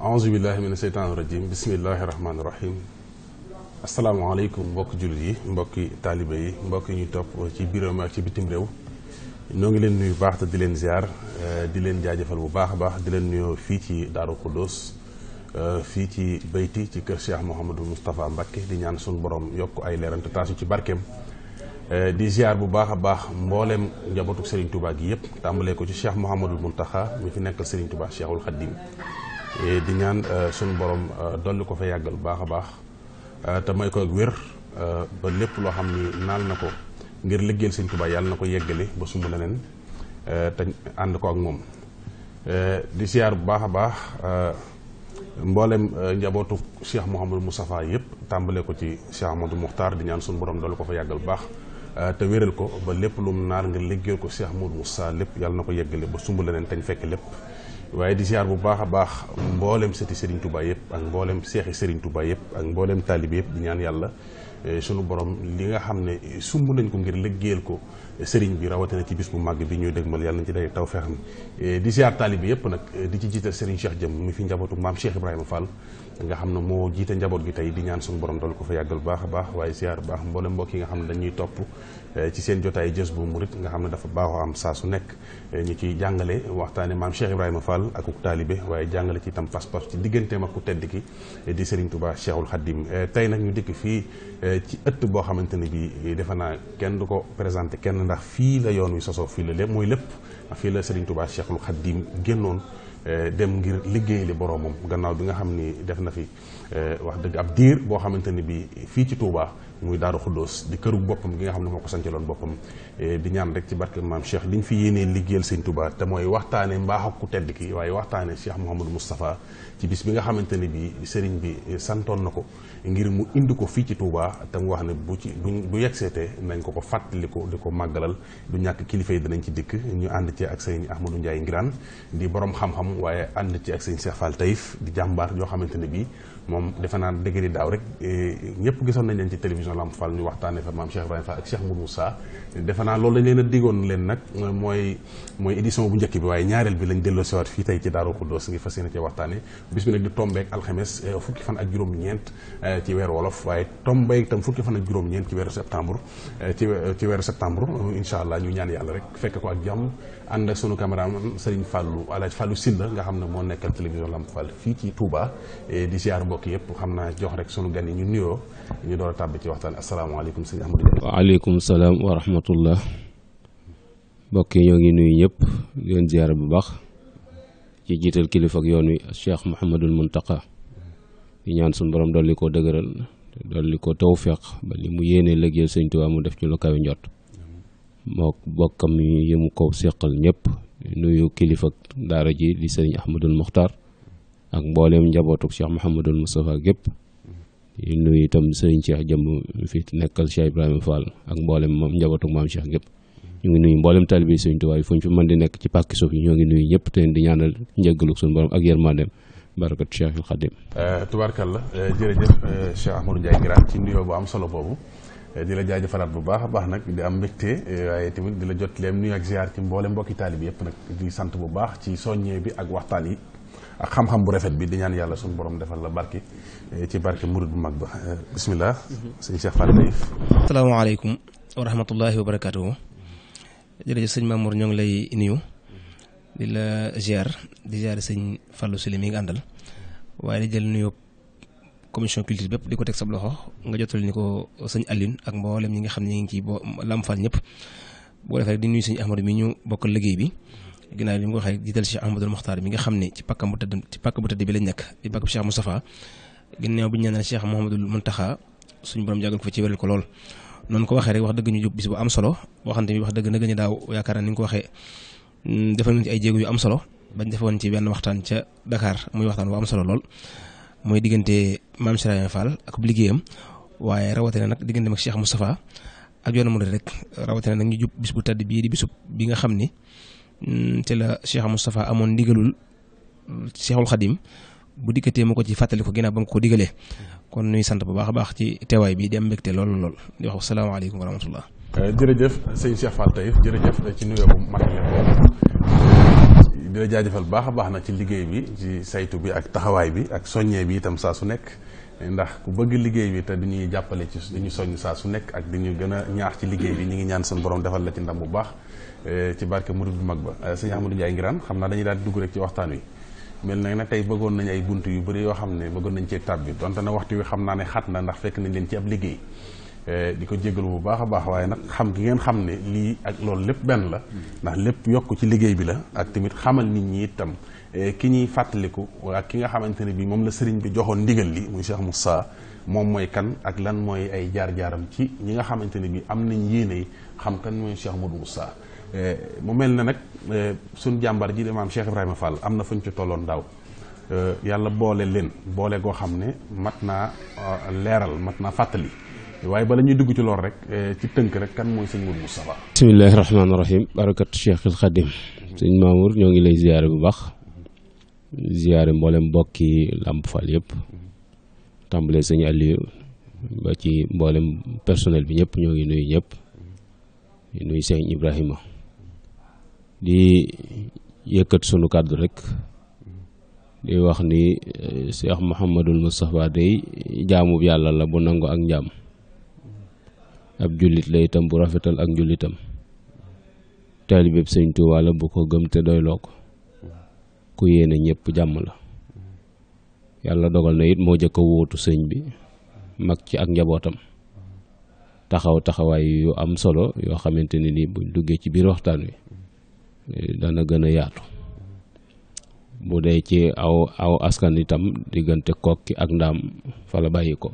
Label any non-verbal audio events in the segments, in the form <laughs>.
أعوذ بالله من الشيطان الرجيم بسم الله الرحمن الرحيم السلام عليكم مبوك جولي مبوك طالبي مبوك ني توب سي بيروم اك سي بيتم ريو نوغي لين نوي باخ دي لين زيار دي لين جاجيفال بو باخ باخ دي لين نيو في تي دارو خلوص في تي بيتي تي كير شيخ محمد مصطفى مبكي دي نيان سون بروم يوك اي ليرنت تاسو تي باركم di ziar bu baax a baax mbolem njabotuk serigne touba gi yep tambale ko ci cheikh mohammedul muntaha mi fi nekk serigne touba cheikhul Eh, di ñaan eh, suñu borom eh, dolli ko fa yàggal bu baax a baax te may ko wér ba lépp loo xam ni naal na ko ngir liggéeyal Sëñ Tuubaa yàlla na ko yeggale ba sumb leneen tañ ànd ko ak moom di siyaar bu baax a baax mboolem njabootu Cheikh Mouhamadou Moustapha yëpp tàmbale ko ci Cheikh Amadou Moukhtar ñaan suñu borom dolli ko fa yàggal bu baax te wéral ko ba lépp lu naar ngir liggéeyal ko Cheikh Mouhamadou Moustapha lépp yàlla na ko yeggale ba sumb leneen te ñu fekk lépp waaye di ziar bu baax a baax mboolem sëti Serigne Touba yëpp ak mboolem seexi Serigne Touba yëpp ak mboolem taalibe yëpp di ñaan yàlla eh, sunu borom li nga xam ne sumb nañ ko ngir liggéeyal ko Serigne bi rawatina ci bis bu màgg bi ñuy dégmal yàlla nañ ci day taw feexam eh, di ziar taalibe yëpp nag eh, ci jiital Serigne Cheikh Jëm mi fi njabootu maam Cheikh Ibrahima Fall nga xam ne moo jiite njaboot gi tey di ñaan sunu borom dool ko fa yàggal baax a baax waaye ziar bu baax mboolem mbokk yi nga xam ne dañuy topp Eh, ci seen jotaay jës bu murit nga xam ne dafa baaxoo am saa su nekk eh, ñu ciy jàngale waxtaane maam Cheikh Ibrahima Fall ak ku taalibe waaye jàngale ci itam pas-pas ci digganteem ak ku tedd ki eh, di Serigne Touba Cheikhul Khadim tey nag ñu dikk fii ci ëtt boo xamante ne bii defe naa kenn du ko présenté kenn ndax fii la yoon wi sosoo fii la lépp mooy lépp fii la Serigne Touba Cheikhul Khadim génnoon dem ngir liggéey li boroomam gannaaw bi nga xam ni def na fi wax dëgg ab diir boo xamante ne bii fii ci Touba. muy daaru xuddoos di këru boppam gi nga xam ne moo ko sancaloon boppam e, di ñaan rek ci barke maam Cheikh liñ fi yéenee liggéeyal sëñ Touba te mooy waxtaane mbaax ak ku tedd ki waaye waxtaane Cheikh Mouhamadou Moustapha ci bis bi nga xamante ne bi sëriñ bi santoon na ko ngir mu indi ko fii ci Touba te mu wax ne bu ci buñ bu yegseetee nañ ko ko li ko di ko màggalal du ñàkk kilifa yi dinañ ci dikk ñu ànd ci ak sëñ Ahmadou Ndiaye Ngiraan di borom xam-xam waaye ànd ci ak sëñ Cheikh Fall Taïf di jàmbaar yoo xamante ne bii moom defe naa dëgg di daaw rek eh, ñëpp gisoon nañ leen ci télévision Lamp Fall ñu waxtaanee fa maam Cheikh Ibrahima Fall ak Cheikh Mourou Moussa defe naa lool lañ leen a diggoon leen nag mooy mooy édition bu njëkk bi waaye ñaareel bi lañ delloo siwaat fii tey ci Daaru Xuddoos ngi fas yéene ci waxtaanee bis bi nag di tombeek alxames eh, fukki fan ak juróom-ñeent eh, ci weeru wolof waaye tombeek tam fukki fan ak juróom-ñeent ci weeru septembre ci ci weer septembre incha allah ñu ñaan yàlla rek fekk ko ak jàmm ànd ak sunu caméraman Serigne Fallou alaaj Fallou Silla nga xam ne moo nekkal télévision Lamp Fall fii ci Touba di ziar mbokk yëpp xam naa jox rek sunu gan ñu nuyoo ñu door a ci waxtaan asalaamaaleykum sëñ Ahmadou Diagne. waaleykum salaam wa rahmatullah mbokk yi ñoo ngi nuyu ñëpp di leen ziar bu baax ci jiital kilifa ak yoon wi Cheikh Mouhamadul Mountakha di ñaan suñu borom dolli koo dëgëral dolli ko tawféq ba li mu yéene liggéeyal Sëñ Tuubaa mu def ci lu kawe njot moo bokkam yi mu ko seqal ñëpp nuyu kilifa daara ji di sëriñ Ahmadul Muxtaar ak mbooleem njabootuk Cheikh Mouhamadul Moustapha gépp di nuyu itam sëriñ Cheikh jëm fi nekkal Cheikh Ibrahima Fall ak mbooleem moom njabootuk maam Cheikh gépp ñu ngi nuyu mboolem taalibe Sëriñ Tuubaa yi fu ñu fi di nekk ci pàkki suuf yi ñoo ngi nuyu ñëpp te di ñaanal njëggalu suñu borom ak yërmandeem barakat Cheikhul Xadim. Euh, tubaarkalla euh, jërëjëf euh, Cheikh Ahmadou Ndiaye Ngiraan ci nuyoo bu am solo boobu. Eh, di la jaajëfalaat bu baax a baax nag di am mbégte eh, waaye tamit di la jot leem nuyu ak ziar ci mboolem mbokki taalibe bi yëpp nag di sant bu baax ci soññee bi ak waxtaan yi ak xam-xam bu rafet bi di ñaan yàlla suñu borom defal la barke eh, ci barke murid bu mag ba bisimilah. Mm-hmm. sëñ Cheikh Fall Taïf. asalaamaaleykum wa rahmatullahi wa barakaatu. jërëjëf sëñ Mamour ñoo ngi lay nuyu. di la ziar di ziar sëñ Fallou Sile mi nga àndal waaye di jël nuyoo. commission culture bépp di ko teg sab loxo nga jotal ni ko sëñ Aline ak mboolem ñi nga xam ne ñu ngi ci bo lamfal ñëpp boo defee rek di nuyu sëñ Ahmadou mu ko waxee jiital Cheikh Ahmadou Mokhtar mi nga xam ne ci pàkkam bu tëdd ci pàkk bu tëdd bi lañ nekk di pàkk bu Cheikh Moustapha ginnaaw bi ñu ñaanal Cheikh Mouhamadul Mountakha suñu borom jàggal ko fa ci wéral ko lool noonu ko waxee rek wax dëgg ñu bis bu am solo waxante bi wax dëgg nag ñu daaw yaakaar naa ni ko waxee hmm, defal nañ ci ay jéego yu am solo bañ defoon ci benn waxtaan ca Dakar muy waxtaan bu am solo lool muy maam Siraye Fall ak liggéeyam waaye rawatina nak diggante mak Cheikh Moustapha ak yoonu mudde rek rawatina nak ñu jup bis bu tedd bii di bisub bi nga xamni mm, ci la Cheikh Moustapha amon ndigalul Cheikhul Khadim bu dikkatee mako ci fatali ko ginnaaw bam ko digalee kon nuy sant bu baax baax ci teewaay bi di am mbégte lool lool di wax alaykum wa rahmatullah. Euh, Jerejef sëñ Cheikh Fall Taïf jërëjëf ci nuyo bu matale di la jaajëfal baax baax na ci liggéey bi ci saytu bi ak taxaway bi ak soññee bi tam sa su nek ndax ku bëgg liggéey bi te di ñuy jàppale ci ñu soññ saa su nekk ak di ñu gën a ñaax ci liggéey bi ñu ngi ñaan seen borom defal la ci ndam bu baax eh, ci barke murid bu mag ba eh, sëñ Amadou Ndiaye Ngiraan xam naa dañuy daal di rek ci waxtaan wi mel na nag tey bëggoon ay bunt yu bëri yoo xam ne bëggoon nañ cee tàbbi donte na waxtu wi xam naa ne xat na ndax fekk nañ leen ci ab liggéey eh, di ko jégalu bu baax a baax waaye nag xam gi ngeen xam ne lii ak loolu lépp benn la mm. ndax lépp yokk ci liggéey bi la ak tamit xamal nit ñi itam Eh, ki ñuy fàttaliku ak ki nga xamante ne bi moom la sëriñ bi joxoon ndigal li muy Cheikh Moussa moom mooy kan ak lan mooy ay jaar-jaaram ci ñi nga xamante ne bi am nañ yéene xam kan mooy Cheikh Modou Moussa eh, mu mel na nag eh, suñ jàmbar ji di maam Cheikh Ibrahima Fall am na fuñ ci tolloon daaw yàlla boole leen boole goo xam ne mat naa leeral mat naa fàttali waaye bala ñuy dugg ci lool rek ci tënk rek kan mooy sëñ Modou Moustapha bismillahi rahmaani rahim barakat Cheikh al Khadim sëñ Mamour ñoo ngi lay ziyaare bu baax ziyaare mboolem mbokki Lamp Fall yëpp tàmbalee sëñ Aliou ba ci mboolem personnel bi ñëpp ñoo ngi nuyu ñëpp di nuyu sëñ Ibrahima di yëkkat sunu kàddu rekk di wax ni eh, Cheikh Mouhamadul Moustapha day jaamub yàlla la bu nangu ak njaam ab jullit la itam bu rafetal ak njullitam taalibeeb sëñ Tuubaa la bu ko gëm te doyloo ko ku yéene ñëpp jàmm la yàlla dogal na it moo jëkk a wóotu sëñ bi mag ci ak njabootam taxaw taxawaay yu am solo yoo xamante ne ni buñ duggee ci biir waxtaan wi eh, dana gën a yaatu bu dee ci aw aw askan itam diggante kokki ak ndaam fa la bàyyi ko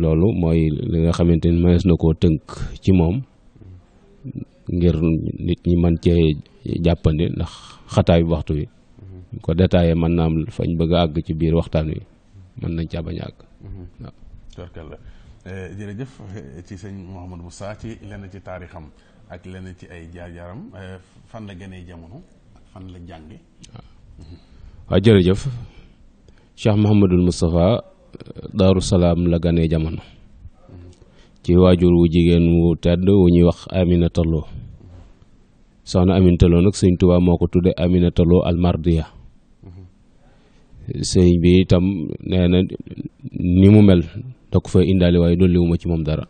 loolu mooy li nga xamante ni na koo tënk ci moom ngir nit ñi mën cee jàppandi ndax xataay waxtu wi mhm. ko détaillé mën naa am fañ bëgg a àgg ci biir waxtaan wi mën nañ caa bañ a àgg mhm. waaw eh, jërëjëf eh, ci sëñ Mouhamadou Moussa ak lenn ci ay jaar-jaaram eh, la gënee jamono ak fan la jànge waaw Salaam la ganee jamono mhm. ci waajur wu jigéen wu tedd wu ñuy wax Aminata soxna amintaloo nag sëñ Tuubaa moo ko tudde al mardiya sëñ bi itam nee na ni mu mel da ko fa indaale waaye dolli wu ci moom dara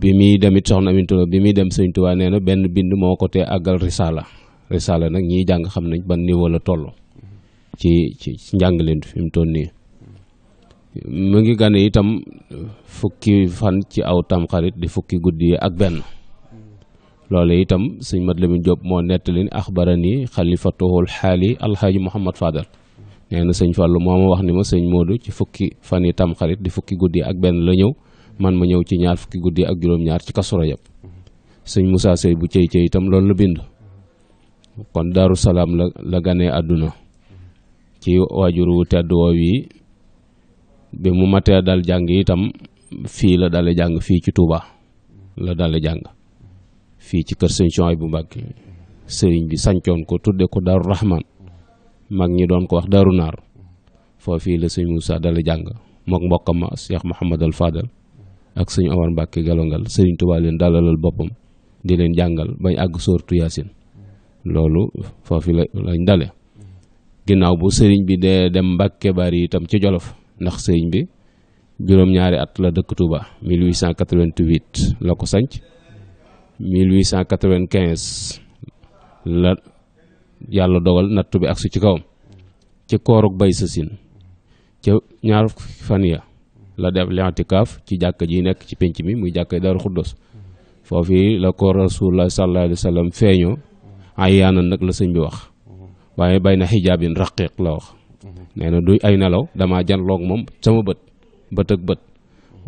bi muy demit soxna amintaloo bi muy dem sëñ Tuubaa nee na benn bind moo ko tee àggal risaala risaala nag ñiy jàng xam nañ ban niveau la toll ci ci njàngaleen fi mu toll nii mu ngi gane itam fukki fan ci aw tamxarit di fukki guddi ak benn loolu itam sëñ Mat Lamin Jóob moo nettali ni axbarani xalifatuhul xaali alxaaji Muhammad Fadal nee na sëñ Fàllu moo ma wax ni ma sëñ Moodu ci fukki fan yi tamxarit di fukki guddi ak benn la ñëw man ma ñëw ci ñaar fukki guddi ak juróom-ñaar ci Kazu Rajab sëñ musa Sey bu cey cey itam loolu la bind kon Daaru Salaam la la ganee àdduna ci waajuru wu tedd woow yi bi mu matee dal jàng itam fii la dale jàng fii ci tuuba la dale jàng fii ci kër sëñ bu Mbàkke sëriñ bi sancoon ko tudde ko Daaru Rahmaan mag ñi doon ko wax Daaru Naar foofii la sëñ Moussa dala jàng mook mbokkam ma Cheikh Mouhamadal Fadal ak sëñ Omar Mbàkke Galongal sëriñ Tuubaa leen dalalal boppam di leen jàngal bañ àgg soortu Yaasin loolu foofu la lañ dale ginnaaw bu sëriñ bi dee dem Mbàkke Bari itam ci Jolof ndax sëriñ bi juróom-ñaari at la dëkk Touba la ko sanc 1895 la yàlla dogal natt bi agsi ci kawam ci koorug bay sa sin ca ñaar fan ya la def lentikaaf ci jàkka ji nekk ci pénc mi muy jàkka Daaru Xuddos foofu la ko rasulullah sallallahu alayhi wa sallam feeñoo ayaanan nag la sëñ bi wax waaye bay na xijaabin raqiq la wax nee na du ay nelaw damaa janloog moom sama bët bët ak bët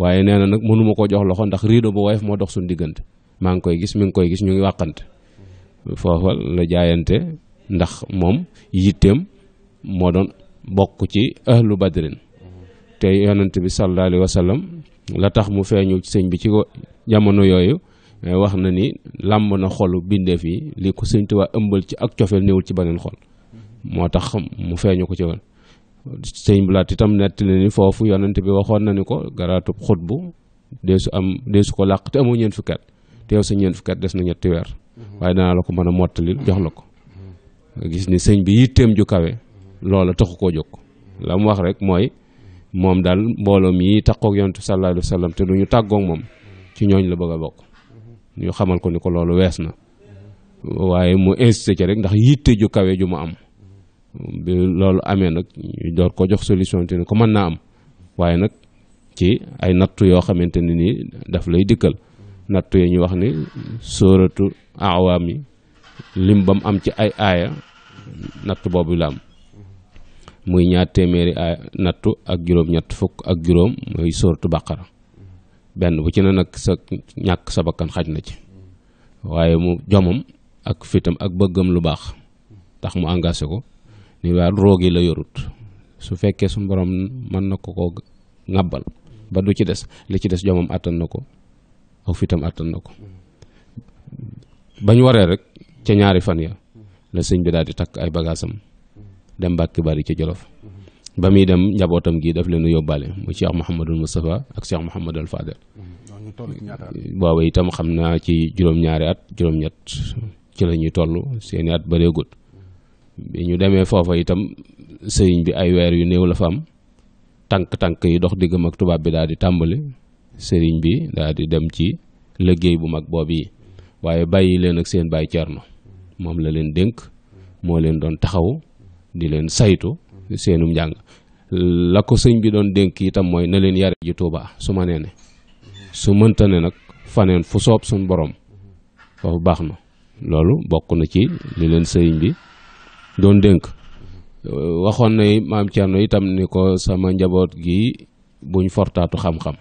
waaye nee na nag mënuma ko jox loxo ndax riido bu woyof moo dox suñ diggante maa ngi koy gis mu ngi koy gis ñu ngi wàqante foofa la jaayante ndax moom yitteem moo doon bokk ci ahlu badrin te yonent bi sallallahu alayhi wa la tax mu feeñu sëñ bi ci jamono yooyu eh, wax na ni làmb na xolu bindeef yi li ko sëñ waa ëmbal ci ak cofeel néewul ci beneen xol moo tax mu feeñu ko ci woon sëñ Blaat itam netti na ni foofu yonent bi waxoon na ni ko garaatu xut bu am deesu ko làq te amoo ñeent fukkat te yow sa ñeent fukki at des na ñetti weer waaye danaa la ko mën a mottalil jox la ko gis ni sëñ bi yitteem ju kawe loola taxu koo jóg la mu wax rek mooy moom daal mbooloom yi taqoog yonent bi sallallahu alayhi wa sallam te du ñu tàggoog moom ci ñooñ la bëgg a bokk ñu xamal ko ni ko loolu wees na waaye mu insisté ci rek ndax yitte ju kawe ju mu am loolu amee nag ñu door ko jox solution te ni ko mën naa am waaye nag ci ay nattu yoo xamante ne nii daf lay dikkal nattu yi ñu wax ni sóoratu awaam yi lim bam am ci ay aaya nattu boobu la am muy ñaar téeméeri aaya nattu ak juróom ñett fukk ak juróom muy sóoratu bàqara benn bu ci ne nag sa ñàkk sa bakkan xaj na ci waaye mu jomam ak fitam ak bëggam lu baax tax mu engagé ko ni waa roog la yorut su fekkee su borom mën na ko ko ngàbbal ba du ci des li ci des jomam àttan na ko aw tam attan na ko bañ waree rek ca ñaari fan ya la sëñ bi daal di takk ay bagaasam dem Mbàkke Bari ca Jolof ba muy dem njabootam gii def leen yóbbaale mu Cheikh Mouhamadul Moustapha ak Cheikh Mouhamadul Fadel waaw itam xam naa ci juróom-ñaari at juróom-ñett ci la ñuy toll seeni at bëreegut bi ñu demee foofa itam sëriñ bi ay weer yu néew la fa am tànk-tànk yi dox diggam ak tubaab bi daal di tàmbali sëriñ bi daal di dem ci liggéey bu mag boobu yi waaye bàyyi leen ak seen bàyyi Cerno moom la leen dénk moo leen doon taxaw di leen saytu seenum njàng la ko sëñ bi doon dénk itam mooy na leen yare ji Tuubaa su ma nee ne su mënta ne nag faneen fu soob suñ borom foofu baax na loolu bokk na ci li leen sëriñ bi doon dénk waxoon na maam Cerno itam ni ko sama njaboot gi buñ fortaatu xam-xam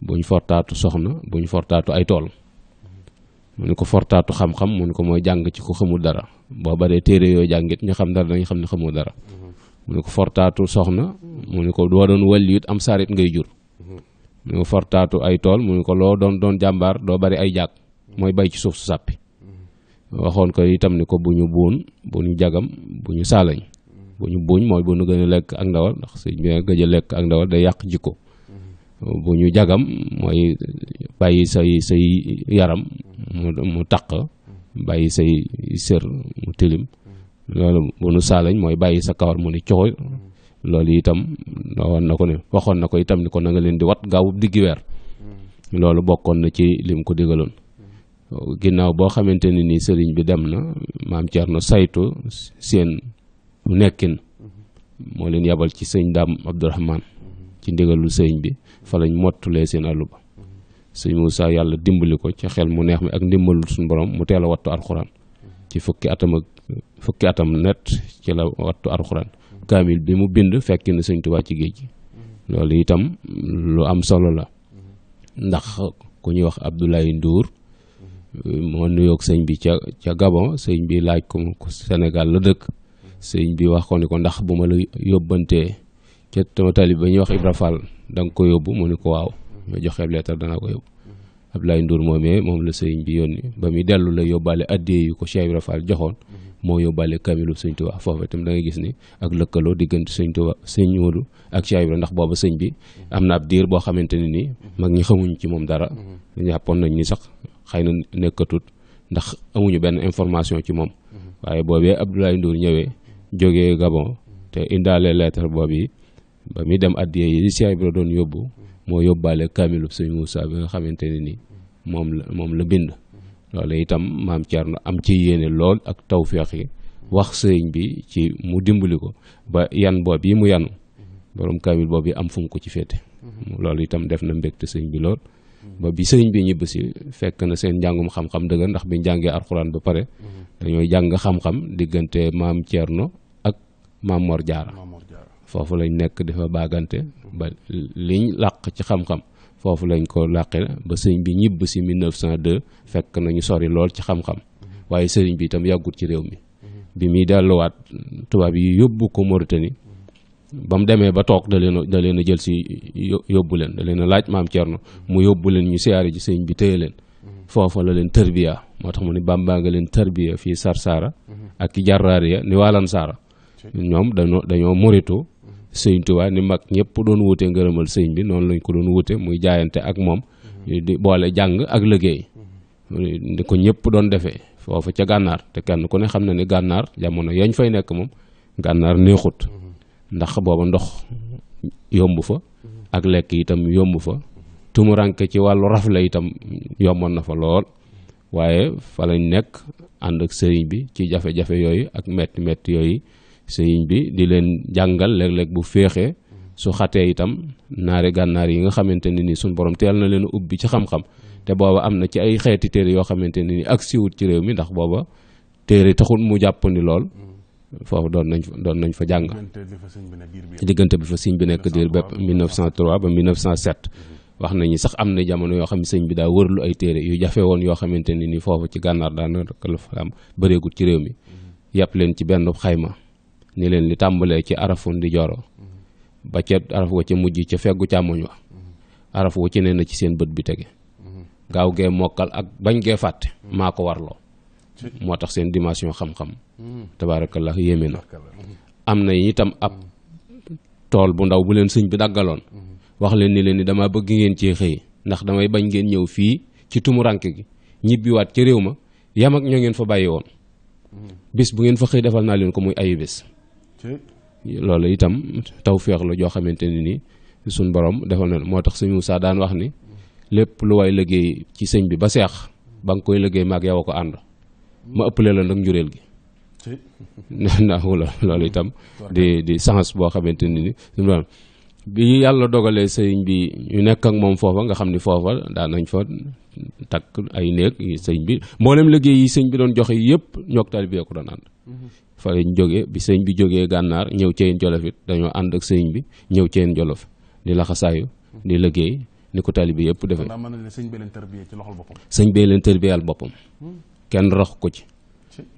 buñ fortaatu soxna buñ fortaatu ay tool mu ko fortaatu xam-xam mu ko mooy jàng ci ko xamul dara boo baree téere yooyu jàngit ñu xam dara dañu xam ne xamul dara mu ko fortaatu soxna mu ko doo doon wàlli it am sarit ngay jur mu ko fortaatu ay tool mu ko loo doon doon jàmbaar doo bari ay jàkk mooy bay ci suuf su sàppi waxoon ko itam ni ko bu ñu buun jagam bu ñu saalañ bu ñu buuñ mooy bu ñu gën a lekk ak ndawal ndax sëñ gëj a lekk ak ndawal day yàq jikko bu ñu jagam mooy bàyyi say say yaram mu mu taq bàyyi say sër mu tilim loolu bu nu saalañ mooy bàyyi sa kawar mu ni coxo loolu itam waxoon na ko ne waxoon na ko itam ni ko na leen di wat gaawu diggi weer loolu bokkoon na ci lim ko digaloon ginnaaw boo xamante ne ni sëriñ bi dem na maam na saytu seen nekkin moo leen yabal ci sëñ daam Abdourahman ci ndigalul sëriñ bi fa lañ mottulee seen àllu ba sëñ Moussa yàlla dimbali ko ci xel mu neex mi ak ndimbalu suñu borom mu teel a wattu alxuraan ci fukki atam fukki atam net ci la wattu alxuraan kaamil bi mu bind fekk na sëñ Tuubaa ci géej gi loolu itam lu am solo la ndax ku ñuy wax Abdoulaye Ndour moo nuyoog sëñ bi ca ca Gabon sëñ bi laaj ko Sénégal la dëkk sëñ bi wax ko ni ko ndax bu ma la yóbbantee ca tama tali ba ñuy wax Ibra Fall da ko yóbbu mu ni ko waaw ma joxe ab leetar danaa ko yóbbu mm-hmm. Abdoulaye Ndour moomee moom la sëñ bi yónni ba muy dellu la yóbbaale addee yu ko Cheikh Ibra joxoon mm-hmm. moo yóbbaale kamilu sëñ Tuubaa foofu itam da ngay gis ni ak lëkkaloo diggante sëñ Tuubaa sëñ Moodu ak Cheikh ndax booba sëñ bi mm-hmm. am na ab diir boo xamante ne nii mag ñi xamuñ ci moom dara jàppoon nañ ni sax xëy na nekkatut ndax amuñu benn information ci moom waaye boobee Abdoulaye Ndour ñëwee jógee Gabon te indaale leetar boobu yi ba muy dem addiya yi li Cheikh Ibra doon yóbbu moo yóbbaale kaamilu sëñ Moussa bi nga xamante ne ni moom la moom la bind loolu itam maam Thierno am ci yéene lool ak tawféex yi wax sëñ bi ci mu dimbali ko ba yan boob yi mu yanu borom kaamil boobu am fu ko ci féete loolu itam def na mbégte sëñ bi lool ba bi sëñ bi ñibb si fekk na seen njàngum xam-xam dëgg ndax bi njàngee alxuraan ba pare dañoo jàng xam-xam diggante maam Thierno ak maam Mor Jaara foofu lañ nekk di fa baagante ba liñ làq ci xam foofu lañ ko làqe ba sëñ bi ñibb si 1902 fekk nañu sori lool ci xam waaye sëriñ bi itam yàggut ci réew mi bi muy delluwaat tubaab yi yóbbu ko Mauritanie ba mu demee ba toog da leen da leen a jël si yóbbu leen leen a laaj maam Thierno mu yóbbu ñu siyaare ji sëñ bi téye leen la leen tërbiya moo tax mu ne Bàmbaa nga leen tërbiya fii Sarsara mhm. ak ki jarraar ya ni waalan saara ñoom dañoo dañoo moritu sëñ Tuubaa ni mag ñëpp doon wuute ngërëmal sëñ bi noonu lañ ko doon wuute muy jaayante ak moom mhm. di boole jàng ak liggéey mhm. ni ko ñëpp doon defee foofu ca gànnaar te kenn ku ne xam na ni gànnaar jamono yañ fay nekk moom gànnaar neexut mhm. ndax booba ndox yomb fa ak lekk itam yomb fa tumuranke ci wàllu raf la yomboon na fa lool waaye fa lañ nekk ànd ak sëriñ bi ci jafe-jafe yooyu ak metti metti yooyu sëyiñ bi di leen jàngal léeg-léeg bu féexe su xatee itam naari gànnaar yi nga xamante ne ni suñ borom teel na leen ubbi ci xam-xam te booba am na ci ay xeeti téere yoo xamante ne ni ak siwut ci réew mi ndax booba téere taxul mu ni lool foofu doon nañ doon nañ fa jàng diggante bi fa siñ bi nekk diir bépp 1903 ba 1907 wax ni sax am na jamono yoo xam ne sëñ bi daa wërlu ay téere yu jafe woon yoo xamante ne ni foofu ci gànnaar daanaka la fa am bëreegut ci réew mi yàpp leen ci benn xayma ni len li tambale ci arafu joro ba ci arafu ci ca ci ca feggu càmmoñ wa arafu ci nee ci seen beut bi tege gaaw ge mokal ak bañ ge fatte mako warlo motax moo seen dimension xam-xam tabarakallah yemina amna yi tam ab tol bu ndaw bu len seigne bi dagalon wax len ni len ni dama bëgg ngeen ci xey ndax damay bañ ngeen ñew fi ci rank gi ñibbiwaat wat ci rewma yam ak ñoo ngeen fa bayiwon bis bu ngeen fa xey defal na len ko muy ayu bis lolé itam tawfiq la jo xamanteni ni sun borom defal na motax tax sëñ Moussa daan wax ni lepp lu way liggey ci señ bi ba xeex bang koy liggey mak yaw ko ànd ma ëppale la nag njuréel gi <laughs> na lolé itam di di sens bo xamanteni ni sun borom bi yalla dogalé señ bi ñu nekk ak mom fofa nga xamni fofa da nañ fa tak ay néeg señ bi mboolem liggéey yi señ bi don joxe yépp ñok taalibe ko don and mhm. fa lañ jógee bi sëñ bi jógee gànnaar ñëw ceyin jolof it dañoo ànd ak sëñ bi ñëw ceyin jolof di laxasaayu di liggéey ni ko taalibe yëpp defee sëñ bee leen tërbiyal boppam hmm. kenn rox ko ci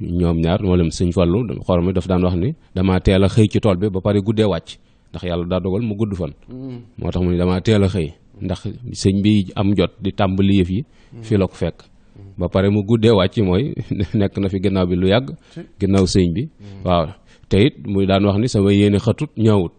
ñoom ñaar moo leen sëñ Fallu xorom mi daf daan wax ni dama teel a xëy ci tool bi ba pare guddee wàcc ndax yàlla daa dogal mu gudd fan hmm. moo tax mu ne damaa teel a xëy ndax sëñ bi am jot di tàmbali yëf yi hmm. fi fekk ba pare mu guddee wàcc mooy <laughs> nekk na fi gannaaw bi lu yàgg gannaaw sëñ bi mm. waaw te muy daan wax ni sama yéene xatut ñaawut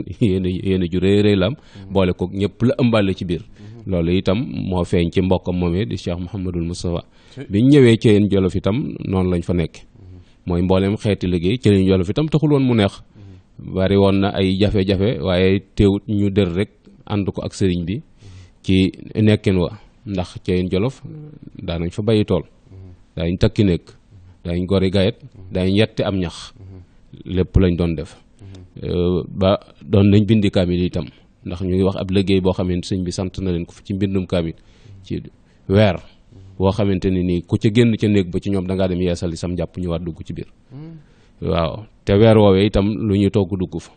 <laughs> yéene yéene ju rëy rëy lam mm. boole ko ñëpp la ëmbale ci biir mm-hmm. loolu itam moo feeñ ci mbokkam moomee di Cheikh Mouhamadul Moustapha biñ ñëwee Thieyene Jolof itam noonu lañ fa nekk mm-hmm. mooy mbooleem xeeti liggéey Thieyene Jolof itam taxul woon mu neex mm-hmm. bari woon na ay jafe-jafe waaye teewut ñu dër rek ànd ko ak sëriñ bi ci nekkin wa ndax ceyin jolof daanañ fa bàyyi tool daañu takki nekk daañu gori gayet daañu yetti am ñax lépp lañ doon def ba doon nañ bindi kaamil itam ndax ñu ngi wax ab liggéey boo xamante sëñ bi sant na leen ko ci mbindum kaamil ci weer boo xamante ne nii ku ca génn ca néeg ba ci ñoom dangaa dem yeesal sam jàpp ñu war dugg ci biir waaw te weer woowee itam lu ñu togg dugg fa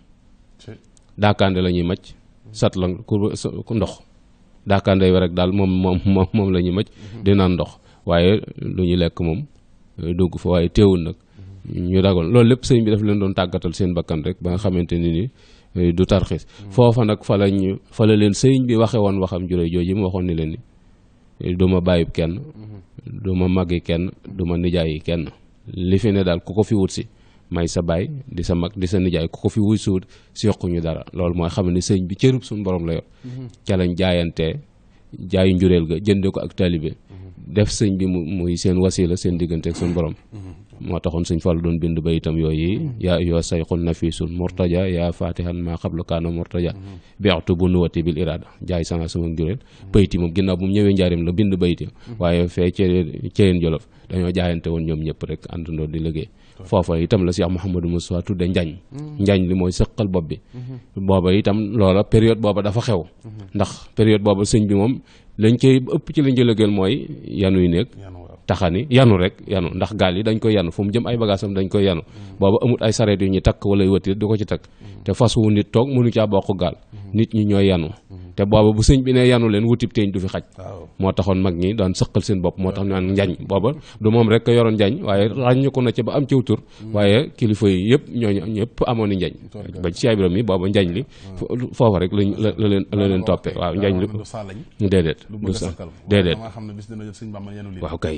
daakaande la ñuy màcc sat la ku ndox daakaanday we rek daal moom moom moom moom la ñuy mëj mhm. di naan ndox waaye lu ñu lekk moom euh, dugg fa waaye teewul nag mhm. ñu ragal loolu lépp sëñ bi daf leen doon tàggatal seen bakkan rek ba nga xamante ni ni euh, du tarxis mhm. foofa nag fa lañ fa la leen sëñ bi waxe woon waxam juré jooju mu waxoon ni leen ni euh, du ma bàyyi kenn du ma màggi kenn du ma nijaayi kenn li fi ne daal ku ko fi wut si may sa baay di sa mag di sa nijaay ku ko fi wuy suut si yokkuñu dara loolu mooy xam ne sëñ bi cërub suñu borom la yor mhm. ca lañ jaayantee jaayu njureel ga jënde ko ak taalibe mhm. def sëñ bi mu muy seen wasila seen diggante ak suñu borom mhm. moo taxoon suñ fàllu doon bind bayitam yooyu yaa yoo sayxun nafisul murtaja yaa fatihan maa xablu kaana murtaja beextu bu nuwati bil irada jaay sana sama njureel bayiti moom ginnaaw bu mu ñëwee njaarim la bind bayiti waaye fee cereen jolof dañoo jaayante woon ñoom ñëpp rek àndandoo di liggéey foofa itam la Cheikh Mouhamadou Moussa tudde njañ mm-hmm. njañ li mooy sëqal bopp bi mm-hmm. booba itam loola période booba dafa xew mm-hmm. ndax période booba sëñ bi moom lañ cay ëpp ci lañ ci lëgël mooy yanuy nekk taxani yanu rek yanu ndax gaal yi dañ koy yanu fu mu jëm ay bagaasam dañ koy yanu booba amut ay sareet yu ñu takk wala wëtit du ko ci takk te fas wu nit toog mënu caa bokk gaal nit ñi ñooy yanu mm-hmm. te booba bu sëñ bi ne yanu leen wutib teeñ du fi xaj moo taxoon mag ñi daan sëqal seen bopp moo tax naan njañ booba du moom rek yoroon njañ waaye ràññu ko na ci ba am ciw tur mm-hmm. waaye kilifa yi yëpp ñooñu ñëpp amoon i njañ ba ci Cheikh Ibrahima yi booba njañ li foofa rek lañ la leen la leen toppe waaw njañ li déedéet du sa déedéet waaw kay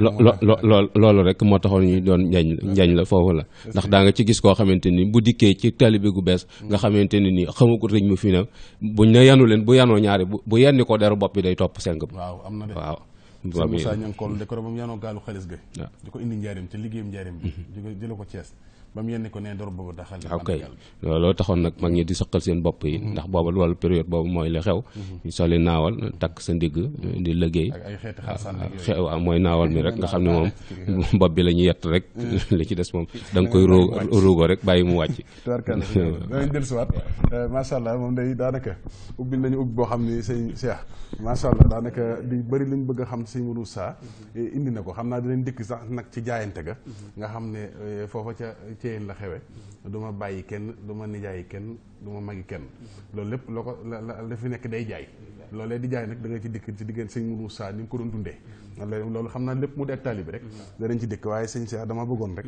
lool loolu la foofu la ndax daa nga ci gis koo xamante ni bu dikkee ci taalibe gu bees nga xamante ne nii xamagut rëñ ma fii na buñ ne yanu leen bu yanoo ñaari bu yenni ko deru bopp bi day topp seng bi waaw am na de waaw Moussa Niang Koll de ko bam yanoo gaalu xaalis ga di ko indi njaarim ci liggéeyam njaarim bi jële mhm. ko Thiès ba mu yenn ko nee dor boobu daxal waaw ah, kay looloo taxoon nag mag ñi di soqal seen bopp yi mm-hmm. ndax booba loolu période boobu mooy la xew mm-hmm. soli naawal takk sa ndigg di liggéey ah, xew waaw mooy naawal bi rek nga xam ne moom <laughs> <laughs> bopp bi la ñuy yett rek mm-hmm. <laughs> li ci des moom da koy roo ruuba rek bàyyi mu wàcc tubarkal danañ jël suwaat macha allah moom day daanaka ubbil lañu ubbi boo xam ne sëñ Cheikh macha allah daanaka di bëri lañ bëgg a xam sëñ saa eh, indi na ko xam naa dinañ dikk sax nag ci jaayante ga nga xam ne eh, foofa ca ceeyin la xewe du ma bàyyi kenn du ma nijaayi kenn du ma magi kenn loolu lépp loo ko la la fi nekk day jaay loolu loolee di jaay nag da nga ci dikk si diggante sëñ Mourou Sa ni mu ko doon dundee loolu xam naa lépp mu dee taali bi rek danañ ci dikk waaye sëñ Sa dama bëggoon rek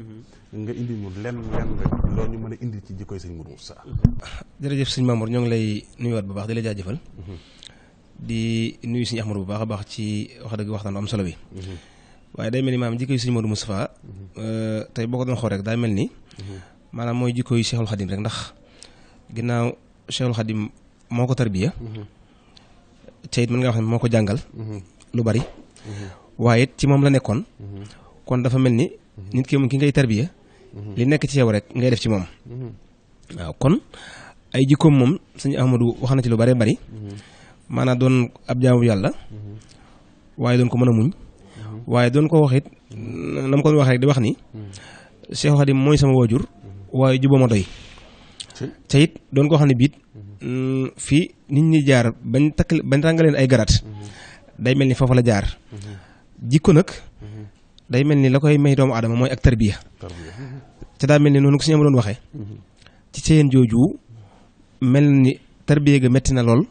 nga indi ñu lenn lenn rek loolu ñu mën Sa jërëjëf sëñ Mamour ñoo ngi lay nuyuwaat bu baax di la jaajëfal mhm. di nuyu sëñ Ahmadou bu baax a baax ci wax dëgg waxtaan am solo bi mhm. waaye day mel ni maam jikkoy sëñ Modou Moustapha mhm. euh, tey boo ko doon xool rek daa mel ni maanaam moy jikko yi Cheikhul Khadim rek ndax ginnaaw Cheikhul Khadim moko ko tarbiya te it mën nga wax ne moo ko jàngal lu bari waaye ci mom la kon dafa melni ni nit ki mo ki ngay tarbiya li nekk ci yow rek ngay def ci moom kon ay jikko mom seigne Ahmadou waxna ci lu bari bari mana don ab jaamu yàlla waye don ko meuna muñ waye don ko waxit nam ko di wax ni Cheikh Khadim mooy sama waajur waaye juba ma doy te it doon koo xam ne biit mhm. mm, fii nit ñi jaar bañ takk bañ ràngaleen ay garaat mhm. day mel ni foofu la jaar mhm. jikko nag day mel ni la koy may doomu aadama mooy ak tarbiya te daa mel ni noonu ko suñu ama doon waxee ci seen jooju mel ni tarbiya ga metti na lool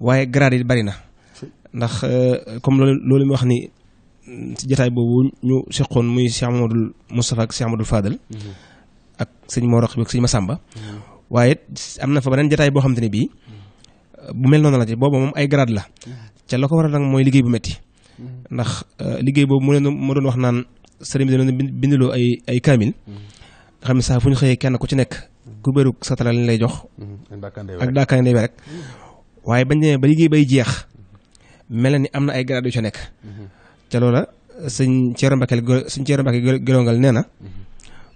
waaye garaat yi bari na ndax euh, comme loolu loolu mu wax ni jataay boobu ñu seqoon muy Cheikh Mamadou Moustapha ak Cheikh Mamadou Fadal ak sëñ Mor Rakib ak sëñ Massamba waaye am na fa beneen jataay boo xam te ne bii bu mel noonu la ci booba moom ay grade la ca la ko waral nag mooy liggéey bu metti ndax liggéey boobu mu leen ma doon wax naan sëriñ bi doon bindiloo ay ay kaamil nga xam ne saa fu ñu xëyee kenn ku ci nekk ku bëru satala lañ lay jox ak daakaane ndey rek waaye bañ demee ba liggéey bay jeex mel na ni am na ay grade yu ca nekk ca loola sëñ Ceerno Mbàkke sëñ Ceerno Mbàkke Gelongal nee na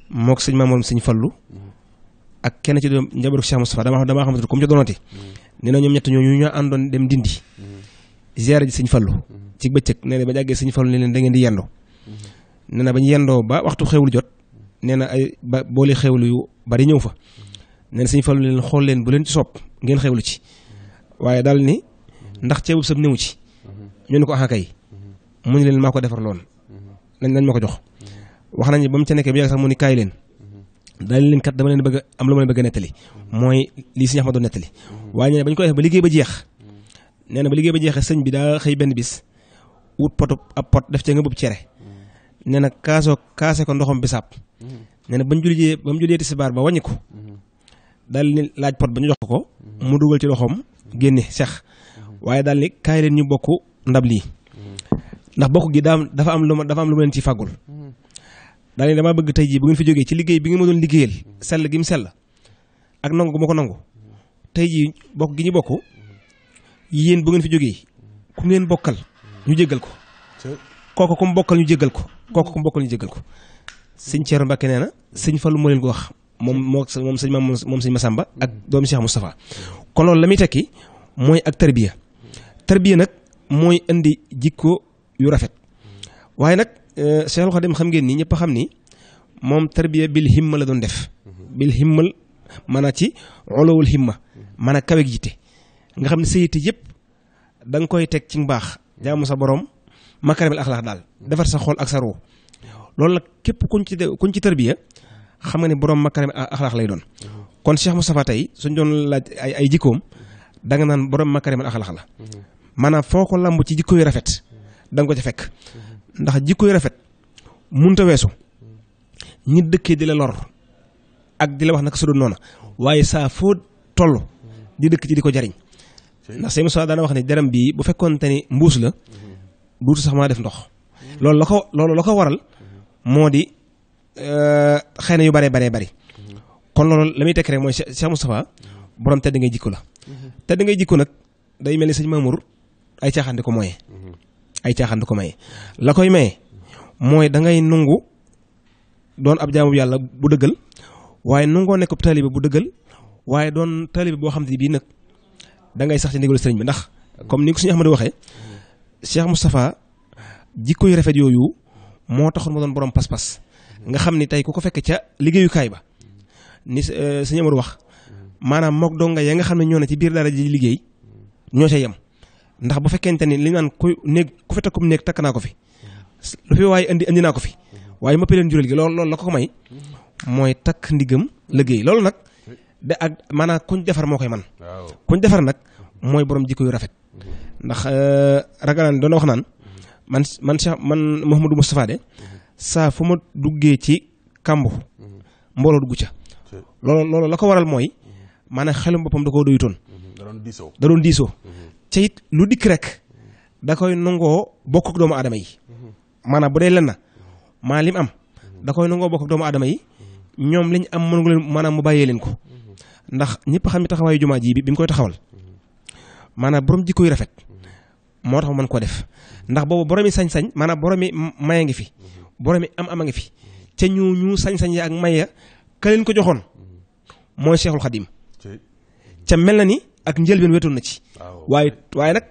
mook sëñ Maamoor sëñ Fallu ak kenn ci doom njabaru Cheikh Moustapha dama damaa xamante ne comme ca doonati nee na ñoom ñett ñooñu ñoo àndoon dem dindi ziyaare ji sëñ Fallu ci bëccëg nee na ba jàggee sëñ Fallu ne leen da ngeen di yendoo nee na ba ñu yendoo ba waxtu xewul jot nee na ay ba boole xewul yu bari ñëw fa nee na sëñ Fallu leen xool leen bu leen ci sopp ngeen xewlu ci waaye daal ni ndax ceebub sab néew ci ñu ne ko axa kay mu ni leen maa defar loon nañ nañ mako jox wax nañ bam ci nekk bi ak sax mu ni kaay leen daal kat dama len bëgg am lu ma len bëgg netali moy li seigne ahmadou netali ma bañ ko def ba liggey ba jeex ba liggey ba jeex seigne bi da xey ben bis wut pot ap pot def ci nga bub ciéré nee kaso kaasoo ko ndoxom bisap nee bañ ba bam jullee ci mu ba wàññi dal ni laaj pot bañ jox ko mu duggal ci loxom genné sex waye dal ni kay len ñu bokku ndab li ndax bokku gi daa dafa am luma dafa am luma len ci fagul daa ni dama bëgg tay ji bu ngeen fi joggé ci liggéey bi ngeen mo doon liggéeyal sell gi mu sell ak nangu gu ma ko nangu tay ji bokku gi ñi bokku yeen bu ngeen fi joggé ku ngeen bokkal ñu jéggal ko koko kum bokkal ñu jéggal ko koko kum bokkal ñu jéggal ko seigne cheikh Mbacke nee seigne fallu mo moo leen ko wax moom moo mom seigne mam mom seigne Massamba ak doomi Cheikh Moustapha kon lol la tekki moy ak tarbiya tarbiya nak moy indi jikko yu rafet waaye nag euh, Seexul dem xam ngeen nii ñëpp xam ni moom tarbiya bil himma la doon def bil himmal man a ci olowul himma man a kaweg jite nga xam ne sa yite yëpp da koy teg ci mbaax jaamu sa borom makaramil axlaax daal defar sa xol ak sa ruu loolu nag képp kuñ ci kuñ ci tarbiya xam nga ne borom makaramil axlaax lay doon kon Cheikh Moustapha tey suñ doon laaj ay ay da nga naan borom makaramil axlaax la maanaam foo ko lamb ci jikko rafet Dang nga ko ca fekk ndax jikkoy rafet munta weesu ñi dëkkee di la lor ak di la wax naka su doon noona waaye saa foo toll di dëkk ci di ko jariñ ndax sëñ Moussa daana wax ne deram bu fekkoonte ni mbuus la duutu sax def ndox loolu la waral moo di eh, xëy na yu bare bare bari kon lo lo muy tekk rek mooy Cheikh Moustapha borom tedd ngay jikko la tedd ngay jikko nag day mel ni sëñ Mamour ay ay caaxaan du ko maye la koy maye mooy da ngay nungu doon ab jaamu yàlla bu dëggal waaye nungoo nekk taalibe bu dëggal waaye doon taalibe boo xam ne bii nag dangay sax ci ndigalu sëriñ bi ndax comme ni ko suñu Ahmadu waxee Cheikh Moustapha jikko yu rafet yooyu moo taxoon ma doon borom pas-pas nga xam ni tey ku ko fekk ca liggéeyukaay ba ni si suñu Ahmadu wax maanaam moog dong nga ya nga xam ne ñoo ne ci biir dara ji liggéey ñoo ca yem. ndax bu fekkente ni li naan ku néeg ku fi takkum néeg takk naa ko fi lu fi waaye indi indi naa ko fi waaye ma peleen juréel gi loolu loolu la ko may mooy takk ndigam liggéey loolu nag da ak maanaam kuñ defar moo koy man kuñ defar nag mooy borom jikko yu rafet ndax euh, ragalaan doon wax naan man man Cheikh man Mouhamadou Moustapha de saa fu ma duggee ci kàmbu mbooloo dugg ca loolu loolu la ko waral mooy maanaam xelum boppam da koo doyutoon mhm. da doon diisoo mhm. ca it lu dikk rek da koy nangoo bokk ak doomu yi maanaam bu dee am da koy nangoo bokk ak doomu yi ñoom liñ am mënu leen maanaam mu bàyyee leen ko ndax ñëpp xam ne taxawaayu jumaa ji bi bi koy taxawal maanaam borom jikko yu rafet moo tax mën koo def ndax boobu boromi sañ-sañ maanaam boromi maya ngi fi boromi am am a fi ca ñu ñu sañ-sañ ya ak maya ya, ka leen ko joxoon ca ak bi wetoon na ci. waaye waaye nak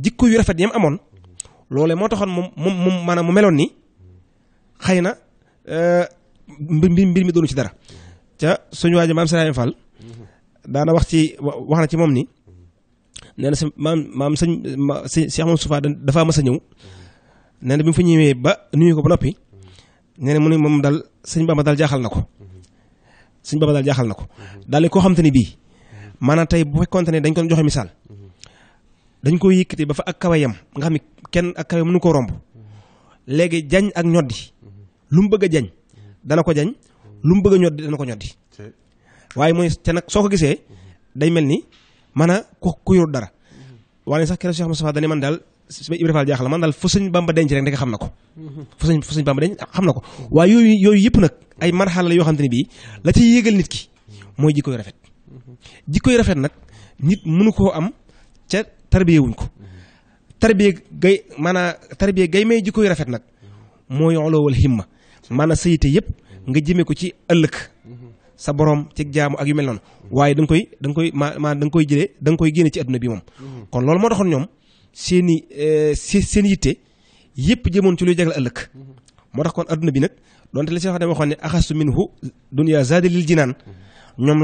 jikko yu rafet ñam amon lolé mo taxon mom moom mu ni xëy na euh, mbir mbir mi doon ci dara. ca suñu waji mam Sëriñ Fall daana wax ci wax na ci mom ni neena mam mam señ cheikh soufa si si amoon suufaa dafa mas a ñëw nee na fa ba nuyu ko ba nopi neena mu ni mom dal señ baba dal jaxal nako señ baba dal jaxal nako dal ko daal bi maanaam tey bu fekkoonte ne dañ ko joxe misaal dañ ko yëkkati ba fa ak yam nga xam ne kenn ak kawe mënu koo romb léegi jañ ak ñoddi lu mu bëgg a jañ dana ko jañ lu mu bëgg a ñoddi dana ko ñoddi waaye mooy te nag soo ko gisee day mel ni man a ku ku yor dara waaye sax keroog Cheikh Moustapha dane man daal Ibra Fall jaaxal man daal fu sëñ Bamba denc rek ndeke xam na ko fu sëñ fu sëñ Bamba denc xam na ko waaye yooyu yooyu yëpp nag ay marxala la yoo xam ne bii la ciy yégal nit ki mooy jikko yu rafet jikko yu rafet nag nit mënu koo am ca tarbiye wuñ ko tarbiye gay maanaam tarbiye gay may jikko yu rafet nag moo yooloowal himma maanaam sa yite yëpp nga jëmee ko ci ëllëg sa borom ci jaamu ak yu mel noonu waaye da koy da koy ma ma da koy jëlee da koy génne ci adduna bi moom kon loolu moo taxoon ñoom seen eh, seen yitte yëpp jëmoon ci luy jagal ëllëg moo tax kon adduna bi nag donte li si wax dama waxoon ne axasu minhu dunya zaadi lil jinaan ñoom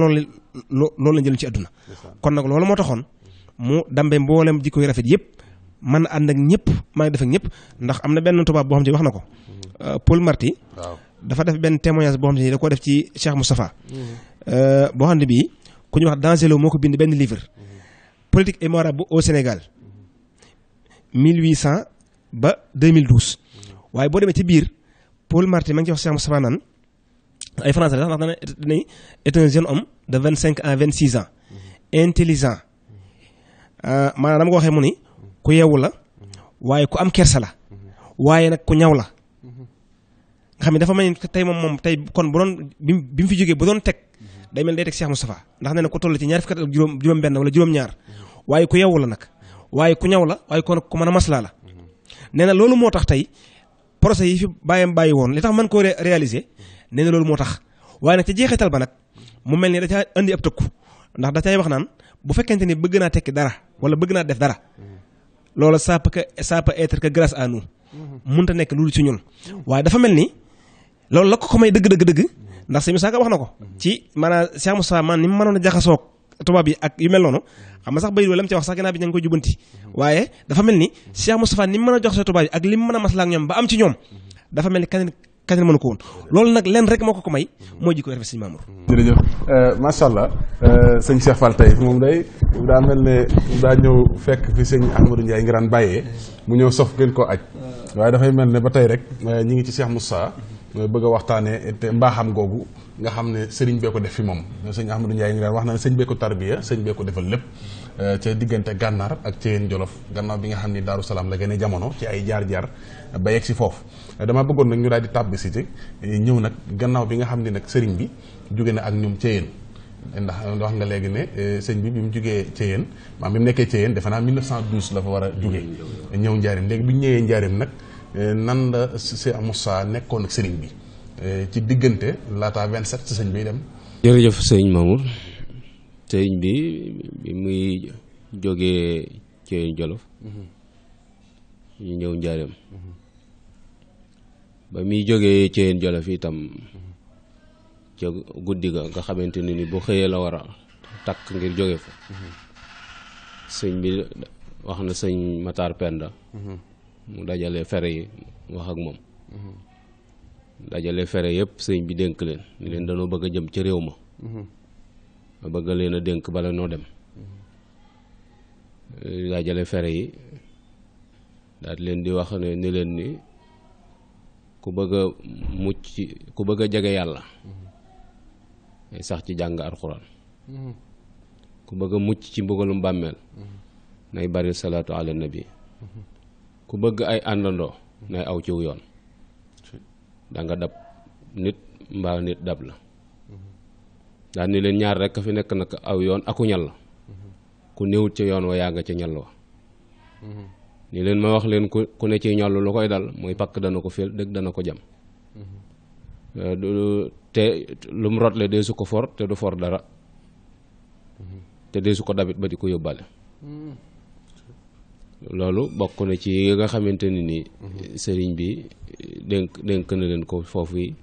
loolu la jël ci àdduna kon nag loolu moo taxoon mu dambe mboolem jikko yu rafet yëpp man ànd ak ñëpp maa ngi def ak ñëpp ndax am na benn tubaab boo xam ci wax na ko euh, Paul Marty dafa def benn témoignage boo xam ne def ci Cheikh Moustapha euh, boo xam ne bii ku ñuy wax Dangelot moo ko bind benn livre politique et morale bu au Sénégal 1800 ba waaye boo demee ci biir Paul Marty ma ci wax Cheikh Moustapha naan ay français la sax ndax dana nañ est un jeune de vingt cinq à vingt six ans intelligent euh, maanaam dama ko waxee mu ni ku yeewu la waaye ku am kersa la waaye nag ku ñaw la nga xam ne dafa mel ni tey moom moom tey kon bu doon bi bi mu fi doon teg day mel day teg Cheikh ndax nee na ku toll ci ñaar fukki at ak juróom juróom-benn wala juróom-ñaar waaye ku yeewu la nag waaye ku ñaw la waaye kon ku mën a maslaa la ne na loolu moo tax tey procès yi fi bàyyam bàyyi woon li tax mën koo réaliser nee na loolu moo tax waaye nag ca jeexital ba nag mu mel ni da caa andi ab tëkku ndax da cay wax naan bu fekkente ni bëgg naa tekki dara wala bëgg naa def dara loolu ça peut que ça peut être que grâce à nous munta nekk loolu ci ñun waaye dafa mel ni loolu la ko ko may dëgg dëgg dëgg ndax sëñ Moussa Ka wax na ko ci maanaam Cheikh Moussa man ni mu mënoon a jaxasoo ak yu mel noonu xam nga sax bayit lam ci wax sax ginnaaw bi ña ngi koy jubanti waaye dafa mel ni Cheikh Moustapha ni mu mën a jox sa ak li mu mën a ñoom ba am ci ñoom dafa mel ni keneen mënu ko woon loolu nag leen rek moo ko ko may mooy jikko rafet sëñ Mamour jërëjëf euh, macha allah euh, sëñ Cheikh Fall tey moom day daa mel ne daa ñëw fekk fi sëñ Ahmadou Ndiaye ngiraan bàyyee mu ñëw sof gën koo aj waaye dafay mel ne ba tey rek euh, ñi ngi ci Cheikh Moussa mooy bëgg a waxtaanee te mbaaxam googu nga xam ne sëriñ bee ko def fi moom sëñ Ahmadou Ndiaye ngiraan wax na ne sëñ bee ko tarbiya sëñ bee ko defal lépp ca diggante gànnaar ak ci yéen jolof gannaaw bi nga xam ne daaru salaam la gën jamono ci ay jaar-jaar ba yegg foofu damaa bëggoon nag ñu daal di tàbbi si eh, ñëw nag gannaaw bi nga xam ne nag sëriñ bi jóge na ak ñoom Ceyeen ndax wax nga léegi ne eh, sëñ bi bi mu jugee Ceyeen maanaam bi mu nekkee Ceyeen defe naa 1912 la fa a jugee ñëw njaarim léegi bi ñu ñëwee nag eh, nan la Cheikh Moussa nekkoon ak sëriñ bi ci diggante laata 27 ci sëñ bi dem. jërëjëf sëñ Mamour sëñ bi bi muy jógee Ceyeen Jolof mhm. ñu ñëw njaarim mhm. ba muy jógee Thièyène Jolof itam ca guddi ga nga xamante ni ni bu xëyee la war a takk ngir jóge fa sëñ bi wax na sëñ Matar Penda mu dajale fere yi wax ak moom dajale fere yëpp sëñ bi dénk leen ni leen dañoo bëgg a jëm ci réew ma ma bëgg leen a dénk bala noo dem dajale fere yi daal leen di wax ne ni leen ni ku bëgg mucc ku bëgg a yalla yàlla day mm-hmm. sax ci jàng alquran mm-hmm. ku bëgg mucc ci mbugalum -hmm. nay bari salatu ala nabi mm-hmm. ku bëgg ay àndandoo nay aw ci yoon da nga dab nit mba nit dab la da ni leen ñaar rek ka fi nek nak aw yoon aku ñal ku néewut ci yoon wa ya nga ci ñal wa ni len ma wax len ku ne ci ñollu lu koy dal muy pakk dana ko fel dëgg dana ko jam mm-hmm. euh, te le de su ko for te du for dara mm-hmm. te su ko dabit ba di ko yóbbaale mm-hmm. lolu bokku na ci nga xamanteni ni serigne bi denk denk na len ko ci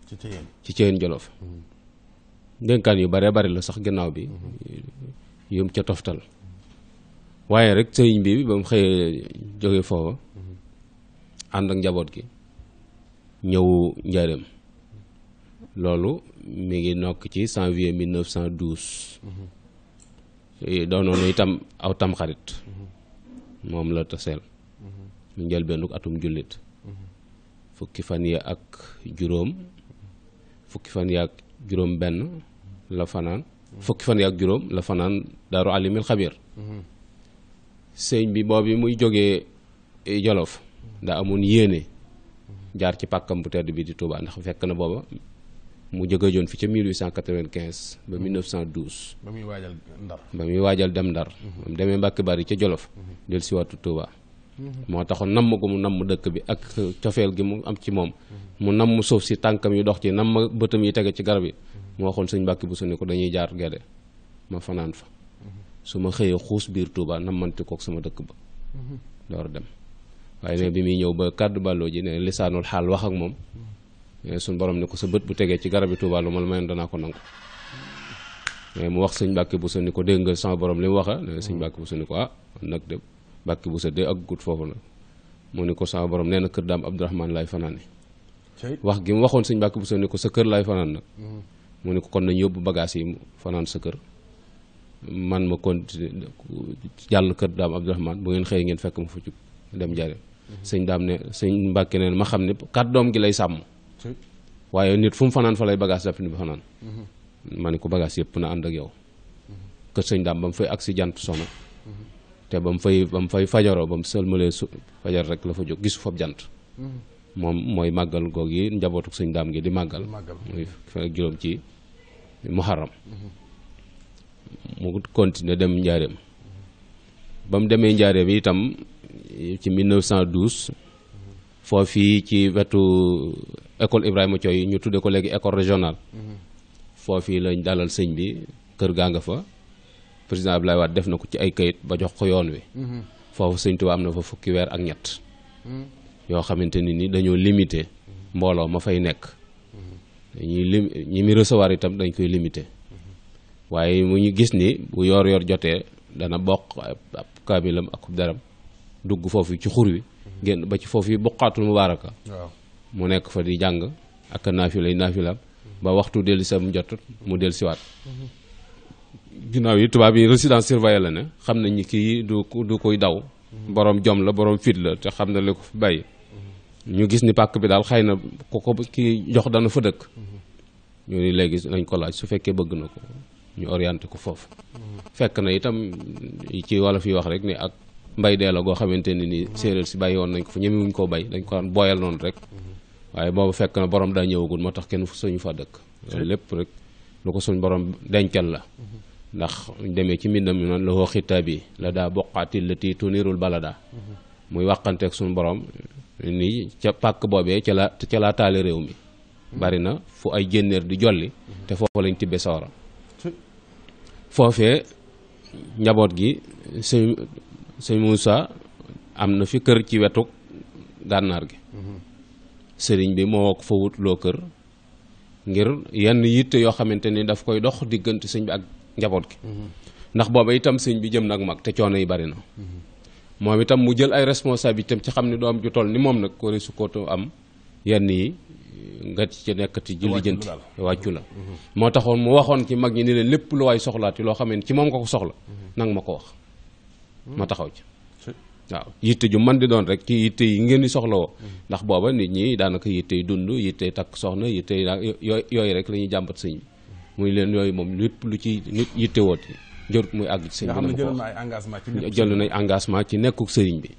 ci jolof dénkaan yu bare bare la sax ginnaaw bi yum ci toftal waaye rek sëriñ bi ba mu xëyee jóge foofa ànd ak njaboot gi ñëw njaareem loolu mi ngi nokk ci janvier 1912 doonoonu itam aw tamxarit moom la taseel mu njëlbeenu atum jullit fukki fan yi ak juróom fukki fan yi ak juróom benn la fanaan fukki fan yi ak juróom la fanaan daaru xabir sëñ bi boobu muy jógee eh, Jolof daa amoon yéene jaar ci pàkkam bu tedd bi di Touba ndax fekk na booba mu jóge joon fi ca 1895 ba 1912. Mhm. ba muy waajal Ndar ba muy waajal dem Ndar. moom demee Mbàkke Bari ca Jolof. Mhm. del si waatu Touba. Mhm. moo taxoon namm gu mu namm dëkk bi ak cofeel gi mu am ci moom mu namm suuf si tànkam yu dox ci ma bëtam yi tege ci garab yi moo waxoon sëñ Mbàkke bu su ne ko dañuy jaar gedde ma fanaan fa su ma xëyee xuus biir Touba namante koog sama dëkk ba door mhm. dem waaye ne bi muy ñëw ba kàddu bàlloo ji ne eh, lisaanul xaal wax ak moom mhm. eh, suñ borom ne ko sa bët bu tege ci garabi Touba lu mal la mayoon danaa ko nangu mu mhm. eh, wax sëñ bu Buso ni ko dégg nga sama borom li mu waxa ne sëñ bu Buso ni ko ah nag de bu Buso de ak gut foofu nag mu ni ko sama borom nee na kër daam Abdourahmane lay fanaane wax gi mu waxoon sëñ bu Buso ni ko sa kër lay fanaan nag mu ni ko kon nañ yóbbu bagage yi fanaan sa kër man ma continuer jàll kër daam Abdourahmane bu ngeen xëy ngeen fekk ma fa jug dem Njaaréem. Mhm. sëñ daam ne sëñ Mbàkke ne ma xam ne kat doom gi lay sàmm. waaye nit fu fanaan fa lay bagage dappi ni ba fanaan. Mhm. ma ne ko bagage yëpp na ànd ak yow. Mhm. kër sëñ daam ba mu fay jant sono te ba mu fay ba mu fay fajaroo ba mu sëlmalee su fajar rek la fa jóg gisu fab jant. moom mooy màggal goog yi njabootu sëñ daam gi di màggal. muy fan ak juróom ci muharram mu continuer dem njaareem ba mu demee njaareem itam ci 1912 foofii ci wetu école Ibrahima Thioy ñu tudde ko léegi école régionale foofii lañ dalal sëñ bi kër gaa nga fa président Abdoulaye Wade def na ko ci ay kayit ba jox ko yoon wi mhm. foofu sëñ Tuubaa am na fa fukki weer ak ñett mhm. yoo xamante ni ni dañoo limité mbooloo ma fay nekk mhm. ñi lim ñi muy recevoir itam dañ koy limité waaye mu ñu gis ni bu yoor yoor jotee dana bokk ab kaamilam ak daram dugg foofu ci xur wi génn ba ci foofu yi buqaatul mubaaraka mu nekk fa di jàng ak naafilay naafilam ba waxtu dellu sam jot mu dellu siwaat ginnaaw yi tubaab yi résidence surveillée la ne xam nañ ki kii du du koy daw borom jom la borom fit la te xam na li ko fi bàyyi ñu gis ni pàkk bi daal xëy na ku ko kii jox dana fa dëkk uhuh. ñu ni léegi nañ ko laaj su fekkee bëgg na ko ñu orienté ko foofu fekk na itam ci walla fi wax rek ne ak mbay dee la goo xamante ne ni séeréer si bàyyi woon nañ ko fa ñemewuñ ko bay dañ ko daan booyal noonu rek waaye boobu fekk na boroom daa ñëwagul moo tax kenn suñu fa dëkk lépp rek lu ko suñu boroom dencal la ndax demee ci mbindam mi noonu la woo xitaab yi la daa boqaatil la tii tunirul balada muy wàqanteeg suñu boroom ni ca pàkk boobee ca la ca laa taale réew mi bari na fu ay jénnéer di jolli te foofu lañ tibbee sawara foofee njaboot gi sëñ sëñ Moussa am na fi kër ci wetu gànnaar gi mm-hmm. sëriñ bi moo ko fa wut loo kër ngir yenn yitte yoo xamante ni daf koy dox diggante sëñ bi ak njaboot gi mm-hmm. ndax booba itam sëñ bi jëm nag mag te coono yi bari na mm-hmm. moom itam mu jël ay responsabilités ci xam ne doom ju toll ni moom nag ko su ko am yenn yi nga ci nekkati ji lijjanti wàccu la mm-hmm. moo taxoon mu waxoon ci mag ñi ni leen lépp lu waay soxlaati loo xam ne ci moom nga ko soxla mm-hmm. nang ma ko wax mm-hmm. ma taxaw ci waaw yitte ju man di doon rek ci yitte yi ngeen di soxla woo ndax booba nit ñi daanaka yitte yi dund yitte yi takk soxna yitte yi yooyu yooyu rek la ñuy jàmbat sëñ bi muy leen yooyu moom lépp lu ci nit yitte wooti jorut muy àgg ci sëñ bi jëloon na ay engagement ci nekkuk sëriñ bi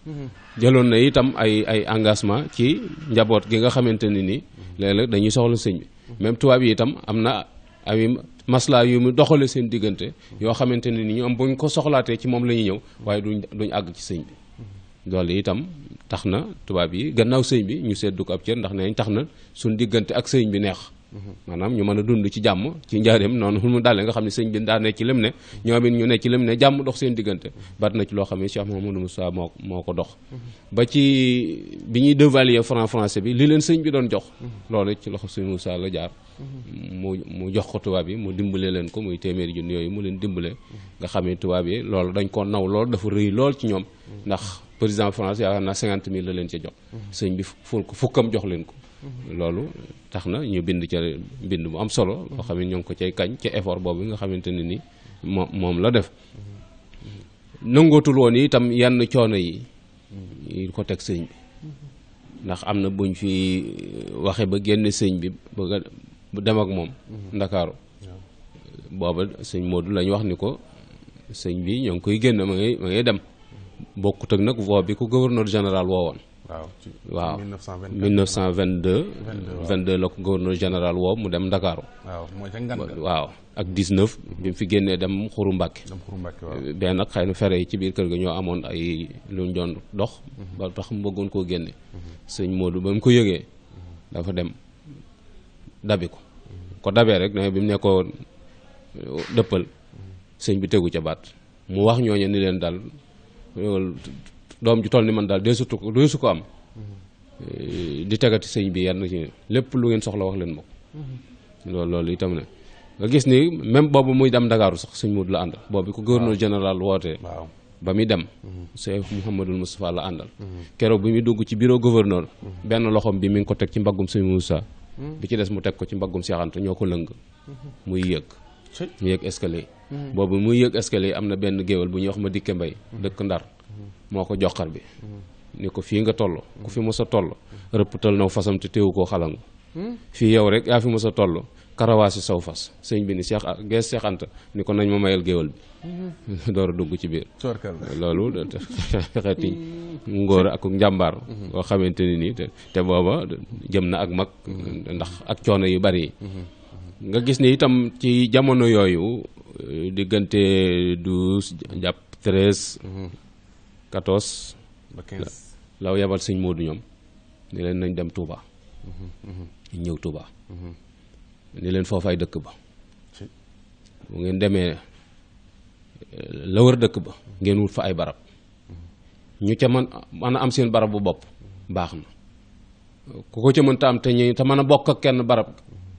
jëloon na itam ay ay engagement ci njaboot gi nga xamante léeg-léeg dañuy soxla sëñ bi même tubaab yi itam am na ay maslaa yu mu doxale seen diggante yoo xamante ne ni ñoom buñ ko soxlaatee ci moom la ñuy ñëw waaye duñ duñ àgg ci sëñ bi loolu itam tax na tubaab yi gannaaw sëñ bi ñu seddu ko ab cër ndax ne nañ tax na suñ diggante ak sëñ bi neex maanaam ñu mën a dund ci jàmm ci njaareem noonu mu daale nga xam ne sëñ bi daa nekk ci ne ñoom it ñu nekk ci lim ne jàmm dox seen diggante bari na ci loo xam ne bi ñuy dévaluer franc français bi li leen sëñ bi doon jox loolu ci loxo sëñ Moussa la jaar mu mu jox ko tubaab yi mu dimbale leen ko muy téeméeri junni yooyu mu leen dimbale nga xam ne tubaab yi loolu dañ ko naw lool dafa rëy lool ci ñoom ndax président France yaakaar naa cinquante mille la leen ca jox sëñ bi ful fukkam jox leen loolu tax na ñu bind ca bind mu am solo loo xam ne ñoo ngi ko cay kañ ca effort boobu nga xamante ne ni moom moom la def nangootul woon itam yenn coono yi yi ko teg sëñ bi ndax am na buñ fi euh, waxe ba génn sëñ bi bëgg a dem ak moom ndakaaru booba sëñ Modou lañ wax ni ko sëñ bi ñoo ngi koy génn ma ngay ma dem bokkut ak nag voix bi ko gouverneur général woowoon waaw 1922 22 la ko gouverneur général woo mu dem Ndakaaru waaw ak 19 bi mu fi génnee dem Xuru Mbàkke eh, benn nag xëy na fere yi ci biir kër ga ñoo amoon ay lu ñu doon dox mhm. ba tax mu bëggoon koo génne mhm. sëñ Moodu ba mu ko yëgee mhm. dafa dem dabi ko ko dabee rek ne bi mu nekkoo ko eh, dëppal sëñ bi tegu ca baat mu wax ñooñu ni leen daal doom ju toll ni man daal dee ko dee ko am eh, di tegati sëñ bi yan ci lépp lu ngeen soxla wax leen ma ko mhm. loolu loolu itam ne nga gis ni même boobu muy dem Ndakaaru sax sëñ Moodu la àndal boobu ko gouverneur général wootee ba muy dem mhm. Seex Muhammadul Moustapha la àndal mhm. keroog bi muy dugg ci bureau gouverneur benn loxoom bi mi ngi ko teg ci mbaggum sëñ Moussa bi ci des mu teg ko ci mbaggum Seex ñoo ko lëng muy yëg mu yëg escalier boobu muy yëg escalier am na benn géwél bu ñuy wax ma dikke mbay dëkk Ndar moko ko bi ni ko fi nga toll ku fi musa a toll rëpptal naw fasam te téewu ko xalang hmm? fi yow rek ya fi musa a karawasi saw fas seigne bi ni Cheikh gees Cheikh ant ni ko nañ ma mayal geewal bi hmm. <laughs> dooro dug ci biir loolu <laughs> xati ngor ak njambar go hmm. xamanteni ni te booba jëm na ak mak ndax ak coono yu bari nga gis ni itam ci jamono yoyu digante 12 jap 13 14 ba 15 law yebal sëñ Modou ñoom ni leen nañ dem Touba mhm, ñu ñëw Touba mhm, mhm. ni leen foofaay dëkk ba bu ngeen demee eh, la wër ba ngeen wut fa ay barab ñu ca man mën am seen barab bu bopp baax ku ko ca mënta am te ak kenn barab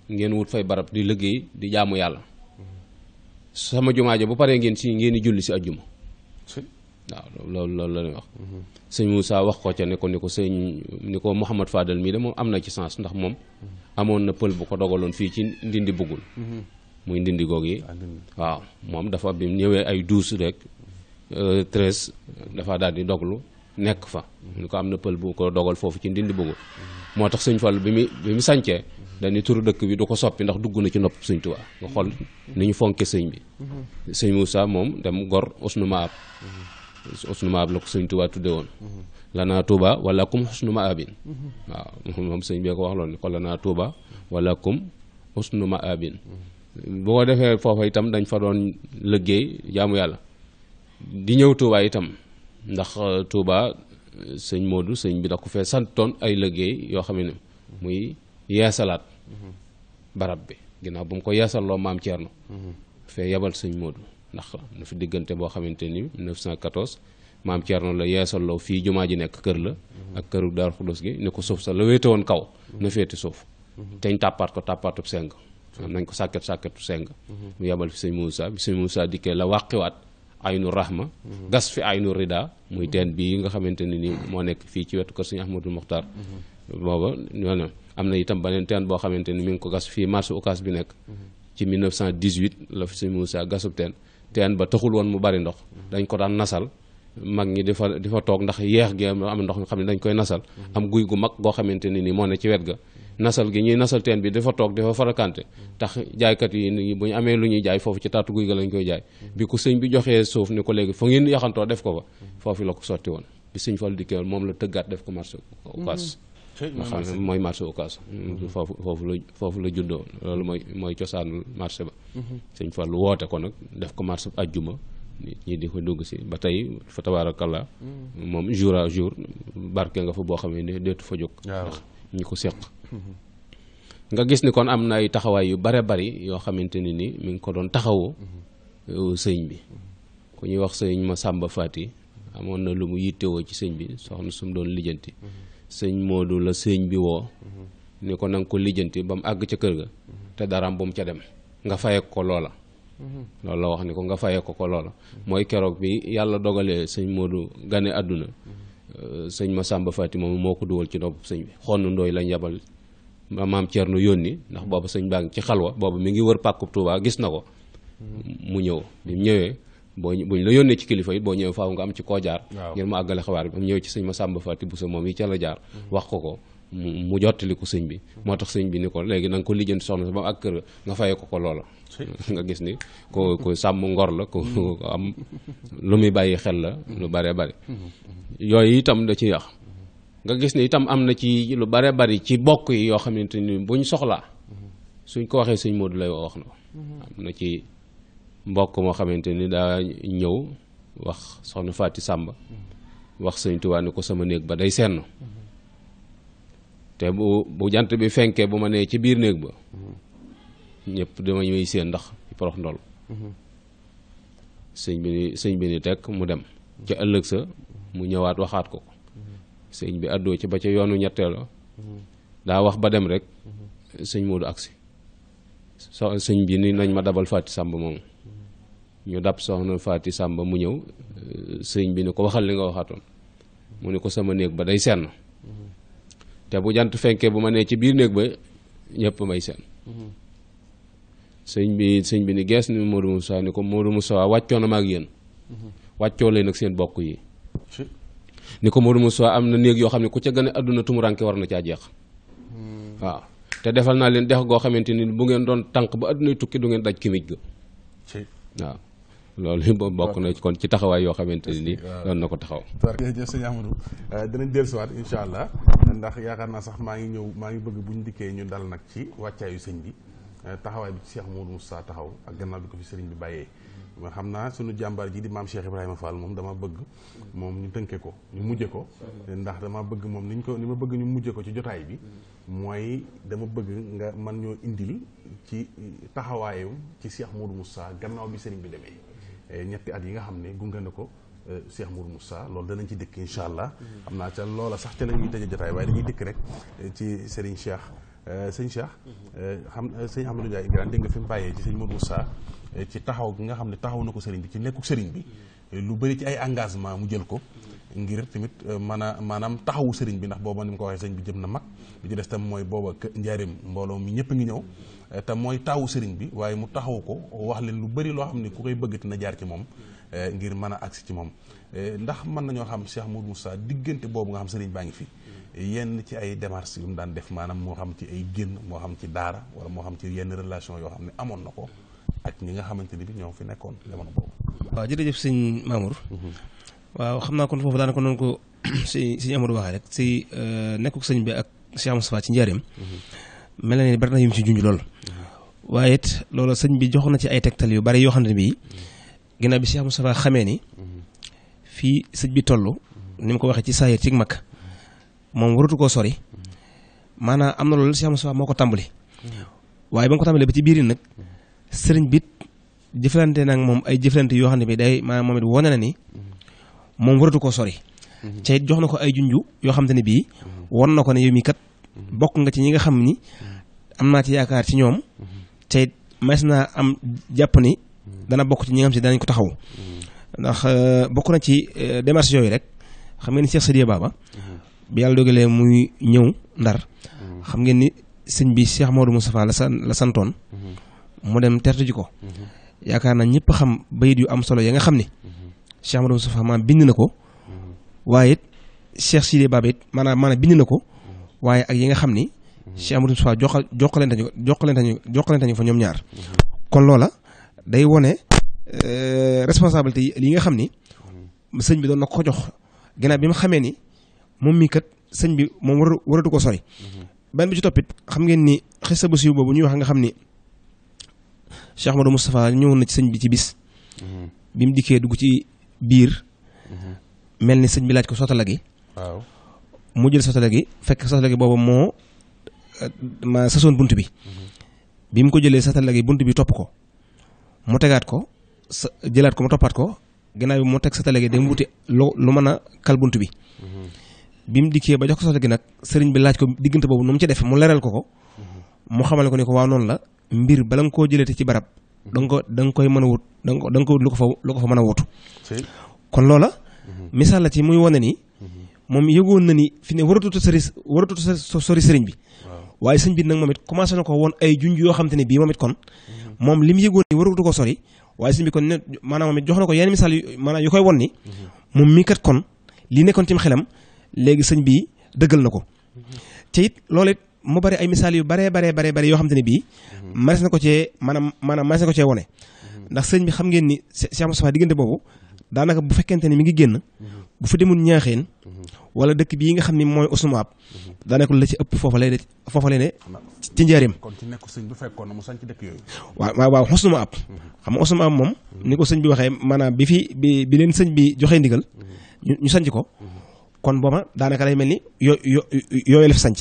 ngeen wut fay barab di liggéey di jaamu yàlla sama jumaa ja bu paree ngeen si ngeen julli waaw loolu loolu la ñuy wax. sëñ Moussa wax ko ca ne ko ni ko sëñ ni ko Mouhamad Fadel mii de moom am na ci sens ndax moom. amoon na pël bu ko dogaloon fii ci ndindi buggul. muy ndindi goog yi. Ah, waaw moom dafa bi ñëwee ay douze rek euh, treize dafa daal di doglu nekk fa. ni ko am na pël bu ko dogal foofu ci ndindi buggul. moo tax sëñ Fall bi mu bi mu sàncee dañuy turu dëkk bi du ko soppi ndax dugg na ci nopp sëñ Tuubaa nga xol ni ñu fonke sëñ bi. Mhm. sëñ Moussa moom dem gor usnu xusnu maab la ko sëñ Tuubaa tudde woon lanaa Tuuba wala kum xusnu maabin waaw moom sëñ bee ko wax loolu ni ko lanaa Tuuba wala kum xusnu maabin boo defee foofa itam dañ fa doon liggéey jaamu yàlla di ñëw Tuuba itam ndax euh, Tuuba sëñ Moodu sëñ bi da ko fee santoon ay liggéey yoo xam ne muy yeesalaat barab bi ginnaaw bu mu ko yeesaloo maam Thierno mm-hmm. fee yebal sëñ Moodu ndax na fi digënté bo xamanteni 914 maam Thierno la lo fi juma ji nek kër la ak këru dar Xudoos gi ne ko sof sa la wété won kaw na fété sof teñ tapat ko tàppaatub seng am nañ ko saket sàkketu seng mu yabal fi seigne Moussa bi seigne Moussa diké la wat aynu rahma gas fi aynu rida muy den bi nga xamanteni ni mo nek fi ci wétu ko seigne ahmadou mokhtar bobo ñoo amna itam ten bo xamanteni mi ngi ko gas fi marché bi nek ci 1918 la fi seigne Moussa ten teen ba taxul woon mu bari ndox dañ ko daan nasal mag ñi di fa di fa toog ndax yeex gi am ndox nga xam ne dañ koy nasal am guy gu mag goo xamante ne moo ne ci wet ga nasal gi ñuy nasal teen bi dafa toog dafa farakante tax jaaykat yi bu ñu amee lu ñuy jaay foofu ci taatu guy ga lañ koy jaay bi ko sëñ bi joxee suuf ni ko léegi fa ngeen yaxantoo def ko fa foofu la ko sotti woon bi sëñ Fallu dikkee moom la tëggaat def ko marché occas nga mooy marché Ocass mm-hmm. Mm-hmm. foofu foofu la foofu la juddoo loolu mooy mooy cosaanul marché ba mm-hmm. sëñ Fallu woote ko nag def ko marché ajjuma nit ñi di ko dugg si ba tey fa tabaarakallaa moom jour à jour barke nga fa boo xam ne deetu fa jóg ndax ko séq nga gis ni kon am na ay taxawaay yu bare bari yoo xamante ne ni mi ngi ko doon taxawoo uh, sëñ bi ku ñuy wax sëñ ma Sàmba Faati amoon na lu mu yittewoo ci sëñ bi soxna su doon lijjanti sëñ Modou la sëñ bi woo ni ko nanga ko lijjanti ba mu àgg ca kër ga te daraam bu mu ca dem nga faye ko loola loolu la wax ni ko nga faye ko ko loola mooy keroog bi yàlla dogalee sëñ Modou gane àdduna sëñ ma Massamba Fati moom moo ko dugal ci nopp sëñ bi xonn ndooy la njabal ma maam Thierno yónni ndax booba sëñ baa ngi ci xalwa booba mi ngi wër pàkkub Tuubaa gis na ko mu ñëw bi mu ñëwee boo ñu la yónnee ci kilifa yi boo ñëwee faaw nga am ci koo jaar ngir mu àggale xabaar bi am ñëw ci sëñ Masamba Faty Bousso moom yi ca la jaar mm-hmm. wax ko ko mu jottali ko sëñ bi mm-hmm. moo tax sëñ bi ni ko léegi na ko lijjanti soxna si ba ak kër nga fayee ko ko loola <laughs> nga gis ni ko sàmm ngor la ko mm-hmm. am lu muy bàyyi xel la lu bare bari itam da ci yax nga gis ni itam am na ci lu bare bari ci bokk yi yoo xamante ni buñ soxlaa suñ ko waxee sëñ Modou lay wax na ko am na ci mbokk moo xamante ni daa ñëw wax soxna fàtti Sàmba wax sëñ Tuubaa ni ko sama néeg ba day senn te bu bu jant bi fenkee bu ma nee ci biir néeg ba ñépp dama ñuy seen ndax porox ndol sëñ bi ni sëñ bi ni tekk mu dem ca ëllëg sa mu ñëwaat waxaat ko sëñ bi àddoo ci ba ca yoonu ñetteelo daa wax ba dem rek sëñ Moodu agsi so sëñ bi ni nañ ma dabal Faati sàmb moom ñu dab soxna Faati Sàmba mu ñëw euh, sëñ bi ni ko waxal li nga waxaatoon mu ni ko sama néeg ba day senn te bu jant fenkee bu ma nee ci biir néeg ba ñépp may senn sëñ bi sëñ bi ni gees ni Modou Moussa ni ko Modou Moussa wàccoo na ma ak yéen wàccoo leen ak seen bokk yi ni ko Modou Moussa am na néeg yoo xam ne ku ca gën àdduna tumuranke war na caa jeex waaw te defal naa leen dex goo xamante ni bu ngeen doon tànk ba àdduna tukki du ngeen daj kimij ga waaw loolu yi moom bokk na kon ci taxawaay yoo xamante ne ni doon euh, na ko taxaw jërëjëf sëñ Amadou euh, dinañ dellusiwaat incha allah ndax yaakaar naa sax maa ngi ñëw maa ngi bëgg bu ñu dikkee ñu dal nag ci wàccaayu sëñ bi euh, taxawaay bi ci Cheikh Moudou Moussa taxaw ak gannaaw bi ko fi sëriñ bi bàyyee ma xam naa sunu jàmbaar ji di maam Cheikh Ibrahima Fall moom dama bëgg moom ñu tënke ko ñu mujje ko ndax dama bëgg moom niñ ko ni ma bëgg ñu mujje ko ci jotaay mooy dama bëgg nga man ñoo indil ci taxawaayam ci Cheikh Moudou Moussa gannaaw bi sëriñ bi demee Eh, ñetti at yi nga xam ne gunge na ko eh, Cheikh Mour Moussa loolu danañ ci dëkk incha allah. xam naa ca loola sax ca la ñuy tëj jotaay waaye dañuy dëkk rek eh, ci Serigne Cheikh sëñ Cheikh. xam sëñ Amadou Ndiaye Ibrahima dégg nga fi mu bàyyee ci sëñ Mour Moussa ci taxaw gi nga xam ne taxaw na ko Serigne bi ci nekkuk Serigne bi. lu bëri ci ay engagement mu jël ko. ngir tamit mën a maanaam taxawu sëriñ bi ndax booba ni mu ko waxee sëñ bi jëm na mag. li ci des tam mooy booba njaarim mbooloo mi ñëpp a ngi ñëw. te mooy taawu sëriñ bi waaye mu taxaw ko wax leen lu bari loo xam ne ku koy bëggati na jaar ci moom eh, ngir mën a agsi ci moom eh, ndax mën nañoo xam Cheikh Modou Moussa diggante boobu nga xam sëriñ baa ngi fi yenn ci ay démarches yu mu daan def maanaam moo xam ci ay génn moo xam ci daara wala moo xam ci yenn relation yoo xam ne amoon na ko ak ñi nga xamante ni bi fi nekkoon jamono boobu. waaw jërëjëf sëñ Mamour. Mhm. waaw xam naa kon foofu daanaka noonu ko <coughs> si si Amadou waxee rek si eh, nekkuk sëñ bi ak Cheikh Moustapha ci njaareem mhm. mel na ni bari na yim ci junj lool waaye it loolu sëñ bi jox na ci ay tegtal yu bari yoo xam ne bii ginnaaw bi Cheikh Moustapha xamee ni fii sëñ bi toll ni mu ko waxee ci saa ci mag moom waratu koo sori maanaam am na loolu Cheikh Moustapha moo ko tàmbali waaye ba nga ko ci biir nag sëriñ bi jëflante nag moom ay jëflante yoo xam ne bi day maanaam moom it na ni moom waratu koo sori. Mm-hmm. jox na ko ay junju yoo xam ne bii won na ko ne yow mii kat bokk nga ci ñi nga xam ni am naa ci yaakaar ci ñoom te mas naa am jàpp ni dana bokk ci ñi nga xam si danañ ko taxaw ndax euh, bokk na ci euh, démarche yooyu rek xam ngeen ni Cheikh Sadio Baba bi yàlla dogalee muy ñëw ndar xam ngeen ni sëñ bi Cheikh Modou Moustapha la san la santoon mu dem tertu ji ko yaakaar naa ñëpp xam bayit yu am solo ya nga xam ni Cheikh Modou Moustapha maanaam bind na ko waaye it Cheikh Sadio Baba it maanaam maanaam bind na ko waaye ak yi nga xam ni. Mhm. Cheikh Amadou Moussa joxal jokkalante ñu jokkalante fa ñoom ñaar. kon loola day wone euh, responsabilité yi li nga xam ni. Mhm. sëñ bi doon na ko jox gannaaw bi mu xamee ni moom mii kat sëñ bi moom war waratu ko sori. Mhm. benn bi ci toppit xam ngeen ni xista bu siiw boobu ñuy wax nga xam ni Cheikh Amadou Moustapha ñëwoon na ci sëñ bi ci bis. bi mu dikkee dugg ci biir. mel ni sëñ bi laaj ko sottala gi. waaw mu jël sotale gi fekk sotale gi boobu moo ma sasoon bunt bi bi mu ko jëlee sotale gi bunt bi topp ko mu tegaat ko sa jëlaat ko mu toppaat ko ginnaaw bi mu teg sotale gi dem wuti lu lu mën a kal bi. bi mu dikkee ba jox ko sotale gi nag sëriñ bi laaj ko diggante boobu nu mu ci def mu leral ko ko mu xamal ko ni ko waa noonu la mbir bala nga koo jëleete ci barab. da nga ko da koy mën a wut da nga ko da ko lu ko fa lu ko fa mën a wutu. kon loola. Mhm. misaal la ci moom yëgoon na ni fi ne waratut a sori waratut a sori sëriñ bi. waaye sëñ bi nag moom it commencé na ko woon ay junj yoo xam ne bii moom it kon. Mm-hmm. moom li mu yëgoon ni waratu ko sori waaye sëñ bi kon ne maanaam jox na ko yenn misaal yu maanaam koy won ni. Mm-hmm. moom mii kat kon lii nekkoon tim xelam léegi sëñ bi dëggal na ko. Mm-hmm. te it loolu it mu bari ay misaal yu baree baree baree baree yoo xam ne bii. manees na ko cee maanaam maanaam manees na ko cee wone. ndax sëñ bi xam ngeen ni Cheikh Moustapha diggante boobu daanaka bu fekkente ne mi ngi génn bu fa demul ñaaxeen wala dëkk bii nga xam ne mooy Oussoumaab daanaka la ci ëpp foofa lay foofa lay ne ci njaareem. kon ci nekk sëñ bu fekkoon na mu sanc dëkk yooyu. waaw waaw Oussoumaab xam nga Oussoumaab moom ni ko sëñ bi waxee maanaam bi fi bi bi leen sëñ bi joxee ndigal ñu sanc ko kon booba daanaka lay mel ni yoo yoo yooyu la fi sanc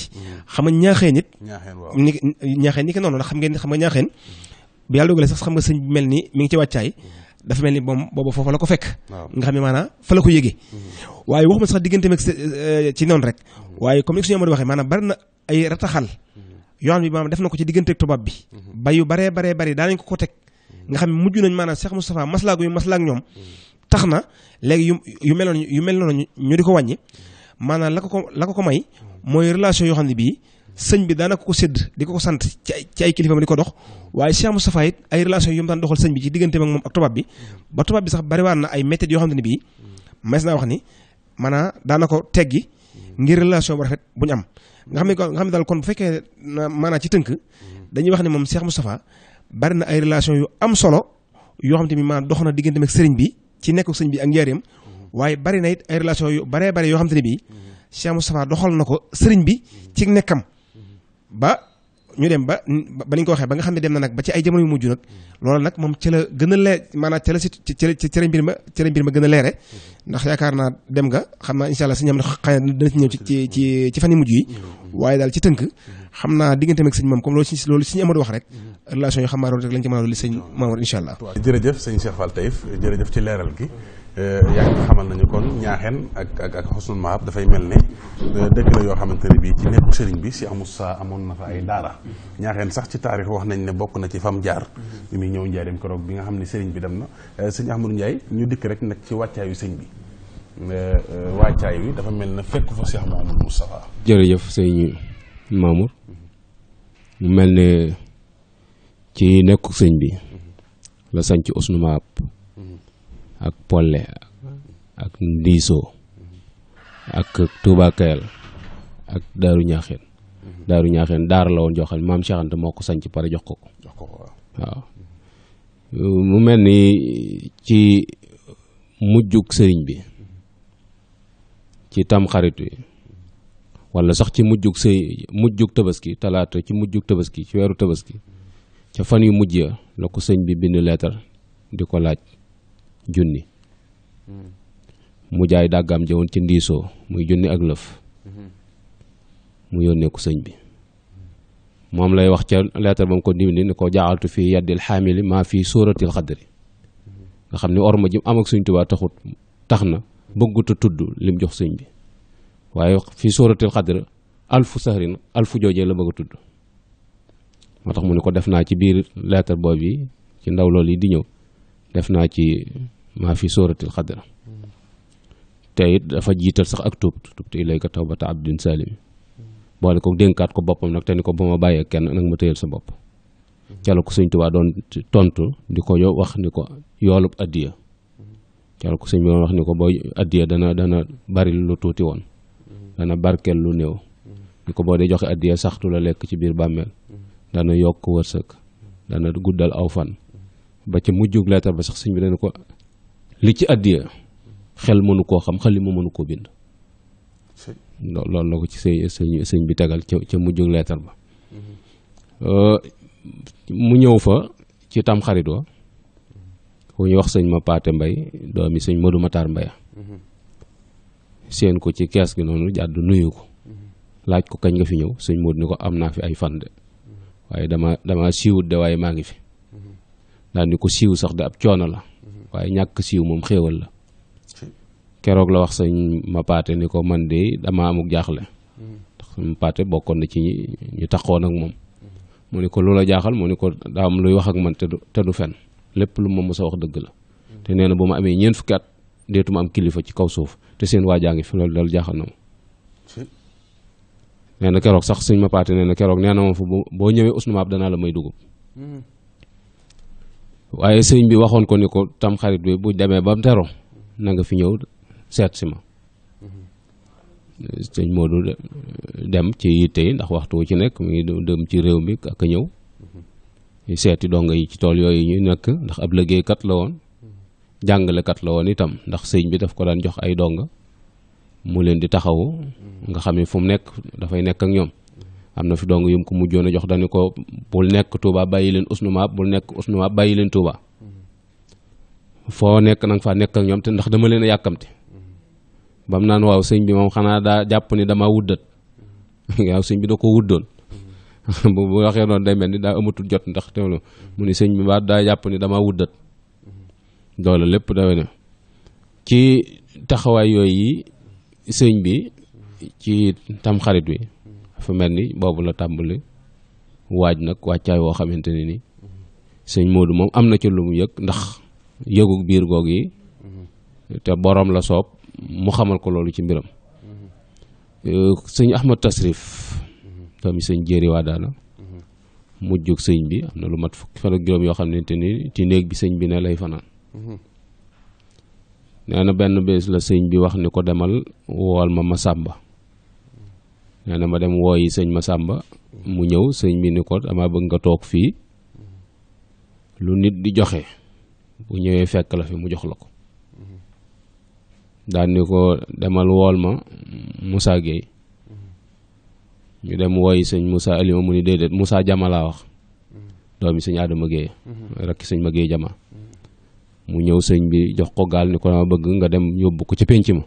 xam nga ñaaxee it. ñaaxeen ñaaxeen ni ko noonu ndax xam ngeen xam nga ñaaxeen bu yàlla dogalee sax xam nga sëñ bi mel ni mi ngi ci wàccaay dafa mel ni moom boobu foofa la ko fekk. nga xam ne maanaam fa la ko yëgee. Mm-hmm. waaye waxuma sax diggante meeg eh, ci noonu rek. Mm-hmm. waaye comme ni suñu amadou waxee maanaa bari na ay rataxal. yoo xam ne maanaam def na ko ci diggante tubaab bi. Mm-hmm. ba yu bare baree bari daanañ ko ko teg. nga xam ne mujj nañ maanaam Cheikh Moustapha maslaa gu maslaa ak ñoom. tax na léegi yu yu mel noonu yu mel noonu ñu di ko wàññi. maanaam la ko ko la ko ko may. mooy relation yoo xam ne bii. sëñ bi daanaka ko sédd di ko ko sant ci ay ci ay kilifam di ko dox waaye Cheikh Moustapha it ay relation yu mu daan doxal sëñ bi ci digganteem ak moom ak tubaab bi ba tubaab bi sax bariwaan na ay méthodes yoo xam ne bii mas naa wax ni maanaam daana ko teggi ngir relation bu rafet bu ñu am. nga xam ne nga xam ne daal kon bu fekkee maanaam ci tënk dañuy wax ne moom Cheikh Moustapha bari na ay relation yu am solo yoo xam te ni maanaam dox na digganteem ak sëriñ bi ci nekk sëñ bi ak njaareem waaye bari na it ay relation yu baree bari yoo xam te ne bii Cheikh Moustapha doxal na ko sëriñ bi ci nekkam. ba ñu dem ba ba ni ñu ko waxee ba nga xam ne dem na nag ba ci ay jamono mu mujj nag loolu nag moom ci la a leer maanaam ci la si ci ci cere mbir ma cere mbir ma gën a leere ndax yaakaar naa dem nga xam naa incha allah suñu am ci ci ci ci fan yu mujj yi waaye daal ci tënk xam naa digganteem ak sëñ moom comme loolu si ñu amadu wax rek relation yi xam naa rek lañ ci mën a dolli sëñ Mamour incha allah. jërëjëf sëñ Cheikh Fall Taïf jërëjëf ci leeral gi Euh, yaa ngi xamal nañu kon ñaaxeen ak ak ak xosnul mahab dafay mel ne euh, dëkk la yoo xamante ne bii ci nekku sëriñ bi Cheikh Moussa amoon na fa ay daara ñaaxeen sax ci taarix wax nañ ne bokk na ci fam jaar bi muy ñëw njaareem bi nga xam ne sëriñ bi dem na euh, sëñ Ahmadou Ndiaye ñu dikk rek nag ci wàccaayu sëñ bi wàccaayu yi dafa mel ne fekk fa Cheikh Mouhamadou Moustapha jërëjëf sëñ Mamour mu mel ne ci nekku sëñ bi la sañ ci xosnul mahab ak Polle ak Ndiisoo ak Touba Kayal ak Daaru Ñaaxeen mhm. Daaru Ñaaxeen daara la woon joo xam ne maam Cheikh Anta moo ko sanc pare jox ko ko waaw mu mel ni ci mujjug sëriñ bi ci tamxarit wi wala sax ci mujjug sëy mujjug tabaski talaata ci mujjug tabaski ci weeru tabaski ca fan yu mujj ya la ko sëñ bi bind leetar di ko laaj junni hmm. mu jaay dàggaam jëwoon ci ndiisoo muy junni ak lëf hmm. mu yónnee ko sëñ bi moom lay wax ca lettre ba mu ko dimbi ni ko jaaxaltu fii yaddil xaamili maa fii sóoratil xadri nga xam ne orma ji am ak sëñ Tuubaa taxut tax na bëggut a tudd lim jox sëñ bi waaye fii sóoratil xadri alfu sahrin alfu joojee la bëgg tudd moo tax mu ne ko def naa ci biir lettre boobu yi ci ndaw loolu yi di ñëw def naa ci ma fi suratil qadr te dafa jital sax ak tuub tubtu ilayka tawbata abdin salim bolé ko denkat ko bopam nak tan ni ko buma baye ken nak ma teyel sa bop cialo ko seigne touba don tontu di ko yo wax ni ko yoolub addiya ko seigne wax ni ko boo dana dana bari lu tuti won dana barkel lu new diko ko de dee joxe addiya saxtu la lek ci bir bammel dana yok wërsëg dana guddal awfan fan ba ci mujjug letter ba sax seigne bi dana ko li ci addiya xel mënu koo xam xalima mënu koo bind loolu la ko ci sëñ sëñ sëñ bi tegal ca ca mujjug leetar ba mm-hmm. uh, mu ñëw fa ci tam xarit wa ku ñuy wax sëñ ma paate mbay doomi sëñ Modou Matar Mbay mm-hmm. seen ko ci kees gi noonu jàdd nuyu ko mm-hmm. laaj ko kañ nga fi ñëw sëñ Modou ni ko am naa fi ay fan de waaye dama dama siiwut de waaye maa ngi fi daal ni ko siiw sax de ab coono la waaye ñàkk siiw moom xéewal la keroog la wax sañ Mapaate ni ko man de dama amuk jaaxle hmm. ndax Mapaate bokkoon na ci ñi ñu taxoon ak moom mu ni ko lu la jaaxal moo ni ko daa am luy wax ak man te du fen lépp lu ma mës a wax dëgg la hmm. te nee na bu ma amee ñeent fukki at deetuma am kilifa ci kaw suuf te seen waajaa ngi fi loolu dal jaaxal na ma nee keroog sax sëñ Mapaate nee na keroog nee na moom fu boo ñëwee usnumaab danaa la may dugub hmm. waaye sëñ bi waxoon ko ni ko tam xarit bi bu demee ba mu teru na nga fi ñëw seet si ma mm-hmm. sëñ Modou dem ci yitte yi ndax waxtu ci nekk mu ngi dem ci réew mi ak ñëw mm-hmm. seeti donga yi ci tool yooyu ñu nekk ndax ab liggéeykat la woon mm-hmm. jàngalekat la woon itam ndax sëñ bi daf ko daan jox ay donga mu leen di taxawu nga xam ne fu mu nekk dafay nekk ak ñoom am na fi dong yum ko mujjoon a jox dañu ko bul nekk Touba bàyyi leen usnumaab bul nekk usnumaab bàyyi leen Touba foo nekk na fa nekk ak ñoom te ndax dama leen a yàkkamti bam naan waaw sëñ bi moom xanaa daa jàpp ni dama wuddat <laughs> waaw sëñ bi da ko wuddoon <laughs> bu ni daa amatul jot ndax te mu ni daa jàpp damaa wuddat lépp dawe na ci taxawaay yooyu sëñ bi ci tamxarit wi dafa mel ni boobu la tàmbali waaj nag wàccaay woo xamante ne ni sëñ Modou moom am na ci lu mu yëg ndax yëgu biir goog yi te boroom la soob mu xamal ko loolu ci mbiram euh, sëñ Ahmad Tasrif tamit sëñ Jéeri waa daana mujjug sëñ bi am na lu mat fukki fan juróom yoo xamante ni ci néeg bi sëñ bi ne lay fanaan mhm. nee na benn bés la sëñ bi wax ni ko demal wool ma sàmba nee ma dem wooyi sëñ sàmba mu ñëw sëñ bi ni ko dama bëgg nga toog fii lu nit di joxe bu ñëwee fekk la fi mu jox la ko daal ni ko demal wool ma Moussa Gueye ñu dem wooyi sëñ Moussa Alima mu ni déedéet Moussa Jama laa wax doomi sëñ Adama Gueye rakki sëñ ma Gueye Jama mu ñëw sëñ bi jox ko gaal ni ko dama bëgg nga dem yóbbu ko ci pénc ma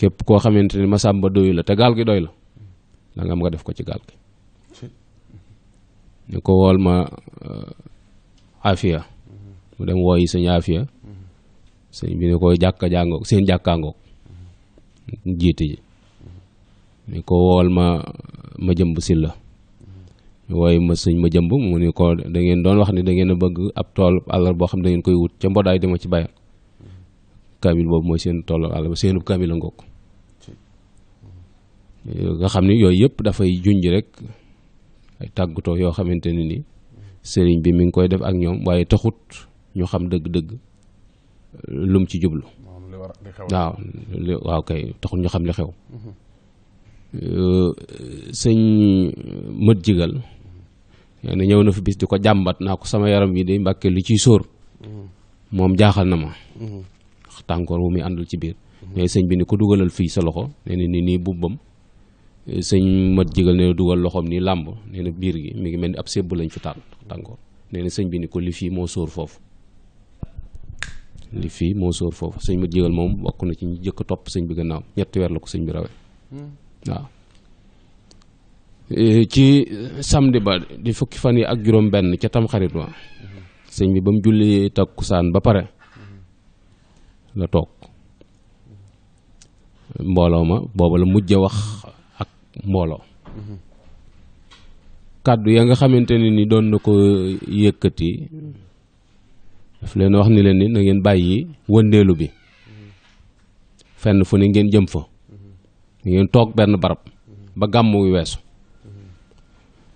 képp koo xamante ni masàmba doyu la te gaal gi doy la la nga am nga def ko ci gaal gi ni ko wol ma euh, afia mu dem wooyi sëñ afia sëñ bi ni ko jàkka jàngoog seen jàkkaangoog jiite ji ni ko wol ma ma jëmb silla woy ma sëñ ma jëmb mu ni ko da ngeen doon wax ni da ngeen bëgg ab tool àllar bo xam da ngeen koy wut ca mbodaay dama ci bayal kamil bobu moy seen tool àll seenu kamil kaamil nga xam ni yooyu yëpp dafay junj rek ay yoo xamante ne ni sëriñ bi mi ngi koy def ak ñoom waaye taxut ñu xam dëgg-dëgg lum ci jublu. waaw waaw kay taxut ñu xam li xew. Mhm. sëñ mët jigal na ñëw na fi bis di ko jàmbat naa ko sama yaram yi day mbàkke li ciy sóor mhm. moom jaaxal na ma mhm. tànkoor wu muy àndal ci biir mais sëñ bi ni ko dugalal fii sa loxo ne ni nii bubbam sëñ ma digal ne dugal loxom ni lamb nee na biir gi mi ngi mel ni ab sebb lañ fi tànn tàngoor nee na sëñ bi ni ko li fii moo sóor foofu li fii moo sóor foofu sëñ ma digal moom bokk na ci ñu jëkk topp sëñ bi gannaaw ñett weer la ko sëñ bi rawee hmm. waaw eh, ci samedi ba di fukki fan yi ak juróom benn ca tam xarit wa sëñ bi ba mu julli takkusaan ba pare la toog mbooloo ma booba la mujj wax mbooloo kàddu ya nga xamante ne ni doon na ko yëkkati daf leen wax ni leen ni na ngeen bàyyi wëndeelu bi fenn fu ne ngeen jëm fa ngeen toog benn barab ba gàmm weesu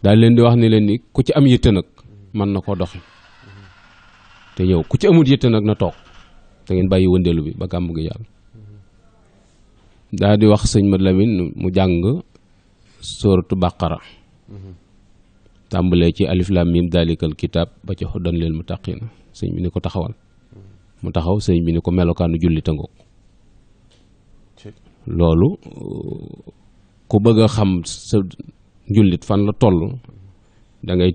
daal leen di wax ni leen ni ku ci am yitte nag mën na koo doxi te yow ku ci amut yitte nag na toog da ngeen bàyyi wëndeelu bi ba gàmm gi yàlla daal di wax sëñ Mat Lamin mu jàng suuratu baqara tambale ci alif lam mim dalikal kitab ba ci hudan lil mutaqin. sëñ bi ni ko taxawal mu taxaw sëñ bi ni ko melokanu julli a lolu ku bëgg xam sa julit fan la tollu da ngay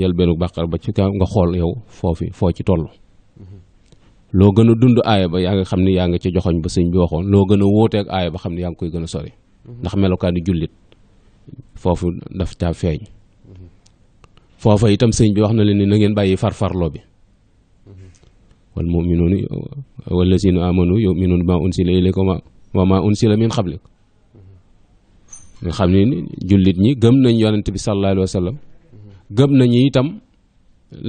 ñel benu bakkar ba ci nga xol yow fofi fo ci tollu lo gën dund aaya ba ya nga xamni ya nga ci joxoñ ba señ bi waxon lo gën wote ak aaya ba xamni ya nga koy gën sori ndax melokanu julit foofu daf caa feeñ foofa itam sëñ bi wax na leen ni na ngeen bàyyi farfarloo bi wal muminuuna wallazina amanu yuminuuna bima unsila ilayka wa ma unsila min qablik nga xam ne jullit ñi gëm nañ yonent bi sallallahu alayhi wa sallam gëm nañu itam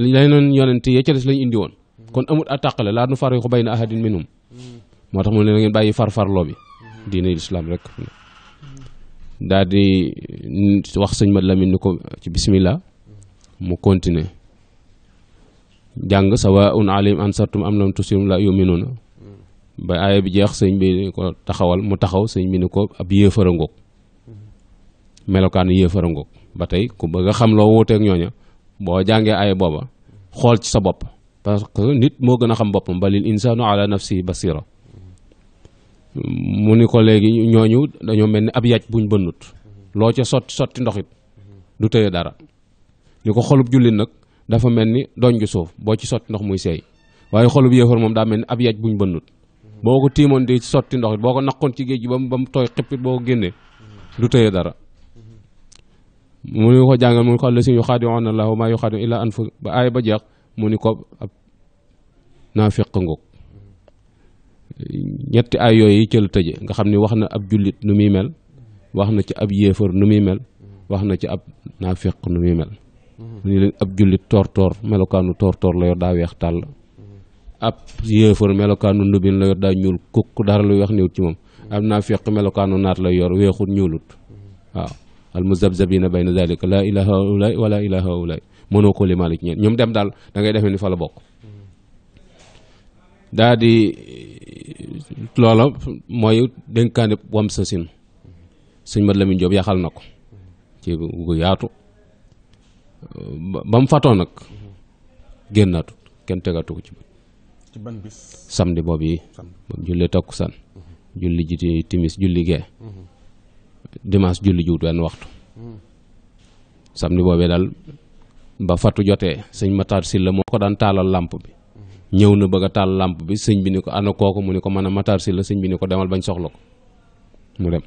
leneen yonent ya ca des lañ indi woon kon amut attaqale laa nu fariqu bayna ahadin minhum moo tax mu ne na ngeen bàyyi farfarloo bi diine lislaam rek daal di mm, wax sëñ Mate Lamine ni ko ci bismillah mu continuer jàng sawaa'un alayhim a ansartum am lam tusirhum laa yu'minuuna ba aaya bi jeex sëñ bi ko taxawal mu taxaw sëñ bi ni ko ab yéefar a ngoog melokaan yéefar a ngoog ba tey ku bëgg a xam loo wuuteeg ñooña boo jàngee aaya booba xool ci sa bopp parce que nit moo gën a xam boppam balil insaanu ala nafsihi basira mu ni ko léegi ñooñu dañoo mel ni ab yaj buñ bënnut loo ca sotti sotti ndox it du tëye dara ni ko xolub jullit nag dafa mel ni doñ ju suuf boo ci sotti ndox muy seey waaye xolub yéefar moom daa mel ni ab yaj buñ bënnut boo ko tiimoon di sotti ndox it boo ko naqoon ci géej gi ba mu ba mu tooy xippit boo ko génnee du tëye dara mu ni ko jàngal mu ni ko allasi la allaah wa maa yuxaadiuuna illaa anfusahum ba aay ba jeex mu ni ko ab naafiq ngoog ñetti ay yoy yi cël tëje nga xamni waxna ab julit nu mi mel waxna ci ab yefeur nu mi mel waxna ci ab nafiq nu mi mel ni ab julit tor tor melokanu tor tor la yor da wex tal ab yefeur melokanu nubin la yor da ñul kuk dara lu wax ni ci mom ab nafiq melokanu nat la yor weexut ñuulut waaw muzabzabina bayna zalika la ilaha haulaay wala ilaha illa mënoo ko malik ñom dem dal da ngay def ni fa la bok daa di loola mooy dénkaane wam sa sin suñ mat Lamin Jóob yaxal na ko ci gu yaatu ba mu fatoo nag génnaatu kenn tegaatu ko ci bët ci ban bis samedi boobu yi mhm. julli takkusaan julli ji timis julli gee mhm. dimanche julli jiwut wenn waxtu mhm. samedi boobee daal ba fatu jotee sëñ Matar Sylla moo ko daan taalal làmp bi ñew na bëgg taal lamp bi sëñ bi ni ko ana koku mu ni ko mëna matar mataar si la sëñ bi ni ko demal bañ soxlo ko mu dem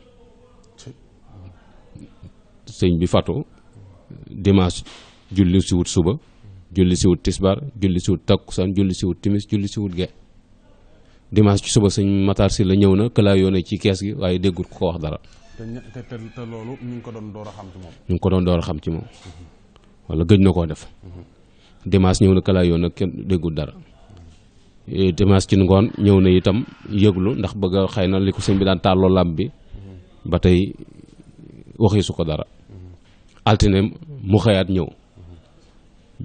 sëñ bi fatu dimanche julli ci wut suba julli ci wut tisbar julli ci wut takkusaan julli ci wut timis julli ci wut ge dimanche ci suba sëñ matar si la ñew na kala yoone ci kees gi waye déggul ko wax dara te te te lolu ñu ko doon doora xam ci mom ñu ko doon doora xam ci mom wala gëj na ko def mhm. dimanche ñew na kala yoon nag déggul dara Eh, dimanche ci ngoon ñëw na itam yëglu ndax bëgg a xëy na li ko sëñ bi daan tàlloo làmb bi ba tey waxee ko dara altine mu xëyaat ñëw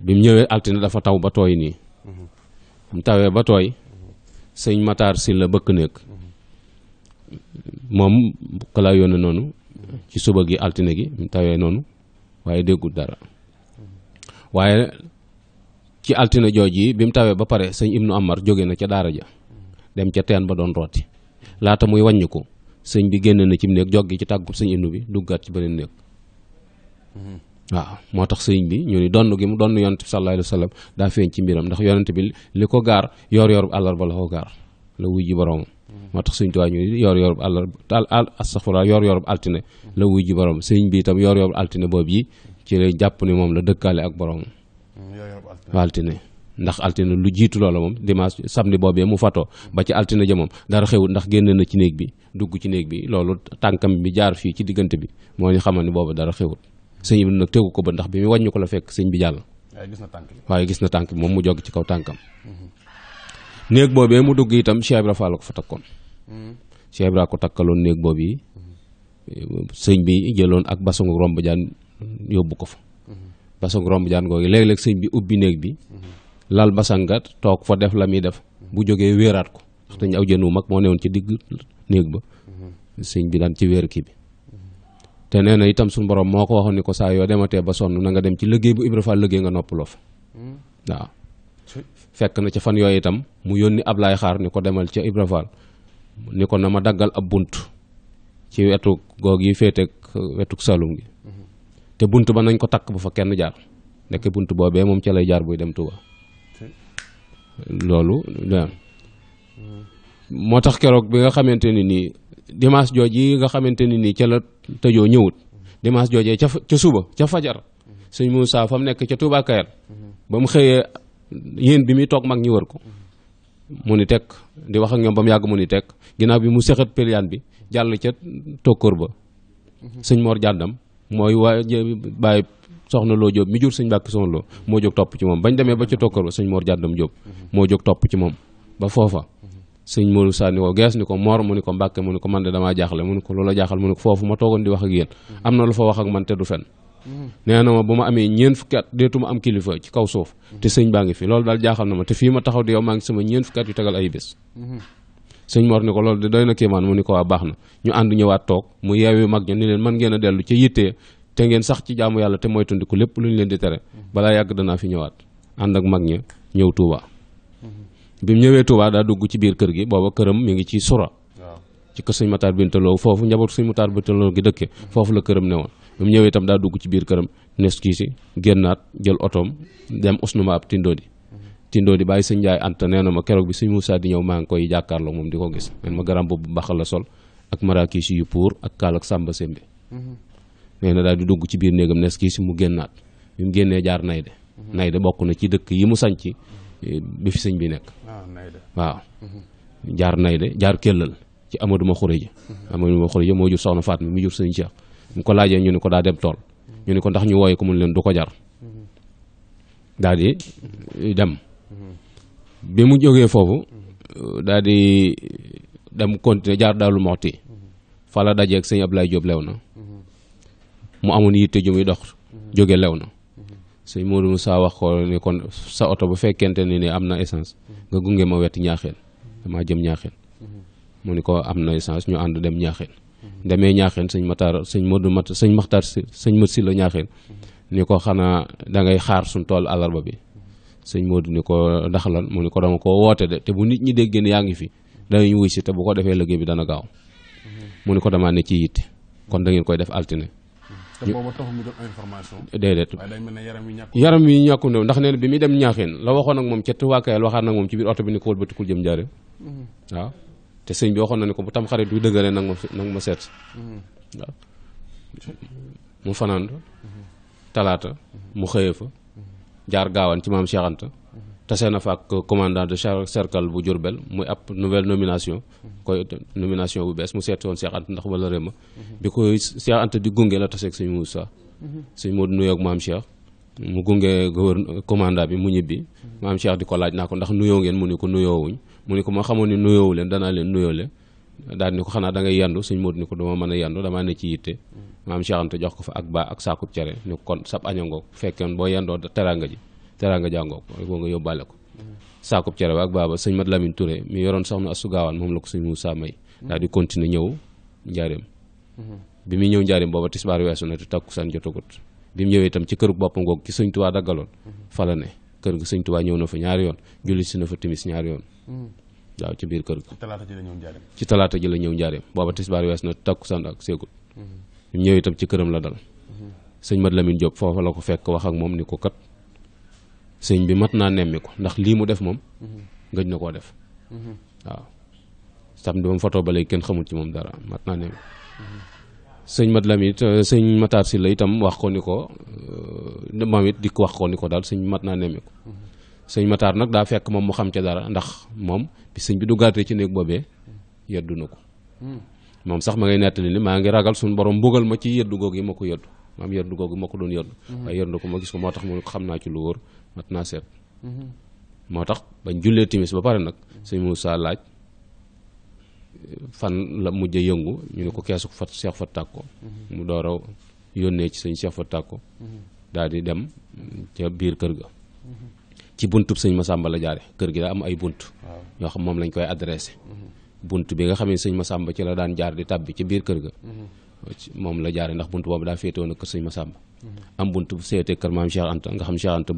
bi mu ñëwee altine dafa taw ba tooy nii mu tawee ba tooy sëñ Matar si la bëkk nekk moom ko laa yónnee noonu ci suba gi altine gi mu tawee noonu waaye déggul dara waaye ci altine jooj yi bi mu tawee ba pare sëñ ibnu amar jóge na ca daara ja dem ca teen ba doon rooti laata muy wàññiku sëñ bi génn na ci mu néeg joggi ci tàggu sëñ ibnu bi duggaat ci beneen néeg mm-hmm. waaw moo tax sëñ bi ñu ni donn gi mu donn yonent bi sallallahu sa wa sallam daa feeñ ci mbiram ndax yonent bi li ko gaar yor yor bu àllarba la ko mm-hmm. moo tax sëñ tuwaa ñu yor yor bu àllarba astaxfirullah yor yor bu altine la wuy ji boroomam sëñ bi itam yor yor altine boobu yi ci lay jàpp ni moom la dëkkaale ak boroomam altine ndax altine lu jiitu loola moom dimanche samedi boobee mu fatoo ba ci altine ja moom dara xewul ndax génne na ci néeg bi dugg ci néeg bi loolu tànkam bi jaar fii ci diggante bi moo ñu ne booba dara xewul sëñ bi nag tegu ko ba ndax bi mu wàññi ko la fekk sëñ bi jàll waaye gis na tànk bi moom mu jog ci kaw tànkam mm-hmm. néeg boobee mu dugg itam Cheikh Ibra Fall ko fa takkoon mm-hmm. Cheikh Ibra ko takkaloon néeg boobu yi mm-hmm. sëñ bi jëloon ak basangu romb jaan yóbbu ko fa basang romb jaan googu léeg-léeg sëñ bi ubbi néeg bi lal basangat toog fa def la muy def bu jógee wéeraat ko te ñu aw jën wu mag moo newoon ci digg néeg ba sëñ bi daan ci wéer kii bi te nee na itam sun borom moo ko waxoon ni ko saa yoo dematee ba sonn nga dem ci liggéey bu Ibra Fall liggéey nga noppaloo fa waaw fekk na ci fan yooyu itam mu yónni Ablaay Xaar ni ko demal ca Ibra ni ko na ma daggal ab bunt ci wetu goog yi féeteeg wetuk salum gi te buntu ba nañ ko tak bu fa kenn jaar nek buntu bobé mom ci lay jaar buy dem Touba lolu motax kérok bi nga xamanteni ni dimanche jooj nga xamanteni ni ci la tejo ñewut dimanche joojee ci suba ci fajar seigne Moussa fam nek ci Touba kayal bam yeen bi mi tok mag ñi wër ko mu ni di wax ak ñom bam yag mu ni bi mu xexet pelian bi jall ci tokor ba seigne Mor jandam mooy waa bàyyi soxna loo jóob mi jur sëñ Mbàkke soxna loo moo jóg topp ci moom bañ demee ba ca tokkar ba sëñ Mor jàddam jóob moo topp ci moom ba foofa sëñ Mor Saa ni ko gees ni ko Mor mu ni ko Mbàkke mu ni ko man de damaa jaaxle mu ni ko loola jaaxal mu ni ko foofu ma toogoon di wax ak yéen am na lu fa wax ak man te du fen nee na ma ba ma amee ñeen fukki at deetuma am kilifa ci kaw suuf te sëñ baa ngi fi loolu daal jaaxal na ma te fii ma taxaw di yow maa ngi sama ñeen fukki at yu tegal ay bés sëñ Mor ni ko loolu de doy na kéemaan mu ni ko waa baax na ñu ànd ñëwaat tok mu yeewi mag ña ni leen man ngeen a dellu ca yittee te ngeen sax ci jaamu yàlla te mooy tundiku lépp lu di tere balaa yàgg danaa fi ñëwaat ànd ak mag ña ñëw Touba. bi mu ñëwee Touba daa dugg ci biir kër gi booba këram mi ngi ci sura ci kër sëñ Matar Bintaloo foofu njabootu sëñ Matar Bintaloo gi dëkke foofu la këram ne woon bi mu ñëwee itam daa dugg ci biir këram nes kii si jël otoom dem usnuma ab tindoo di tindoo di bàyyi sëñ Njaay Anta nee na ma keroog bi sëñ Moussa di ñëw maa ngi koy jàkkaarloo moom di ko gis nee ma garam boobu mbaxal la sol ak maraakiis yu pour ak kaal ak sàmba sembe mhm. nee na daal di dugg ci biir néegam nes kii si mu génnaat bi mu génnee jaar Nayde mhm. Nayde bokk na ci dëkk yi mu sanc eh, bi fi sëñ bi nekk ah, waaw mhm. jaar Nayde jaar Kellal ci Amadou Ma Xureja Amadou Ma Xureja moo jur soxna Faat mi mu jur sëñ Cheikh mu ko laajee ñu ne ko daa dem tool ñu ne ko ndax ñu wooye ko du ko jar daal di eh, bi mu jógee foofu daal di dem continuer jaar daalu moxti fala la dajeeg sëñ Ablaye Diop lew na mu amoon yitte ju muy dox jóge lew na sëñ Modou Moussa wax ko ne kon sa oto bu fekkente ne ne am na essence nga gunge ma wet ñaaxeen damaa jëm ñaaxeen mu ni ko am na essence ñu ànd dem ñaaxeen demee ñaaxeen sëñ Matar sëñ Modou Mat sëñ sëñ Mat si la ñaaxeen ni ko xanaa dangay xaar suñ tool àllarba bi sëñ Modou ni ko dax lan mu ni ko dama koo woote de te bu nit ñi déggee ne yaa ngi fi danañ wuy si te bu ko defee liggéey bi dana gaaw mhm. mu ni ko damaa ne ci yitte kon da koy def altine mhm. te booba taxul mu jot information. déedéet waaye day mel ne yaram yi ñàkk. yaram yi ñàkk ne ndax nee na bi muy dem ñaaxeen la waxoon ak moom ca tuwaakayal waxaat nag moom ci biir oto bi ni ko wëlbatikul jëm jaare mhm. waaw te sëñ bi waxoon na ne ko bu tam xarit du dëgëree nag ma nag ma seet. mu fanaan talaata mu xëyee fa. jaar gaawaan ci maam Cheikh Anta mhm. tase na fa ak commandant de cercle bu Diourbel muy ab nouvelle nomination mhm. koy nomination bu bees mu seet woon Cheikh Anta ndax wala réma mhm. bi koy Cheikh Anta di gunge la taseeg sëñ Moussa sëñ Modou nuyoo ak maam Cheikh mu gunge gouverneur commandant bi mu ñibbi maam Cheikh di ko laaj naa ko ndax nuyoo ngeen mu ni ko nuyoowuñ mu ni ko ma xamoon ni nuyoowu leen danaa leen nuyoole daal ni ko xanaa da ngay yandu suñ móot ni ko duma mën a yandu damaa ne ci yitte mm. maam Cheikh Anta jox ko fa ak ba ak saakub cere ni ko kon sab añangoog fekkoon boo yendoo teranga ji teranga jàngoog boo nga yóbbaale ko mm. saakub cere ba ak baaba sëñ Mat Lamine Touré mi yoroon soxna Astu Gaawaan moom la ko sëñ Moussa may mm. daa di continuer ñëw njaareem mm-hmm. bi muy ñëw njaareem booba tisbaar weesu na te takkusaan jotagut bi mu ñëwee itam ci kërug boppa googu ki sëñ Tuubaa daggaloon mm-hmm. fa ne kër gi sëñ Tuubaa ñëw na fa ñaari yoon julli na fa timis ñaari yoon mm-hmm. waaw ci biir kër ga. ci talaata ji la ñëw njaareem. ci talaata ji la ñëw njaareem booba tisbaar wees na takkusaan ak séegul. ñu mhm. ñëw itam ci këram la dal. Mhm. sëñ Mat Lamine Diop foofa la ko fekk wax ak moom ni ko kat sëñ bi mat naa nemmi ko ndax lii mu def moom. Mhm. gëj na koo def. waaw samedi photo ba kenn xamul ci moom dara mat naa nemmi. sëñ Mat Lamine it sëñ Matar si la itam wax ko ni ko euh, moom it di ko wax ko ni ko daal sëñ mat naa nemmi ko. sëñ Matar nak da fekk mom mu xam ci dara ndax mom bi sëñ bi gatté ci neeg bobé yeddu nako mom sax ma ngay nettali ni ma ngi ragal suñu borom mbugal ma ci yeddu googu mako yeddu mam yeddu googu ma ko doon yeddu mhm. ay yeddu ko ma gis ko motax mo xamna ci lu wor mat set motax mhm. bañ timis ba paré nak sëñ Moussa laaj fan la mujjé yëngu ñu ko kessu fat Cheikh fatako Tàkko mhm. mu door a yónnee ci sëñ Cheikh Fat Tàkko dem ci biir kër ci buntub sëñ mm-hmm. bi nga xam ne sëñ Massamba ci la daan jaar di tàbbi ci biir kër ga mm-hmm. moom la jaare ndax bunt boobu daa féetewoon na kër sëñ Massamba mm-hmm. am bunt bu seetee kër maam Cheikh Anta nga xam Cheikh Anta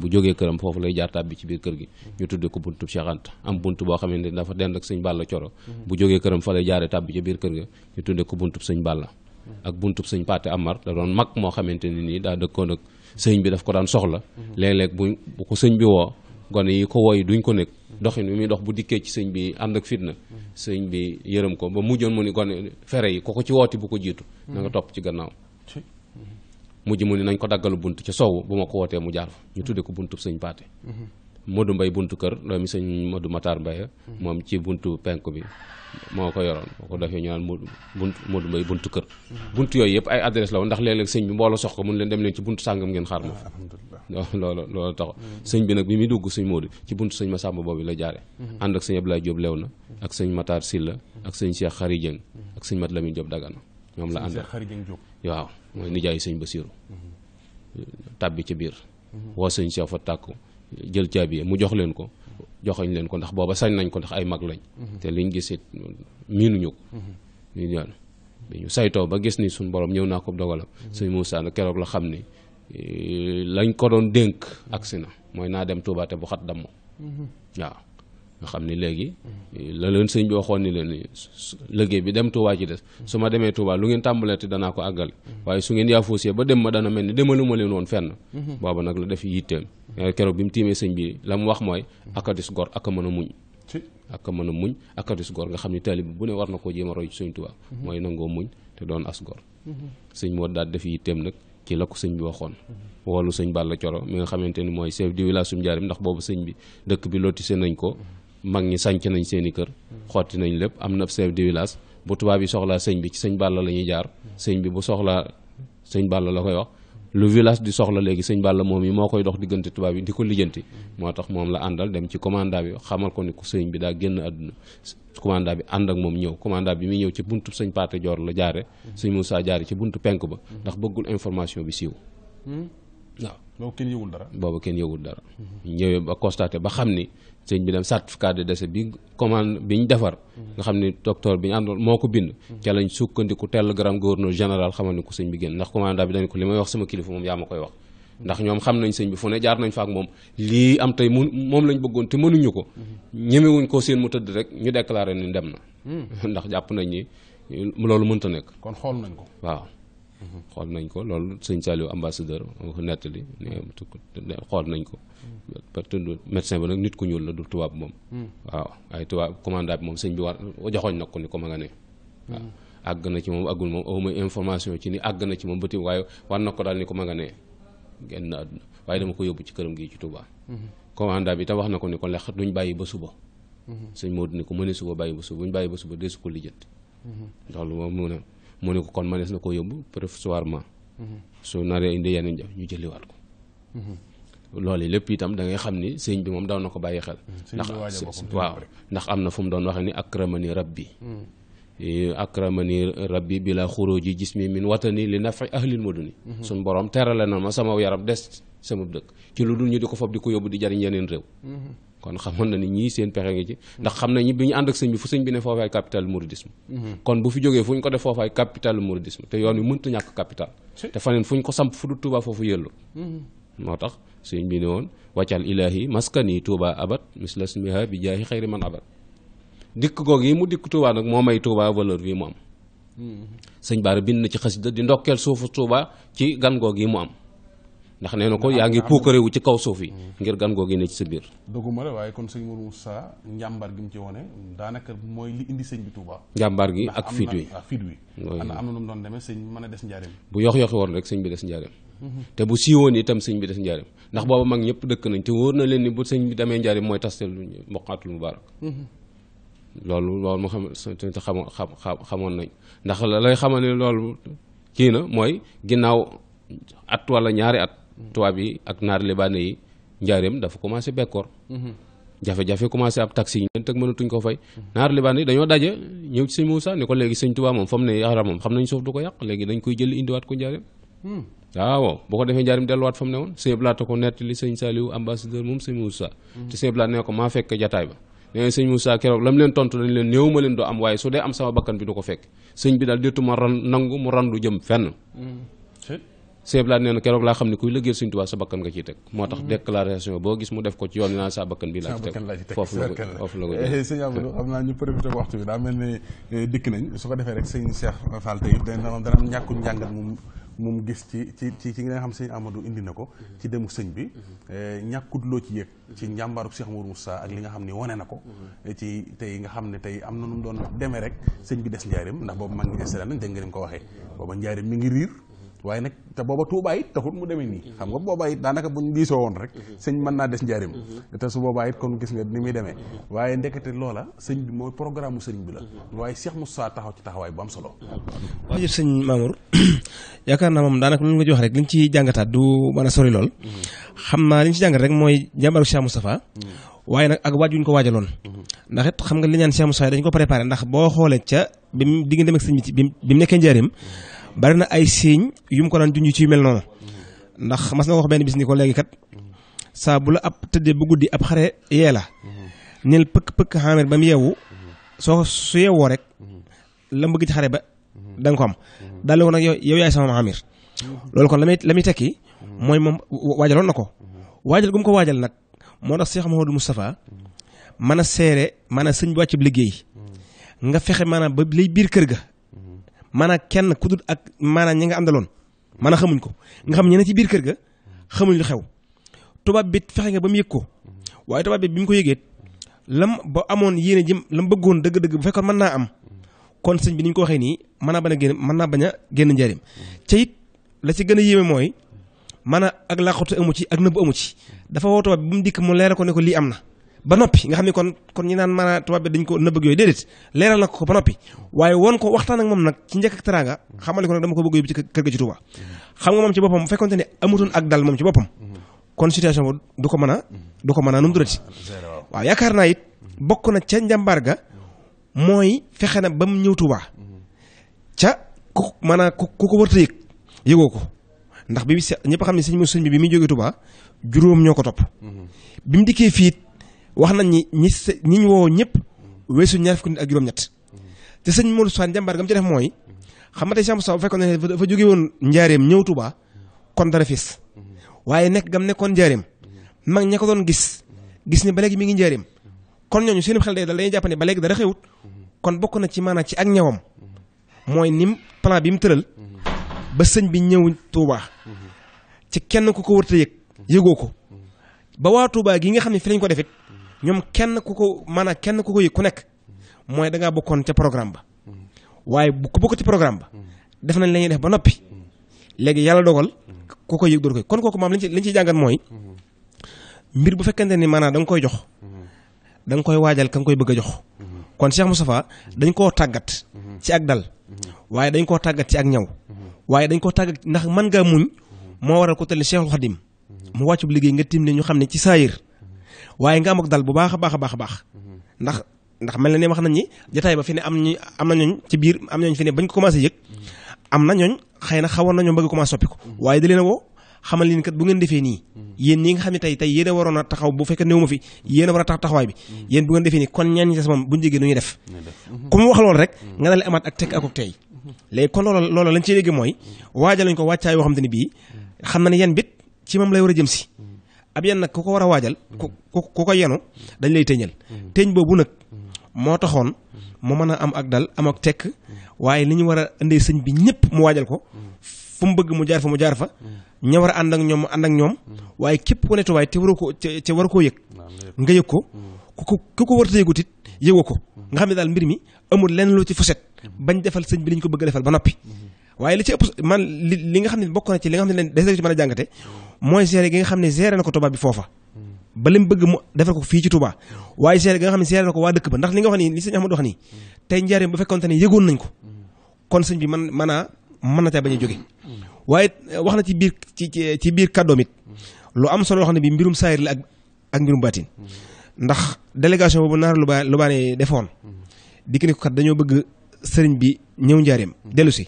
ak sëñ bu sëñ Paate Amar da doon mag moo xamante nii daa dëkkoon ak sëñ bi daf ko daan soxla léeg-léeg bu ko sëñ bi woo gone yi ko woy duñ ko nekk doxin bi muy dox bu dikkee ci sëñ bi ànd ak fitna sëñ bi yërëm ko ba mujjoon mu ni gone fere yi ko ko ci wooti bu ko jiitu na nga topp ci gannaaw mujj mu ni nañ ko daggalu bunt ci sowu bu ma ko wootee mu jaar fa ñu tudde ko buntu sëñ paate mhm. Modou Mbay buntu kër mi sëñ Modou Matar Mbay hmm. mom ci buntu penku bi moko yoron ko defee ñaan buntu Modou Mbay buntu kër hmm. buntu yoy yep ay adress la woon ndax léeg-léeg bi mbolo sox ko mun leen dem leen ci buntu sangam ngeen xaar mo lo lo tax sëñ bi nak bi mi dugg sëñ Modou ci buntu sëñ Massamba bobu la jaare and hmm. ak sëñ Abdoulaye Diop lewna ak sëñ Matar Silla ak sëñ Cheikh Khary ak sëñ Mat Lamine Diop Dagana ñom la ànd waaw moy nijaay sëñ Basiru tabbi ci bir wo sëñ Cheikh fatakou jël caabi mu jox leen ko joxañ leen ko ndax booba sañ nañ ko ndax ay mag lañ mhm. te liñ gisit miinuñu ko mhm. ñu ñaan ñu saytoo ba gis ni suñ borom ñëw naa ko dogalam mhm. sëñ Moussa nag keroog la xam ni e, lañ ko doon dénk agsi na mooy naa dem tuubaate te bu xat damm waaw nga xam ni léegi la sëñ bi waxoon ni leen liggéey bi dem Touba ci des su ma demee Touba lu ngeen tàmbaleeti danaa ko àggale waaye su ngeen yaafoosee ba dem ma dana mel ni demaluma leen woon fenn booba nag la def yitteem eh, keroog bi mu tiimee sëñ mu wax mooy akadis gor aka mën a muñ aka a muñ akadis gor nga a roy ci sëñ Touba mooy nangoo muñ te doon as nag la ko sëñ bi waxoon woolu sëñ Balla Coro mi nga xamante ni mooy chef du village suñu jaarim ndax boobu sëñ bi dëkk bi lotissé nañ ko mag ñi sànc nañ seeni kër xotti nañ lépp am na chef de village bu tubaab yi soxlaa sëñ bi ci sëñ Balla la ñuy jaar sëñ bi bu soxlaa sëñ Balla la koy wax lu village di soxla léegi sëñ Balla moom yi moo koy dox diggante tubaab yi di ko lijjanti moo tax moom la àndal dem ci commanda bi xamal ko ni ko sëñ bi daa génn àdduna commanda bi ànd ak moom ñëw commanda bi muy ñëw ci buntu sëñ Paate Joor la jaare sëñ Moussa jaare ci buntu penk ba ndax bëggul information bi siiw hmm? boobu kenn yëwul dara boobu kenn yëwul dara. ñëwee ba constaté ba xam ni sëñ bi dem certificat de décès bi commande bi ñu defar. nga xam ni docteur bi ñu àndoon moo ko bind. ca lañ sukkandiku télégramme gouverneur général xamal ni ko sëñ bi génn ndax commandant bi dañ ko li may wax sama kilifa moom yaa ma koy wax. ndax ñoom xam nañ sëñ bi fu ne jaar nañ fa ak moom lii am tey mu moom lañ bëggoon te mënuñu ko. ñemewuñ ko seen mu tëdd rek ñu déclaré ni dem na. Hmm. ndax jàpp nañ ni loolu mënta nekk. kon xool nañ ko waaw. xool nañ ko loolu sëñ Saliou ambassadeur moo ko nettali xool nañ ko parce que médecin ba nag nit ku la du tubaab moom hmm. waaw ay tubaab commanda moom sëñ bi war joxoñ na ko ni ko ma nga ne waaw hmm. na ci moom àggul moom awma information ci ni àgg na ci moom bëti waaye war na ko daal ko ma nga ne génn waaye dama ko yóbbu ci këram gi ci Touba hmm. commanda bi tam wax na ko ni ko lex duñ bàyyi ba suba sëñ Modou ni ko mënee suba bàyyi ba suba buñ bàyyi ba suba deesu ko lijjanti loolu moom mu ne mu ne ko kon manees na ko yóbbu provisoirement su mhm. naree indi yeneen jafe ñu jëliwaat ko mhm. loolu lépp itam da ngay xam ni sëñ bi moom daw na ko bàyyi xel mhm. ndax waaw ndax am na fu mu doon ni akramani rabbi e, akramani rabbi bila xuruji jismi min watani li nafi ahlil muduni suñ borom terale na ma sama yaram des sama dëkk ci lu dul ñu di ko fab di ko yóbbu di jariñ yeneen réew kon xamone na ni ñi seen pexé ngi ci ndax xamna ñi biñu and ak sëñ bi fu sëñ bi ne ay capital mouridisme mhm. kon bu fi joggé fuñ ko def ay capital mouridisme te yoon yu mënta ñak capital te fanen fuñ ko samp fu du Touba fofu yëllu mhm. motax tax bi ne ilahi maskani Touba abat misla smiha bi jahi xayri man abat dik gog yi mu dik Touba nak moo may Touba valeur bi mu am mhm. sëñ Baara bin na ci di ndokkel suufu Touba ci gan gog yi mu am ndax nee ko yaa ngi wu ci kaw suuf yi ngir gan googi ne ci sa biir doguma la waaye kon sëñ Mourou Moussa njàmbaar gi mu ci wone daanaka mooy li indi sëñ bi Touba njàmbaar gi ak fidwi wi ah, fidwi wi ana am na nu mu doon demee sëñ mën bu yox yoxi woon rek sëñ bi des njaareem mhm. te bu siiwoon itam sëñ bi des njaareem ndax booba mag ñëpp dëkk nañ te wóor na leen ni bu sëñ bi demee njaareem mooy tastel mboqaatul mubaarak mhm. loolu loolu mu xam xamoon xamoon nañ ndax lay xamal ne loolu na mooy ginnaaw at wala ñaari at tubaab yi ak naar libaane yi njaareem dafa commencé bekkoor jafe-jafe commencé ab taxi yi leen teg mënatuñ ko fay naar libaane yi dañoo daje ñëw ci sëñ Moussa ne ko léegi sëñ Tuubaa hmm. hmm. sama bakkan bi du ko fekk sëñ bi daal déetu ma ran nangu mu randu jëm fenn hmm. Saya Blanc nee na keroog laa lagi ne kuy liggéeyal Sëñ Tuubaa sa bakkan nga ciy teg moo tax mm-hmm. déclaration boo gis mu def ko ci yoon naa sa bakkan bi laa ci teg foofu la ko foofu la ko sëñ Abdou xam naa ñu profité waxtu bi daa mel ne eh, nañ su ko defee rek sëñ Cheikh Fall tey dana dana am ñàkkum njàngat moom moom gis ci ci ci nga xam sëñ Amadou indi nako. ko mm-hmm. ci demu sëñ bi mm-hmm. eh, ñàkkut loo ci yëg ci njàmbaaru Cheikh Mourou Moussa ak li nga xam ne wane na eh, ci tey nga xam ne tey am na doon rek bi ndax ngi nañ ko mi ngi waaye nak te bobo Touba it taxul mu demee ni xam nga bobo it daanaka buñ diisoo won rek señ man na dess njaarim te su bobo it kon gis nga ni mi demé waye ndekete lola señ bi moy programme señ bi la waye Cheikh Moussa taxaw ci taxaway bu am solo waaw jërëjëf sëñ Mamour yakar na mom danaka luñu nga wax rek liñ ci jangata du mana sori lol xamna mhm. liñ ci jang rek moy jàmbaru Cheikh Moustapha waye nak ak wajuñ ko wajalon ndax xam nga li ñaan Cheikh Moussa dañ ko préparer ndax bo xolé ca bi mu dem ak señ bi bim nekké nekkee bari na ay signe yu mu ko daan junj ci mel noonu ndax mas na ko wax benn bis ni ko léegi kat saa bu la ab tëddee bu guddi ab xare yee la neel pëkk pëkk xaameer ba mu yeewu soo su yeewoo rek la mu bëgg ci xare ba da nga ko am daal la ko nag yow yaay sama xaameer loolu kon la muy la muy tekki mooy moom waajaloon na ko waajal gu mu ko waajal nag moo tax Cheikh Mouhamadou Moustapha mën a seere a sëñ bi wàcc liggéey nga fexe maanaam ba lay biir kër ga maanaam kenn ku dul ak maanaam ñi nga man maanaam xamuñ ko nga xam ñeneen ci biir kër ga xamuñ lu xew tubaab bi fexe nga ba mu yëg ko waaye tubaab bi bi mu ko la lam ba amoon yéene jëm lam bëggoon dëgg-dëgg bu fekkoon mën naa am kon sëñ bi ni ñu ko waxee nii man naa bañ a génn mën naa bañ a génn njëriñ ca it la ci gën a yéeme mooy man a ak làqatu amu ci ak nëbb amu ci dafa woo tubaab bi mu dikk mu leeral ko ne ko lii am na ba noppi nga xam ne kon kon ñi naan maanaa tubaab bi dañ ko nëbbëg yooyu déedéet leeral na ko ba noppi waaye won ko waxtaan ak moom nag ci njëkk ak teraanga xamale ko nag dama ko bëgg yóbbu ci kër ga ci Touba xam nga moom ci boppam ne amutoon ak dal moom ci kon situation du ko mën a du ko mën a nu mu durati waaw yaakaar naa it bokk na ca njàmbaar ga fexe na ba mu ñëw Touba ca ku maanaa ku ko ko ndax bi ñëpp xam ne sëñ bi sëñ bi bi muy jógee Touba juróom ñoo ko topp bi mu dikkee fii wax nañ ni ñi se ñi ñu woo ñëpp weesu ñaar fukki nit ak juróom-ñett te sëñ Modou saa jàmbaar gam ci def mooy xam ma te Cheikh Moustapha bu fekkoon ne dafa jóge woon njaareem ñëw Touba kon dara waaye nekk gam nekkoon njaareem mag ña ko doon gis gis ne ba léegi mi ngi njaareem kon ñooñu seen xel day dal dañuy jàpp ba léegi dara xewut kon bokk na ci maanaam ci ak ñawam mooy nim plan bi mu tëral ba sëñ bi ñëw tuubaa ci kenn ku ko wërta yëg yëgoo ko ba waa Touba gi nga xam ne fi lañ ko defit ñoom kenn ku ko maanaam kenn ku ko yëg ku nekk mooy dangaa ngaa bokkoon ca programme ba waaye ku bokk ci programme ba def nañ la def ba noppi léegi yàlla dogal ku ko yëg dootu koy kon kooku maam li ñu ci li ñu jàngat mooy mbir bu fekkente ni maanaam da nga koy jox danga koy waajal ka nga koy bëgg a jox kon Cheikh Moustapha dañ koo tàggat ci ak dal waaye dañ koo tàggat ci ak ñaw waaye dañ koo tàggat ndax mën ngaa muñ moo waral ko tali Cheikhul Khadim mu wàcc liggéey nga tim ne ñu xam ne ci saayir waaye nga am ak dal bu baax a baax a baax a baax ndax ndax mel na ne wax nañ ni jotaay ba fi ne am na ñooñ ci biir am ñooñ fi ne bañ ko commencé yëg am na ñooñ xëy na xawoon nañoo bëgg commencé soppiku waaye da leen a woo xamal leen kat bu ngeen defee nii yéen ñi nga xam ne tey tey yéen waroon a taxaw bu fekkee néew ma fi yéen a war a tax kon ñaan ñi sa moom buñu jégee nu ñuy def ku mu wax loolu rek nga dalee amaat ak tekk ak tey léegi kon loola loola lañ ciy dégg mooy waajal lañ ko wàccaay yoo xam te ne bii xam na ne yan bit ci moom lay war a jëm si ab yan nag ku ko war a waajal ku ku ko yenu dañ lay tëñal tëñ boobu nag moo taxoon mu mën a am ak dal am ak tekk waaye li ñu war a indee sëñ bi ñëpp mu waajal ko fu mu bëgg mu jaar fa mu jaar fa ña war a ànd ak ñoom mu ànd ak ñoom waaye képp ku ne tuwaay te war ko ci war koo yëg nga yëg ko ku ko ku ko war a yëgut it yëgoo ko nga xam ne daal mbir mi amul lenn lu ci foset bañ defal sëñ bi li ñu ko bëgg defal ba noppi waaye li ci ëpp man li li nga xam ne bokk na ci li nga xam ne des na ci mën a jàngate mooy seere gi nga xam ne seere na ko tubaab bi foofa ba lim bëgg mu defal ko fii ci tubaa waaye seere gi nga xam ne seere na ko waa dëkk ba ndax li nga wax nii li sëñ Ahmadu tey njaareem bu fekkoonte ne yëgoon nañ ko kon sëñ bi man mën a mën na tey bañ a jóge waaye wax na ci biir ci ci biir kàddoom lu am solo xam ne bi mbirum saayir la ak ak mbirum ndax délégation boobu naar lu baa lu baane defoon dikk ne ko kat dañoo bëgg sëriñ bi ñëw njaareem dellu si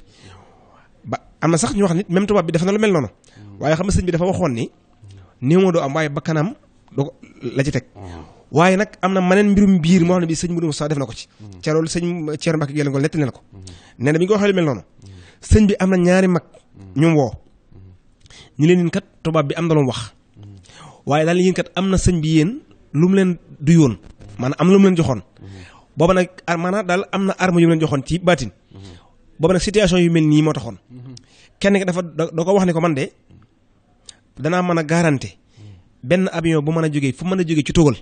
am na sax ñu wax nit même tubaab bi def na lu mel noonu mm. waaye xam nga sëñ bi dafa waxoon ni néew ma doo am waaye bakkanam doo la ci teg mm. waaye nag am na maneen mbirum biir moo xam ne bi sëñ Mourou Moussa def na ko ci mm. ca loolu sëñ na ko nee na bi ko waxee lu mel noonu sëñ bi am na ñaari mag ñoom woo ñu leen kat tubaab bi am na lu mu wax waaye daal yéen kat am na sëñ bi yéen lu mu leen du yoon maanaam am na lu mu leen joxoon booba nag maanaam am na arme yu mu leen joxoon ci baatin booba nag situation yu mel nii moo taxoon mm-hmm. kenn dafa doo ko wax ne ko man de danaa mën a garanti benn avion bu mën a jógee fu mën a jógee ci tugal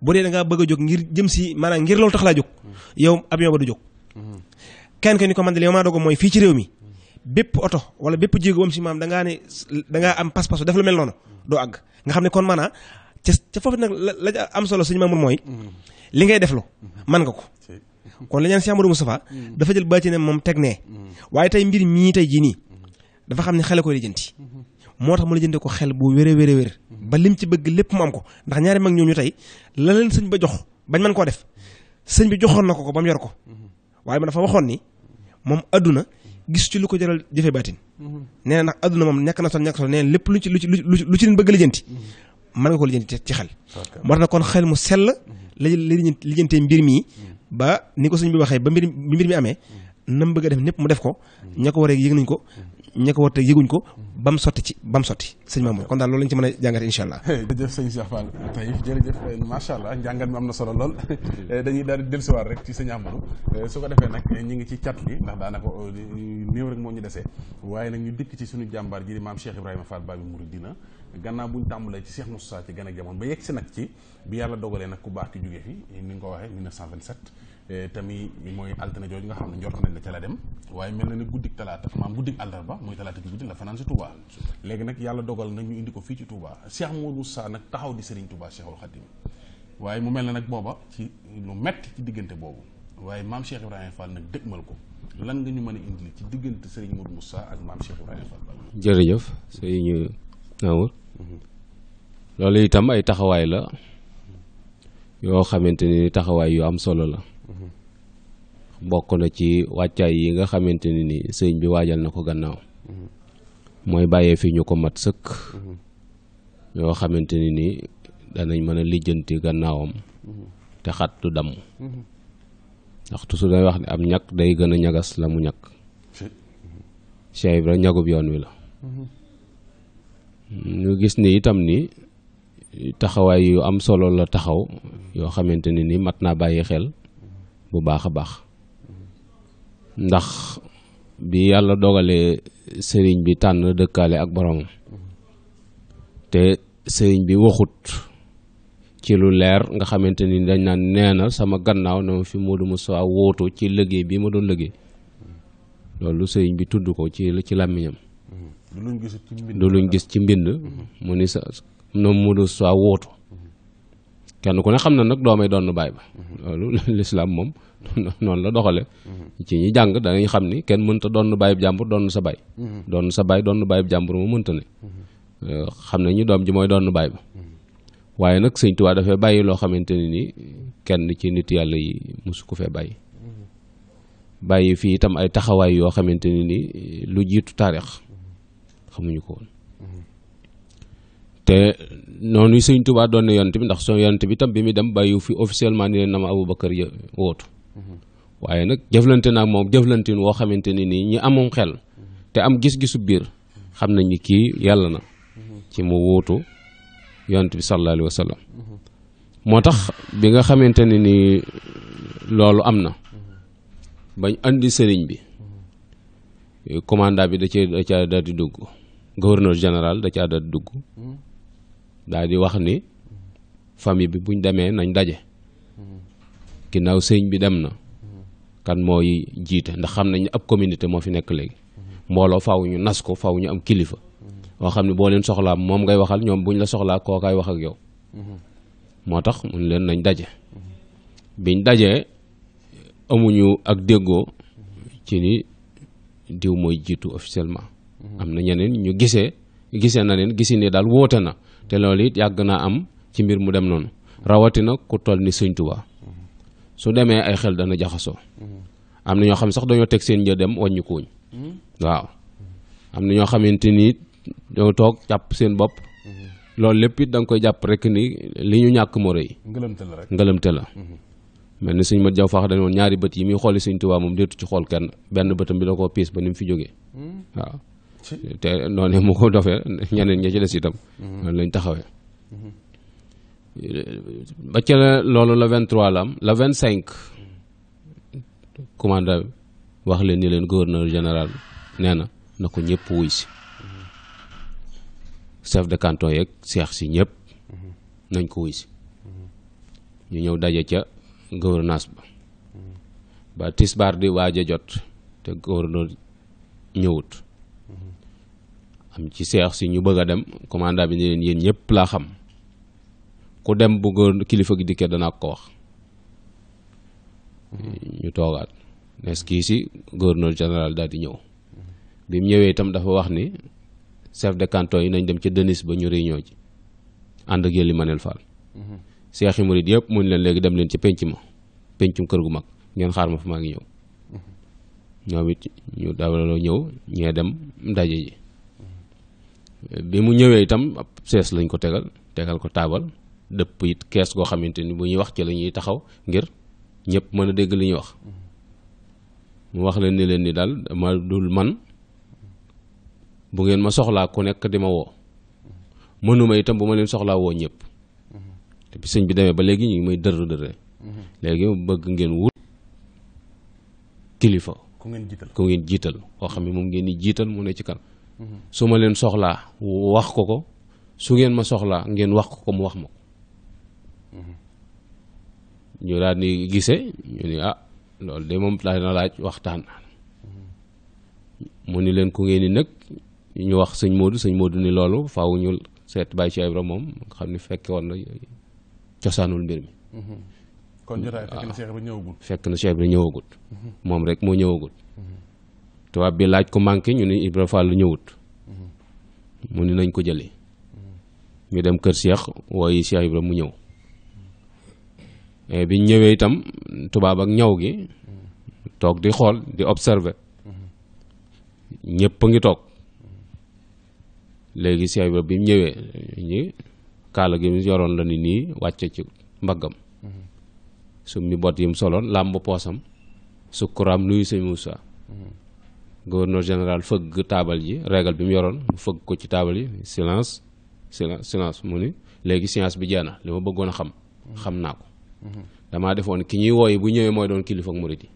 bu dee da ngaa bëgg a jóg ngir jëm si maanaam ngir loolu tax laa jóg yow avion ba du jóg. kenn ko ko man de li ma mën a mooy fii ci réew mi bépp oto wala bépp jéego si maam da ngaa ne da ngaa am pas-pasu def lu mel doo àgg nga xam ne kon maanaa ca ca foofu la am solo suñu maamul mooy li ngay defloo man nga ko. kon li ñu naan Cheikh Amadou Moustapha mm. dafa jël bàcc ne moom teg nee mm. waaye tey mbir mii tey jii nii dafa xam ne xel ko lijjanti moo tax mu lijjanti ko xel bu wér a wér a wér ba lim ci bëgg lépp mu am ko ndax ñaari mag ñooñu tey la leen sëñ ba jox bañ man koo def sëñ bi joxoon na ko ko ba mu yor ko waaye man dafa waxoon ni moom àdduna gis ci lu ko jaral jëfe baatin nee na ndax adduna moom ñàkk na sol ñàkk sol nee lépp lu ci lu ci lu ci leen bëgg lijjanti mën nga ko lijjanti ci xel moo tax na kon xel mu sell la lijjantee mbir mii ba ni ko sëñ waxee ba mbir bi mi amee nam bëgg a def ñëpp mu def ko ña ko war a yëg nañ ko ña ko war te yëguñ ko ba mu sotti ci ba mu sotti sëñ Mamour kon daal loolu lañ ci mën a jàngate incha allah <laughs> jërëjëf sëñ Cheikh Fall eh, mi am na solo lool <laughs> eh, dañuy daal di dellusiwaat rek ci sëñ Amadou eh, ko defee nag ñi ngi ci cat li ndax daanaka oh, néew ñu desee waaye nag ñu dikk ci suñu jàmbaar ji di maam Cheikh Ibrahima Fall Babi Mouridina gannaaw buñ tàmbalee ci Cheikh Moussa ci gën a ba yegg si nag ci bi yàlla dogalee nag ku baax ki jógee fi ni nga ko waxee tamit mooy altine jooju nga xam ne njort nañ la ca la dem waaye mel na ne guddik talaata maam guddik àllarba mooy talaata ci guddi la fanaan si Touba léegi nag yàlla dogal nag ñu indi ko fii ci Touba Cheikh Modou Moussa nag taxaw di Serigne Touba Cheikhul Khadim waaye mu mel ne nag booba ci lu metti ci diggante boobu waaye maam Cheikh Ibrahima Fall nag dëgmal ko lan nga ñu mën a indil ci diggante Serigne Modou Moussa ak maam Cheikh Ibrahima Fall. jërëjëf Serigne Amour loolu itam ay taxawaay la yoo xamante ni taxawaay yu am solo la. bokk na ci wàccaay yi nga xamante ne ni sëñ bi waajal na ko gannaaw mooy bàyyee fi ñu ko mat sëkk yoo xamante ne ni danañ mën a lijjanti gannaawam te xat du damm ndax toujours day wax ne am ñag day gën a ñagas la mu ñag Cheikh Ibra ñagub yoon wi la ñu gis ni itam ni taxawaay yu am solo la taxaw yoo xamante ne ni mat naa bàyyi xel bu baax a baax ndax bi yàlla dogalee sëriñ bi tànn dëkkaale ak boroomam te sëriñ bi waxut ci lu leer nga xamante ni dañ naan nee na sama gannaaw ne ma fi Modou Moussa wootu ci liggéey bi ma doon liggéey loolu sëriñ bi tudd ko ci ci làmmiñam du luñ gis ci mbind mm-hmm. mu ni sa no Modou Moussa wootu kenn ku ne xam na nag doomay doon baay ba loolu <laughs> lislaam moom <laughs> noonu la doxale ci ñi jàng danañ xam ni kenn mënta doon baayub jàmbur doon sa baay doon sa baay doon baayub jàmbur mu mënta ne euh, xam nañu doom ji mooy doon baay ba waaye nag sëñ Tuubaa dafay bàyyi loo xamante ne ni kenn ci nit yàlla yi mosu ko fee bàyyi bàyyi fii itam ay taxawaay yoo xamante ne ni lu jiitu taarix xamuñu ko woon te noonu sëñ Tuubaa doon na yonent bi ndax soo yonent bi tam bi muy dem bàyyi fi officiellement ni leen na ma Aboubacar ya wootu waaye nag jëflante naag moom jëflante woo xamante ne nii ñi amum xel te am gis-gisu biir xam na ñi kii yàlla na ci mu wóotu yonent bi sallallahu alayhi wa moo tax bi nga xamante ne nii loolu am na bañ indi sëriñ bi commandant bi da cee da caa daal di dugg gouverneur général da caa daal di dugg daal di wax ni famille bi buñ demee nañ daje ginnaaw sëñ bi dem na kan mooy jiite ndax xam nañ ne ab communité moo fi nekk léegi mbooloo faaw ñu nas ko faw ñu am kilifa boo xam ne boo leen soxlaa moom ngay waxal ñoom buñ la soxlaa kookaay wax ak yow moo tax mun leen nañ daje biñ dajee amuñu ak déggoo ci ni diw mooy jiitu officiellement am na ñeneen ñu gisee gisee na leen gisi daal woote na te loolu it yàgg naa am ci mbir mu dem noonu rawatina ku toll ni sëñ Tuubaa su demee ay xel dana jaxasoo am na ñoo xam sax dañoo teg seen një dem wàññi waaw am na ñoo xamante ni dañoo toog jàpp seen bopp loolu lépp it da nga koy jàpp rek ni li ñu ñàkk moo rëy ngëlëmte la rek ngëlëmte la mel ni sëñ mat jaw faax dañu woon ñaari bët yi muy xooli sëñ Tuubaa moom déetu ci xool kenn benn bëtam bi da koo piis ba ni mu fi jógee hmm. waaw te noonu mu ko dofee ñeneen ñi ci des itam mm-hmm. lañ taxawee mm-hmm. ba ca la loolu la vingt-trois la am la vingt-cinq commandant wax leen ni leen gouverneur général nee na na ko ñëpp wuy si mm-hmm. chef de canton yeeg seex si ñëpp nañ ko wuy si ñu ñëw daje ca gouvernance ba ba tisbaar di waaj a jot te gouverneur ñëwut am ci cheikh si ñu bëgg dem commanda bi ñeen leen ñepp la xam ku dem bu góor kilifa gi dikkee dana ko wax ñu togaat nes ki ci gouverneur général dal di ñëw bi mu ñëwee tam dafa wax ni chef de canton yi nañ dem ci denis ba ñu réunion ci and ak yeli manel fall seexi murid yëpp mun leen légui dem leen ci penc ma pencum kër gu mag ngeen xaar ma fa ma ngi ñëw ñoom it ñu dawalo ñëw ñee dem ndaje ji bi mu ñëwee itam ab sees lañ ko tegal tegal ko taabal dëpp it kees goo xamante ni bu ñuy wax ci la ñuy taxaw ngir ñëpp mën a dégg li ñuy wax mu wax leen ni leen ni daal ma dul man bu ngeen ma soxlaa ku nekk di ma woo mënuma itam bu ma leen soxlaa woo ñëpp te bi sëñ bi demee ba léegi ñu may dërë dërë léegi bëgg ngeen wut kilifa ku ngeen jiital koo xam ne moom ngeen ni jiital mu ne ci kan su ma leen soxlaa wax ko ko su ngeen ma soxlaa ngeen wax ko ko mu wax ma ko ñu daal di ñu ni ah loolu de moom daal na laaj waxtaan mu ni leen ku ngeen ni nag ñu wax sëñ Modou sëñ Modou ni loolu faw ñu seet Baye Cheikh Ibra moom xam ni fekk woon na cosaanul mbir mi kon jotaay fekk na Cheikh Ibra ñëwagul moom rek moo ñëwagul tubaab bi laaj ko manqué ñu ni Ibra Fall ñëwut mu ni nañ ko jëli ñu dem kër Cheikh wooyi Cheikh Ibra mu ñëw bi ñëwee itam tubaab ak ñaw gi toog di xool di observer ñëpp a ngi toog léegi Cheikh Ibra bi mu ñëwee ñi kaala gi mu yoroon la ni nii wàcce ci mbaggam summi boot yi mu soloon làmb poosam sukkuraam nuyu sëñ Moussa gouverneur général fëgg taabal ji régal bi mu yoroon mu fëgg ko ci taabal yi silence silence silence mu ni léegi science bi jeex na li ma bëggoon a xam xam naa ko damaa defoon ki ñuy wooyi bu ñëwee mooy doon kilifa ak murit yi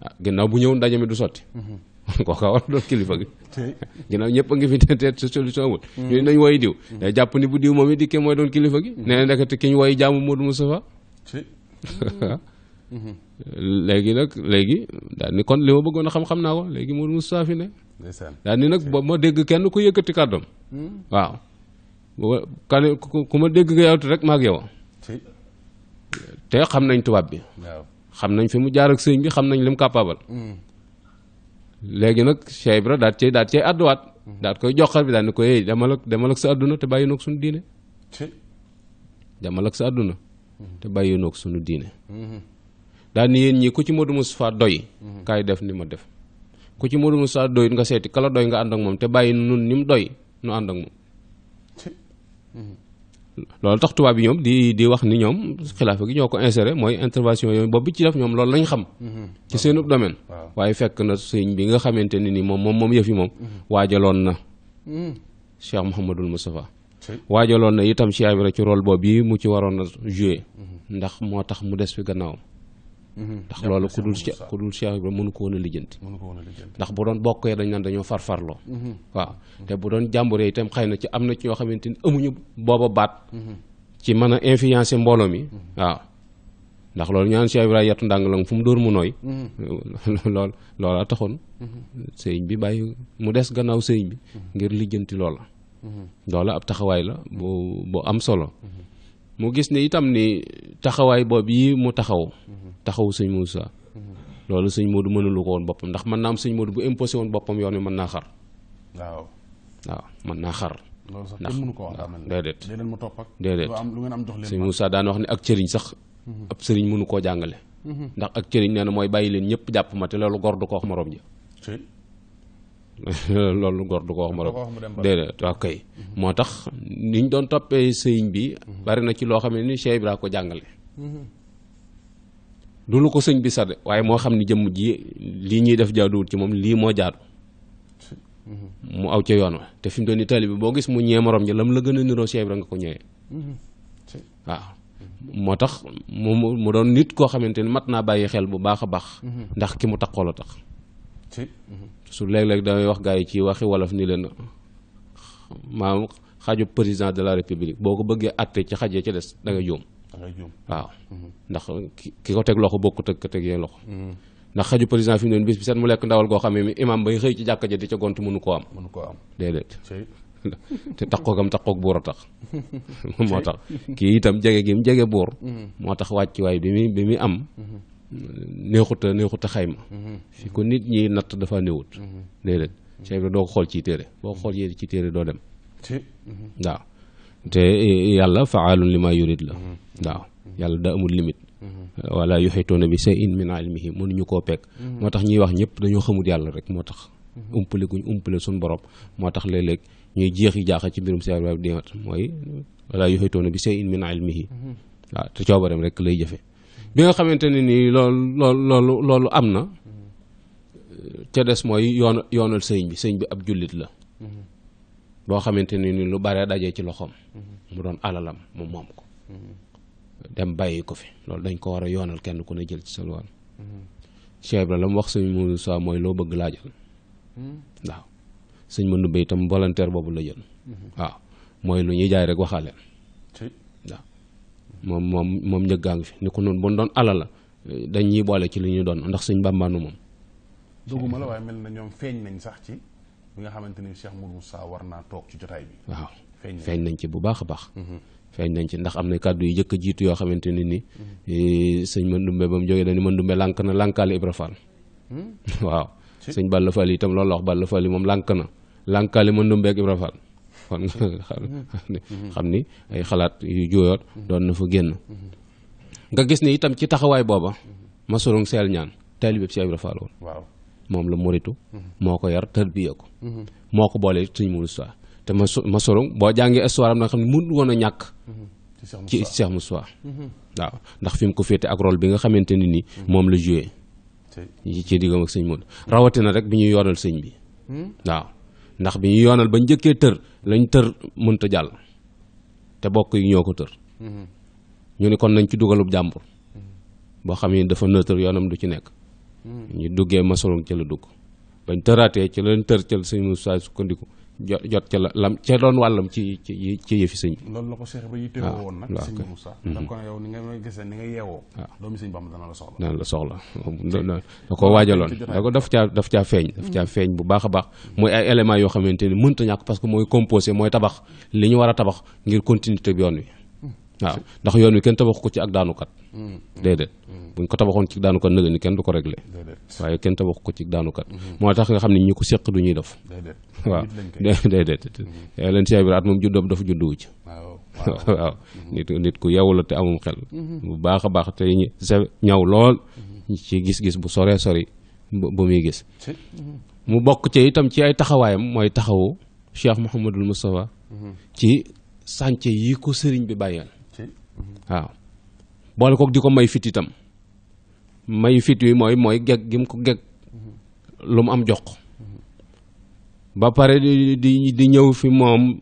ah, bu ñëw ndaje mi du sotti mhm. <laughs> kooka war doon kilifa gi <laughs> ginnaaw ñëpp a ngi fi te solution amul mhm. ñu nañ wooyi diw mhm. day jàpp ni bu diw moom it dikkee mooy doon kilifa gi nee na ndekete ki ñu wooyi jaamu Modou Moustapha <laughs> léegi nag léegi daal ni kon li ma bëggoon a xam-xam naa ko léegi Mourou Moustapha fi ne. daal nag ma dégg kenn ku yëkkati kàddoom. Hmm? waaw ku ma dégg nga rek maag yow. te xam nañ tubaab bi. xam nañ fi mu jaar ak sëñ bi xam nañ lim capable. Hmm. léegi nag bi Ibra daal cee daal cee àdduwaat. Hmm. daal koy joxal bi daal ni ko yéy demal ak demal ak sa àdduna te bàyyi noog suñu diine. demal ak sa àdduna. te bàyyi noog suñu diine. daal ni yéen ñi ku ci Modou Moustapha doy mhm. kaay def ni ma def ku ci Modou Moustapha doy nga seeti kala doy nga ànd ak moom te bàyyi nun ni mu doy nu ànd ak moom <laughs> loolu tax tubaab yi ñoom di di wax ni ñoom xilaafa gi ñoo ko insere mooy intervention yooyu bi ci def ñoom loolu lañ xam mhm. ci seenu domaine waaye fekk na sëñ bi nga xamante ni ni moom moom moom yëf yi moom mhm. waajaloon na Cheikh Mouhamadul Moustapha waajaloon na itam Cheikh Ibra ci rôle boobu yi mu ci waroon a joué ndax moo tax mu des fi gannaawam Mhm. ndax loolu ku dul Cheikh ku dul Cheikh Ibrahima mënu ko woon lijjanti ndax bu doon bokkee dañ naan dañoo farfarloo mhm. waaw te bu doon jàmburee itam xay na ci am na ci ñoo xamante ni amuñu booba baat mhm. ci mën a influencer mbooloo mi waaw ndax loolu ñaan Cheikh Ibrahima yatu ndàng lang fu mu dóor mu nooy <laughs> lool loola taxoon sëriñ bi bàyyi mu des gannaaw sëriñ bi ngir lijjanti loola loola ab taxawaay la bu bu am solo mu gis ni itam ni taxawaay boobu yi mu taxaw taxaw seigne Moussa lolou seigne Modou lu ko won bopam ndax man naa am sëñ Modou bu imposé won bopam yoon wi mën naa xar. waaw waaw man na xar. lolou sax kenn mënu ko wax déedéet déedéet mu topp ak déedéet am lu ngeen am jox leen sëñ Moussa daan wax ak sax mhm. ab serigne munu ko jangale mhm. ndax ak serigne neena moy mooy leen ñëpp ma te loolu gor du ko wax morom ja <laughs> loolu gor du ko wax morom déedéet waaw kay mhm. motax niñ doon topé sëriñ bi bari na ci lo xam ni Cheikh ibrahim ko jangale du lu ko sëñ bi sade waaye moo xam ni jëmm ji lii ñuy def jaaduwut ci moom lii moo jaadu mu aw ca yoon wa te fi mu doon ni taalibe bi boo gis mu ñee morom ja lam la gën a niroo Cheikh Ibra nga ko ñëwee moo tax mu doon nit koo xamante ni mat naa bàyyi xel bu baax a baax ndax ki mu taqool la tax su léeg-léeg damay wax gars yi ci waxi wolof ni leen maam xaju président de la république boo ko bëggee atte ci xajee ca des da nga jóom waaw ndax ki ko teg loxo bokkut ak ko teg yee loxo ndax xaju président fi mu ne bis bi set mu lekk ndawal goo xamee mi imam bay xëy ci jàkka ja di ca gont mënu koo am mënu koo am déedéet <laughs> te taqoogam taqoog buur a tax <laughs> moo tax kii itam jege gi mu jege buur moo tax wàccuwaay bi muy bi muy am neexuta neexuta xayma fi ko nit ñi natt dafa néewut uhuh. déedéet Cheikh Ibrahima doo ko xool ci téere boo ko xool ci téere doo dem waaw te eh, eh, yàlla faalun li ma yurid la mm-hmm. waaw yàlla da amul limite mm-hmm. wala yuxituuna bi shay'in min ilmihi mënuñu koo pekk mm-hmm. moo tax ñuy wax ñëpp dañoo xamul yàlla rek moo tax umpale guñ umpale suñ borom moo tax léeg-léeg ñuy jeex yi jaaxa ci mbirum seer waay dimat mooy wala yuxituuna bi shay'in min ilmihi waaw te coobareem rek lay jëfe bi nga xamante ne nii loolu loolu loolu loolu am na ca des mooy yoon yoonal sëñ bi sëñ bi ab jullit la boo xamante ne ni lu bare dajee ci loxoom. mu doon alalam mu moom ko. dem bàyyi ko fi loolu dañ ko war a yoonal kenn ku ne jël ci sa wàll. Cheikh Ibra la mu wax sëñ Moussa mooy loo bëgg laajal. waaw sëñ Mandou Mbaye boobu la jël. waaw mooy lu ñuy jaay rek waxaale. moom moom moom njëggaa ngi fi ni ko noonu bu doon alal la dañ ñuy boole ci lu ñu doon ndax sëñ Bàmbaanu moom. dugguma la waaye mel na ñoom feeñ nañ sax ci. bi nga xamante ni cheikh mour moussa war naa toog ci jotaay bi waaw feeñ nañ ci bu baax a baax mm-hmm. feeñ nañ ci ndax am na kàddu yu jëkk a xamante ni ni mm-hmm. eh, sëñ mandumbe ba mu jógee dani mandumbe lànk na lànkaale ibra fall hmm? <laughs> waaw sëñ balla fall itam loolu la wax balla fall moom lànk na lànkaale mandumbe ak ibra fall kon <laughs> mm-hmm. xam ni ay xalaat yu juyoot doon na fa génn nga gis ni itam ci taxawaay booba masurung seel ñaan taalibeb si ibra waaw moom la muritu mm-hmm. moo ko yar tarbiya ko mm-hmm. moo ko boole sëñ Mourou Moussa te ma ma solo boo jàngee histoire am na xam ne mun woon a ñàkk mm-hmm. ci Cheikh Moussa waaw ndax fi mu ko féete ak rôle bi nga xamante ne ni moom la joué ci diggam sëñ Mourou rawatina rek bi ñuy yoonal sëñ bi waaw ndax bi ñu yoonal ba njëkkee tër lañ tër mënta jàll te bokk yi ñoo ko tër ñu ne kon nañ ci dugalu jàmbur boo xam ne dafa nëtër yoonam du ci nekk ñu duggee masolon ca la dugg bañ tëraatee ca leen tër ca sëñ Moussa sukkandiku jot jot ca la lam ca doon wàllam ci ci ci yëfi sëñ bi. loolu la ko Cheikh ba yitte ah, woon nag sëñ Moussa ndax mhm. kon yow ni nga gisee ni nga yeewoo ah. doomi sëñ Bamba dana la soxla dana la soxla <laughs> da ko waajaloon da ko daf caa daf caa feeñ daf caa mhm. feeñ bu baax a baax mooy ay éléments yoo xamante ni mënta ñàkk parce que mooy composé mooy tabax li ñu war a tabax ngir continuité bi yoon wi waaw ndax yoon wi kenn tabaxu ko ci ak daanukat mm. déedéet mm. buñ ko tabaxoon ci daanukat nëga ni kenn du ko réglé waaye kenn tabaxu ko ci daanukat mm-hmm. moo tax nga xam ne ñi ko séq du ñuy def waaw déedéet yaa leen siy biraat moom juddoo dafa judduwu ci waaw <laughs> mm-hmm. nit nit ku yeewu la te amum xel bu mm-hmm. baax a baax te sa ñaw lool ci gis-gis bu soree sori bu muy gis mu bokk ci itam ci ay taxawaayam mooy taxawu Cheikh Mouhamadul Moustapha ci sànce yi ko sëriñ bi bàyyeel waaw boole kook di ko may fit itam may fit wi mooy mooy geg gi mu ko geg lu mu am jox ba pare di di ñëw fi moom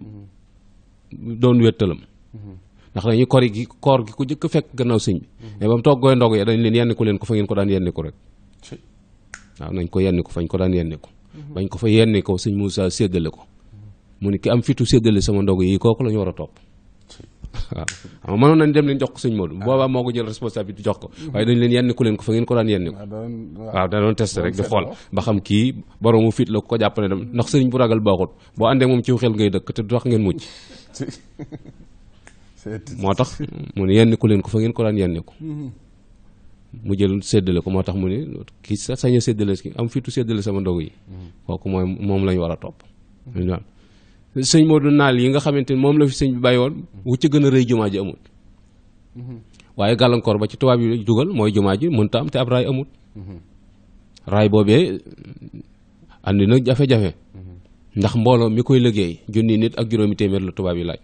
doon wéttalam ndax dañuy kori gi koor gi ku jëkk fekk gannaaw sëñ bi mhm. mais ba mu toggooy ndog ya dañ leen yenni ko leen ko fa ngeen ko daan yenni ko rek waaw nañ ko yenni ko fañ ko daan yenni ko mhm. bañ ko fa yenni ko sëñ Moussa séddale ko mhm. mu ni ki am fitu séddale sama ndog yi kooku la ñu war a topp waaw xam mënoon nañ dem ne jox ko sëñ Modou boobaa moo ko jël responsabilité jox ko mm-hmm. waaye dañ leen yenn ku leen ko fa ngeen ko daan yenn ko ah, waaw da doon ba xam kii boroomu fit la ko jàppale dem ndax sëriñ bu ragal baaxut boo àndee moom ciw xel ngay dëkk te du tax ngeen mucc <laughs> moo tax mu yenn ku leen ko fa ngeen ko daan yenn ko mm-hmm. mu jël séddale ko moo tax mu ne kii sa a séddale am fitu seddale sama ndogu yi mm-hmm. kooku mooy moom lañ war a topp sëñ Modou naal yi nga xamante ni moom la fi sëñ bi bàyyi woon wu ci gën a rëy jumaa ji amul mhm. waaye gàllankoor ba ci tubaab yi dugal mooy jumaa ji mënta am te ab raay amul mhm. raay boobee andi nag jafe-jafe mhm. ndax mbooloo mi koy liggéey junni nit ak juróomi téeméer la tubaab yi laaj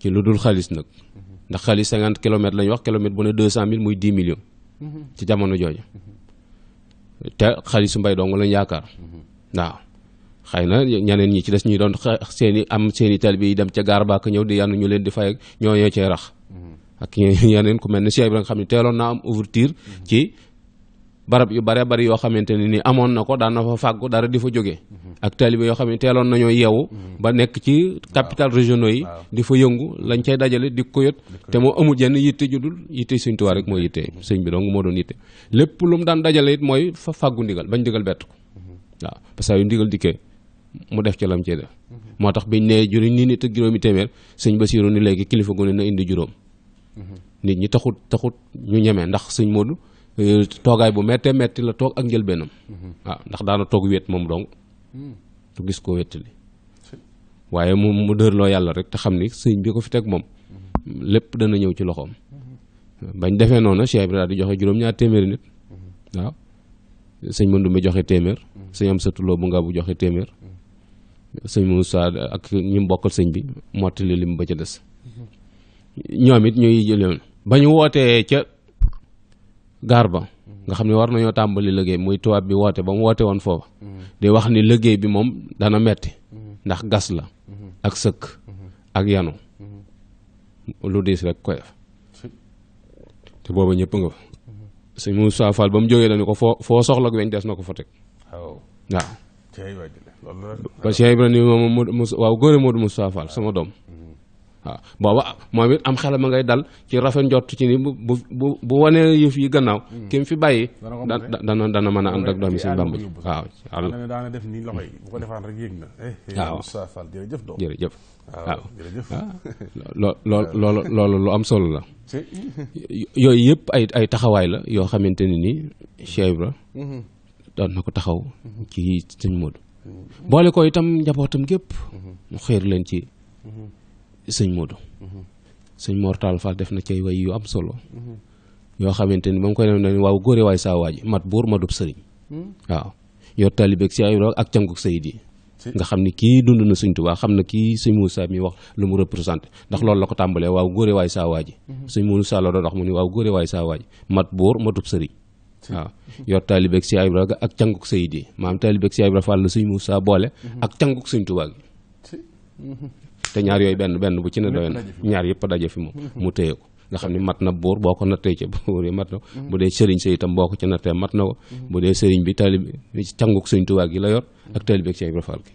ci lu dul xaalis nag ndax xaalis cinquante kilomètres lañ wax kilomètre bu ne deux cent mille muy dix millions ci jamono jooju te xaalisu mbay dong lañ yaakaar waaw xëy ñaneen ñi ci dess ñuy doon seeni am seeni talibi yi dem ci garba baak ñew di yanu ñu leen di fay ñoo ñoo cay rax mm-hmm. ak ñaneen ku melni Cheikh ibrahim xamni xam na am ouverture mm-hmm. ci barab yu bare bare yo xamanteni ni amon nako da na fa fagu dara di fa jóge mm-hmm. ak taalibe yo xamni ne nañu yew ba nek ci capital régionaux yi di fa yëngu lañ cey dajale di ko yët te mo amu jenn yitte judul dul yitte sëñ Tuubaa rek mo yitte seigne bi dong mo doon yitte lepp lu mu daan dajale it moy fa fagu ndigal bañ ndigal bett ko waaw parce que yu ndigal dikkee mu def ci lam cee def moo tax biñ nee juriñ nii nit ak juróomi téeméer sëñ Basiiru ni léegi kilifa gu ne na indi juróom nit ñi taxut taxut ñu ñemee ndax sëñ Moodu euh, toogaay bu mettee metti la toog ak njëlbeenam ndax daana toog wéet moom dong tu gis ko wettali waaye mu mu dërloo yàlla rek te xam ni sëñ bi ko fi teg moom lépp dana ñëw ci loxoom bañ defee noonu Cheikh Ibrahima di joxe juróom-ñaar téeméeri nit waaw sëñ Mandoumbe joxe téeméer sëñ Amsatou Lo bu nga bu joxe téeméer sëñ Moussa ak ñi mu bokkal sëñ bi mottali lim ba ca des ñoom it ñuy jëloon ba ñu wootee ca gaar ba nga xam ne war na nañoo tàmbali liggéey muy tubaab bi woote ba mu wootee woon foofa di wax ni liggéey bi moom dana metti ndax gas la ak sëkk ak yanu lu diis rek koy def te booba ñëpp nga fa sëñ Moussa Fall ba mu jógee dañu ko foo foo soxla weñ des na ko fa teg kon Cheikh Ibrahima moom Modou waaw góore Modou Moustapha Fall sama doom waaw booba moom it am xelam ma ngay dal ci rafet njot ci ni bu bu bu wanee yëf yi gannaaw kim fi bàyyi dana dana mën a ànd ak doomi si Bàmba ji waaw daana def nii loxo yi bu ko defaan rek yëg na eh, eh, waaw Moustapha Fall jërëjëf loo lool loolu loolu lu am solo la yooyu yëpp ay ay taxawaay la yoo xamante ni nii Cheikh mhm. ko taxaw ci sëñ Modou boole ko itam njabootam gépp mu mhm. xéer leen ci mhm. sëñ Modou mhm. sëñ Mortal Fall def na cay way yu am solo yoo xamante ni ba mu koy dem ne waaw góore waay saa waaj mat buur ma dub sëriñ hmm? waaw yor si ay ak canguk sayid yi xam ni kii dund na sëñ Tuubaa xam na kii sëñ Moussa mi wax lu mu représenté ndax hmm. loolu la ko tàmbalee waaw góore waay saa waaj hmm. sëñ Moussa la doon wax mu ni waaw góore waay saa waaj mat buur ma dub sëriñ waaw yor taalibeeg Cheikh Ibra ga ak canguk sayid yi maam taalibeeg Cheikh Ibra Fall la suñ Moussa boole ak canguk suñ Tuubaa gi te ñaar yooyu benn benn bu ci ne doy na ñaar yëpp daje fi moom mm-hmm. mu téye ko nga xam ni mat na buur boo ko nattee ca buur yi mat na ko mm-hmm. bu dee sëriñ sa itam boo ko ca nattee mat na ko mm-hmm. bu dee sëriñ bi taalib canguk suñ Tuubaa gi la yor ak taalibeeg Cheikh Ibra Fall gi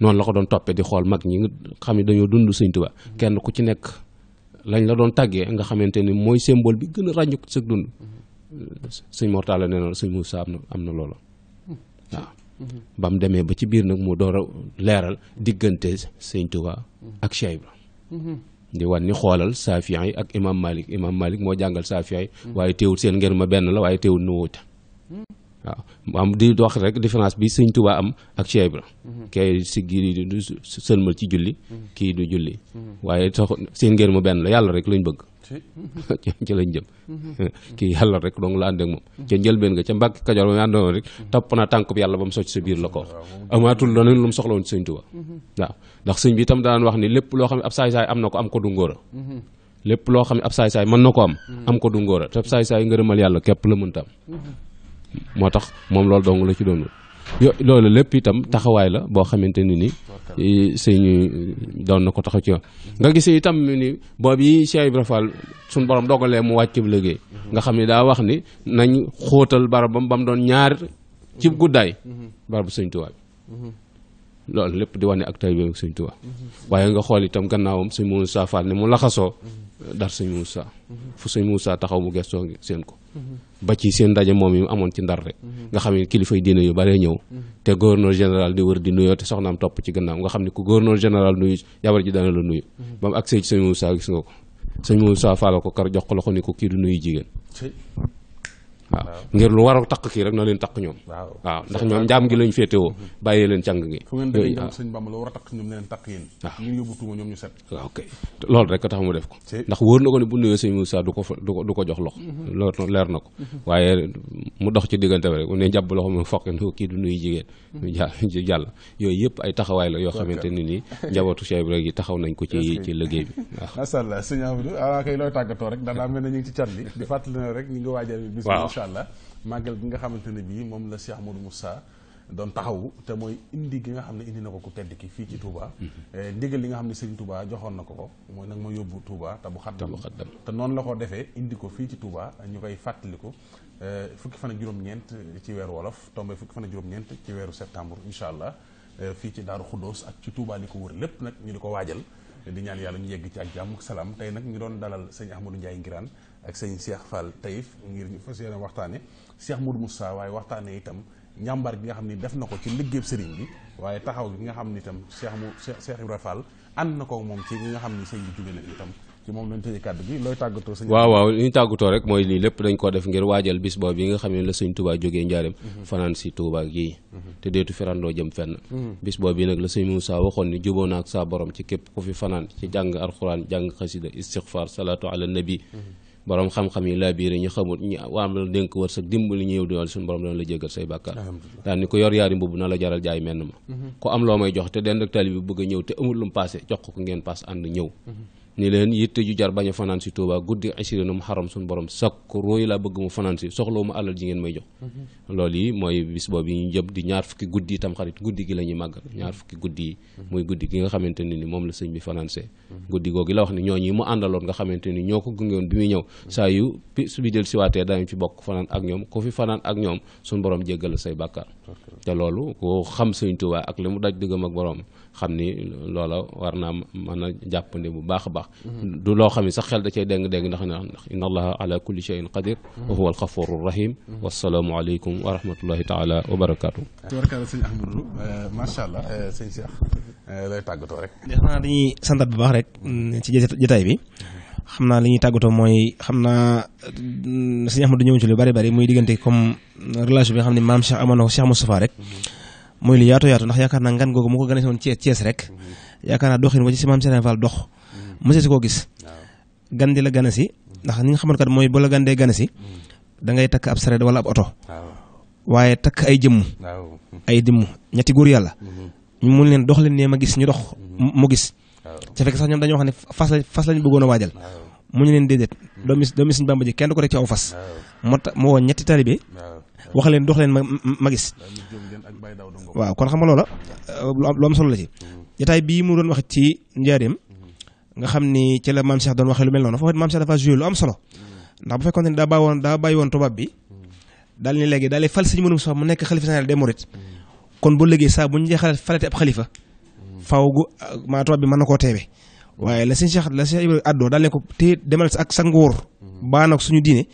noonu la ko doon toppee di xool mag ñi xam ne dañoo dund suñ kenn ku ci nekk lañ la doon tàggee nga xamante ni mooy symbole bi gën a ràññu ko sëñ Mortalla nee na sëñ Moussa am na am na loola hmm. waaw hmm. ba demee ba ci biir nag mu door leeral diggante sëñ Tuubaa hmm. ak Cheikh Ibra di wan ni xoolal saafiya yi ak imam malik imam malik moo jàngal saafiya yi waaye teewul seen ngir ma benn la waaye teewul nu wuute am di wax rek différence bi sëñ touba am ak Cheikh Ibra mhm. kay ci giri du sëlmal ci julli mhm. ki du julli mhm. waye tax seen ngeen mu ben la yalla rek lañ bëgg ci <laughs> lañ jëm <laughs> ki yalla rek dong la ànd ak ci ca ben nga ci mbak Kajoor ba mu àndoon rek top na tanku bi yàlla ba mu socc biir la ko wax amaatul leneen lu soxla won ci touba Tuubaa waaw ndax sëñ bi tam daan wax ni lepp lo xam ab say say am na ko am ko du ngoro lepp lo xam ab say say man nako am am ko du ngoro te ab say saay ngërëmal yàlla kep la mën tam moo tax moom loolu dong la ci doon yo loolu lépp itam taxawaay la boo xamante ni ni sëñ doon na ko taxaw ci yoon nga gisee itam ni boob yi Cheikh Ibra Fall suñu borom dogalee mu wàcc bu liggéey nga xam ne daa wax ni nañ xóotal barabam ba mu doon ñaar ci guddaay barabu sëñ Tuubaa bi loolu lépp di wane ak tay ak sëñ Tuubaa waaye nga xool itam gannaawam sëñ Moussa Fall ne mu laxasoo dar sëñ Moussa fu sëñ saa taxaw mu gestoo seen ko ba ci seen ndaje moom yi amoon ci ndar rek mhm. nga xam ne kilifay diine yu bare ñëw mhm. te gouverneur général di wër di nuyoo te soxnaam topp ci gannaaw nga xam ne ku gouverneur général nuyu jabar ji dana la nuyu mhm. ba mu agsee ci sëñ gis nga ko sëñ Moussa faala ko kar jox ko loxo ni ko kii du nuyu jigéen waaw ngir lu war a takk kii rek na leen takk ñoom waaw ndax ñoom njaam gi lañ féetewoo bàyyee leen càng gi fu ngeen demee ñoom sëñ Bamba la war a takk ñoom na leen takk yéen waaw ngir yóbbu tuuma ñoom ñu set waaw ok loolu rek tax mu def ko ndax wóor na ko ne bu nuyoo sëñ Moussa du ko du ko jox loxo mhm. loolu leer na ko waaye mu dox ci diggante bi rek ne jàpp loxo mu fokk ne mhm. <laughs> la yoo xamante ni nii <laughs> njabootu Cheikh Ibrahima gi taxaw nañ ko ci ci liggéey bi <laughs> waaw macha allah màggal gi nga xamante ne bii moom la Cheikh Modou Moussa doon taxawu te mooy indi gi nga xam ne indi na ko ku tedd ki fii ci Touba. Eh, ndigal li nga xam ne Serigne Touba joxoon na ko ko mooy nag ma yóbbu Touba te bu xaddam te noonu la ko defee indi ko fii ci Touba ñu koy fàttaliku eh, fukki fan juróom-ñeent ci weeru wolof tombé fukki fan ak juróom-ñeent ci weeru septembre incha allah eh, fii ci Daaru Xuddoos ak ci Touba li ko wër lépp nag ñu di ko waajal di ñaan yàlla ñu ci ak jàmm salaam tey nag ñu doon dalal sëñ Ahmadou Ndiaye Ngiraan ak sëñ Cheikh Fall Taïf ngir ñu fas waxtane Cheikh Moudou Moussa waaye waxtane itam ñambar gi nga xamni ni def nako ci liggéeyub sëriñ bi waye taxaw gi nga xamni itam Cheikh mou Cheikh Ibrahima Fall and nako ko moom ci nga xamni ni sëñ bi jóge na itam ci mom lañ tey kaddu gi loy tàggatoo sëñ waaw waaw ñu tàggatoo rek moy li lepp dañ ko def ngir waajal bis boobu bi nga xamni la sëñ Touba jógee njaareem mhm. fanan ci Touba gi mhm. te deetu ferando jëm fenn mhm. bis boobu bi nag la sëñ Moussa waxon ni jubo nak sa borom ci képp ku fi fanan ci jang alcorane jang xasida istighfar salatu ala nabi borom xam-xam yi laa biire ñu xamul ñu waam la dénk wërsëg dimbali ñëw diwal suñu borom dana la jéggal say bàkkaar daan ni ko yor yaari mbubb na la jaral jaay menn ma mhm. ku am loo may jox te den rek taalibe bëgg a ñëw te amul lu paase jox ko ngeen paas ànd ñëw mhm. ni len yitte ju jar baña fanan ci si tuuba guddi asirinu sun borom sak roy la bëgg mu fanan ci soxlo mu alal ji ngeen may jox loli moy bis bobu ñu jëm di ñaar fukki guddi tam xarit guddi gi lañuy ñuy ñaar fukki guddi moy guddi gi nga xamanteni ni mom la bi fanaanse guddi gogi la wax ni ñoñi mu andalon nga xamanteni ñoko ñoo bi mi ñew sa yu su bi del da ñu ci bok fanan ak ñom ko fi fanan ak ñom sun borom jéggal say bakkar té lolu ko xam sëñ touba ak limu daj diggam ak borom xamni ni warna mëna naa bu baax baax du loo xam ne sax xel da cay déng-déng ndax na ndax inna allaha ala kulli shay'in qadir wa huwa alxafuru rahim wasalaamu aleykum wa rahmatullahi taala wa barakaatu tubarkala sëñ ahmadou macha allah sëñ Cheikh lay tàggatoo rek xanaa dañuy santat bu baax rek ci jotaay bi xam naa li ñuy tàggatoo mooy xam naa sëñ Ahmadu ñëw ci lu bari bari muy diggante comme relation bi nga xam ne maam Cheikh amoon Cheikh Moustapha rek muy lu yaatu yaatu ndax yaakaar naa ngan googu mu ko gane woon Thiès rek yaakaar naa doxin wa ci si maam Serigne dox mësesu ko gis gandi la gana si ndax ni nga xamone kat moy bu la gan gana si mm. da ngay tak ab sareet wala ab auto waaye tak ay jëm ay dimu ñetti góor yalla mm-hmm. ñu mun leen dox leen nee gis ñu dox mm-hmm. mu gis ci fekk sax ñoom dañu xane fas fas lañu bëggono a mu ñu leen do mis do mis bamba ji kenn ko rek ci aw fas mo ñetti talibé wax leen dox leen ma gis waaw kon xam nga loola lu am solo la ci mm-hmm. jotaay bi mu doon wax ci ndiarim nga xam ni ci la maam Cheikh doon waxee lu mel noonu foofu maam Cheikh dafa joué lu am solo ndax bu fekkoon ne daa bàyyi woon daa bàyyi woon tubaab bi daal ni léegi daal di fal sëñ mu nekk xalifa général des kon bu léegi saa bu ñu jeexal falate ab xalifa faaw gu bi mën na koo teewee waaye la sëñ Cheikh la sëñ Ibrahima addoo daal ko te demal ak sa nguur baa nag suñu diine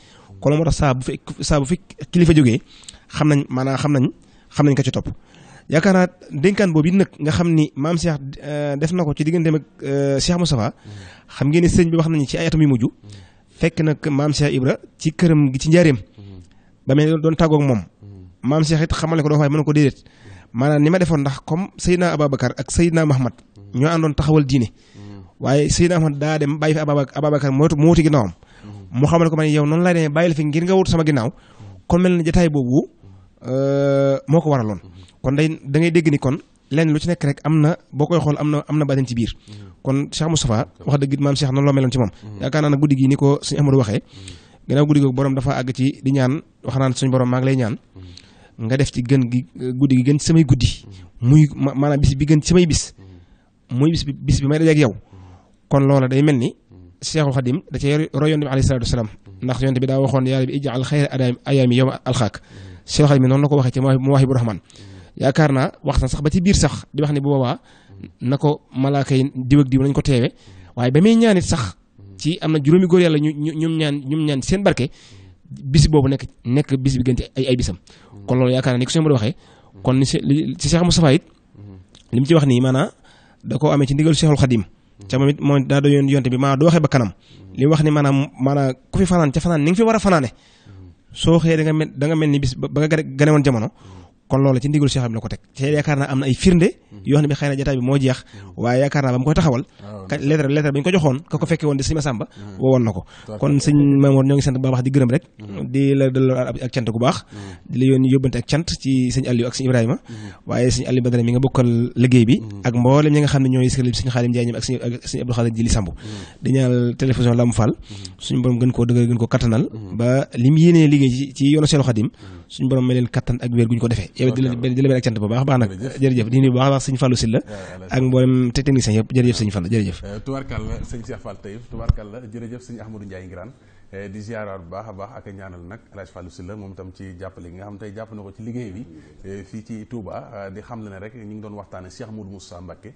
kon moo tax saa bu fi saa bu kilifa jógee xam nañ maanaa xam nañ xam nañ ko ci topp yaakaar naa dénkaan boobu it nag nga xam ni maam Cheikh euh, def na ko ci digganteem ak euh, Cheikh Moustapha xam ngeen ne sëñ bi wax nañu ci ay atam yu mujj fekk nag maam Cheikh Ibra ci këram gi ci njaareem ba mel doon tàggoog moom maam Cheikh it xamale ko doo waaye mën ko déedéet maanaam ni ma defoon ndax comme Seydina Ababacar ak Seydina Mahamad ñoo àndoon taxawal diine waaye Seydina Mahamad daa dem bàyyi fi Ababacar Ababacar moo wuti ginnaawam mu xamal ko man yow noonu lay demee bàyyil fi ngir nga wut sama ginnaaw kon mel na jataay boobu euh, moo ko waraloon kon day da ngay dégg ni kon lenn lu ci nekk rek am na boo koy xool am na am na ci biir mm-hmm. kon Cheikh Moustapha wax dëgg maam Cheikh noonu loo meloon ci moom mm-hmm. yaakaar naa ne guddi gi ni ko suñu Amadou waxee mm-hmm. gannaaw guddi googu borom dafa àgg ci di ñaan wax naan suñu borom maa ngi lay ñaan nga def ci gën gi guddi gi gën ci samay guddi muy maanaam bis bi gën ci samay bis muy bis bi bis bi may dajeeg yow kon loola day mel ni Cheikhul Khadim da cee roy yonte bi alayhi salaatu wasalaam ndax yonte bi daa waxoon yàlla bi ij'al xayra ayaami yawma alxaak cheikh Khadim non la ko waxee ci Mawaahibu Rahmaan yaakaar naa wax na sax ba ci biir sax di wax ne bu boobaa na ko malaa kay diw ak diw nañ ko teewe waaye ba muy ñaanit sax ci am na juróomi góor yàlla ñu ñum ñaan ñum ñaan seen barke bis boobu nekk nekk bis bi gën ay ay bisam kon loolu yaakaar naa ni ko sëñ bi waxee kon ni ci Cheikh Moustapha it li mu ci wax nii maanaa da koo amee ci ndigal Cheikhul Khadim ca moom it moom daa doon yonte bi maa du waxee ba kanam li wax ni maanaam maanaam ku fi fanaan ca fanaan ni nga fi war a fanaane soo xëyee da nga mel da nga mel ni bis ba nga gane woon jamono kon loola ci ndigul cheikh bi la ko teg te yaakaar naa am na ay firnde mhm. yoo xam ne bi xëy na jataay bi moo jeex mhm. waaye yaakaar naa ba mu koy taxawal ah, lettre lettre bi ko joxoon ka ko fekke woon di sëñ Masamba mhm. woowoon na ko kon sëñ Mamour ñoo ngi sant bu baax di gërëm rek di la delloo ak cant gu baax di la yónni yóbbante ak cant ci sëñ Aliou ak sëñ Ibrahima waaye sëñ Aliou Badara mi nga bokkal liggéey bi ak mboolem ñi nga xam ne ñooy sëriñ sëñ Xaalim Njaay ñoom ak sëñ Abdou Khadir Jili Samb di ñaanal télévision Lam Fall suñu borom gën koo dëgër gën koo kattanal ba lim yéenee liggéey ci yoonu Seexul Xaadim suñu borom may leen kattan ak wér gu ñu ko defee yow di la di la mel ak cant bu baax baax nag jërëjëf di nuyu bu baax ak mboolem technicien yëpp jërëjëf sëñ Fallou jërëjëf eh, tubaarkàlla sëñ Cheikh eh, baax a baax ak ñaanal nag El Hadj Fallou Sylla moom itam ci jàppale gi nga xam tey jàpp na ko ci liggéey eh, fii ci Touba di xam ne rek ñu ngi doon waxtaane Cheikh Modou Moussa Mbacké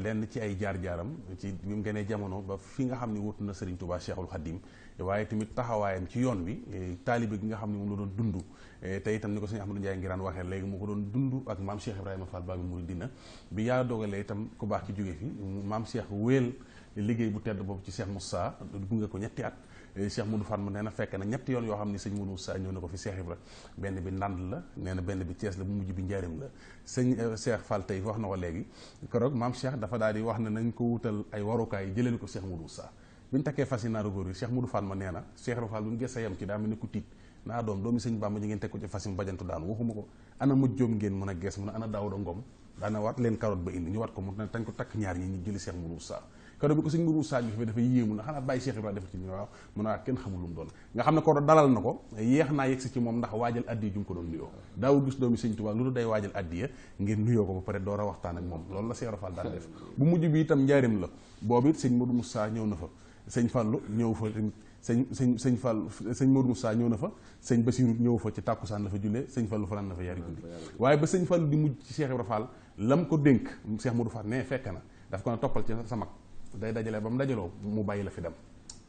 lenn ci ay jaar-jaaram ci bi mu gënee jamono ba fi nga xam ne wut na Serigne Touba Cheikhul Khadim waaye tamit taxawaayam ci yoon wi taalibe gi nga xam ne moom la doon dund Eh, tay itam niko ko Ahmadou Ndiaye ngiraan waxee léegi mu ko doon dund ak mam Cheikh Ibrahima Fall babu Baabul dina bi ya dogale itam ku bax ci jóge fi mam Cheikh wéel liggéey bu tedd boobu ci Cheikh Moussa gunge ko ñetti at eh, Cheikh Moudou fann nee na fekk na ñetti yoon yo xamni ne sëñ Moudou Moussa ñëw na fi Cheikh Ibra benn bi nand la neena benn bi ties la bu mujj bi ndiarim la sëñ eh, Cheikh Fall tay wax nako ko léegi mam Cheikh dafa daali wax na nañ ko wutal ay warukaay jëleen ko Cheikh Moudou sa bi ñu takkee fas Cheikh Moudou Fatma nee neena Cheikh rofal Fall bu ñu ci da mel ni ku tit na doom domi sëñ bamba ñu ngi tekku ci fasim bajantu daan waxuma ko ana mu jom ngeen mëna gess mëna ana dawdo ngom na wat len carotte ba indi ñu wat ko mu tan ko tak ñaar ñi ñu jël cheikh muru saa keroog bi ko sëñ muru saa bi fi dafa yému na xanaa bàyyi Cheikh Ibrahima def ci ñu wax mëna ne xamul lu mu doon nga xamne ko dalal nako yeex na yegsi ci mom ndax waajal addi ju ko doon nuyo daawul gis domi sëñ touba lu day waajal addiya ngeen nuyo ko ba pare do ra waxtaan ak mom loolu la cheikh Faal daan def bu mujju bi tam ñaarim la bobit it sëñ Muru na fa sëñ Fallu ñew fa sëñ sëñ sëñ Fall sëñ Modou Moussa ñëw na fa sëñ Bassirou ñëw fa ci tàkkusaan la fa jullee sëñ fa fanaan na fa yaari guddi waaye ba sëñ Fallu di mujj ci Cheikh Ibra Fall lam ko dénk Cheikh Modou Fall ne fekk na daf ko toppal ci sa mag day dajale ba mu dajaloo mu bàyyi la fi dem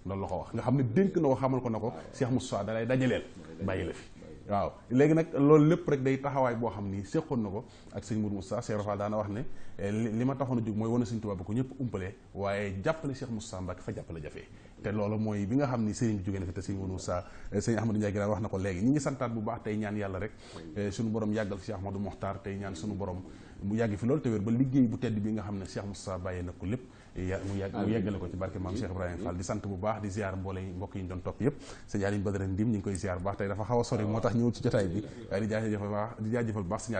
loolu la ko wax nga xam ne dénk na ko xamal ko na ko Cheikh Moussa da lay dajaleel bay la fi waaw léegi nag loolu lépp rek day taxawaay boo xam ni séqoon na ko ak sëñ Mourou Moussa Cheikh Rafal daana wax ne eh, li ma taxoon a jóg mooy wane sëñ Tuubaa bi ko ñëpp umpalee waaye jàppale mu Moussa Mbacke fa jàppale jafee te loolu mooy bi nga xam ni sëriñ bi jógee na fi te sëriñ Modou Moussa eh, sëriñ Ahmadou Ndiaye wax na ko léegi ñi ngi santaat bu baax tey ñaan yàlla rek eh, suñu borom yàggal fi Cheikh Ahmadou Mokhtar tey ñaan suñu borom yàgg fi loolu te wér ba liggéey bu tedd bi ne Cheikh Moussa bàyyee na ko lépp eh, ko ci barke maam bu baax di ziar mboole mbokk yi ñu doon topp yëpp sëñ Aliou Badara Ndim ñu ngi koy ziar bu baax tey a sori ci jotaay bi waaye di jaajëfal baax di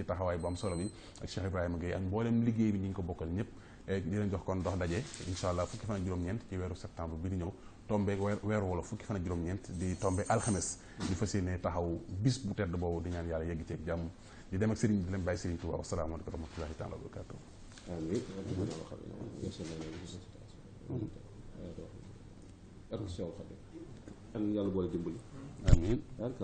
bi ak Cheikh Ibrahima Gueye ko bokkal ñëpp di leen jox kon ndox daje incha allah fukki fan ak juróom-ñeent ci weeru septembre bi di ñëw tombe weer wala fukki fan ak juróom-ñeent di tombe alxames di fa yéene taxaw bis bu tedd boobu di ñaan yàlla yegg ceeg jàmm di dem ak sëriñ di leen bàyyi sëriñ Tuubaa wasalaamaaleykum wa rahmatullahi taala wa barakaatu amiin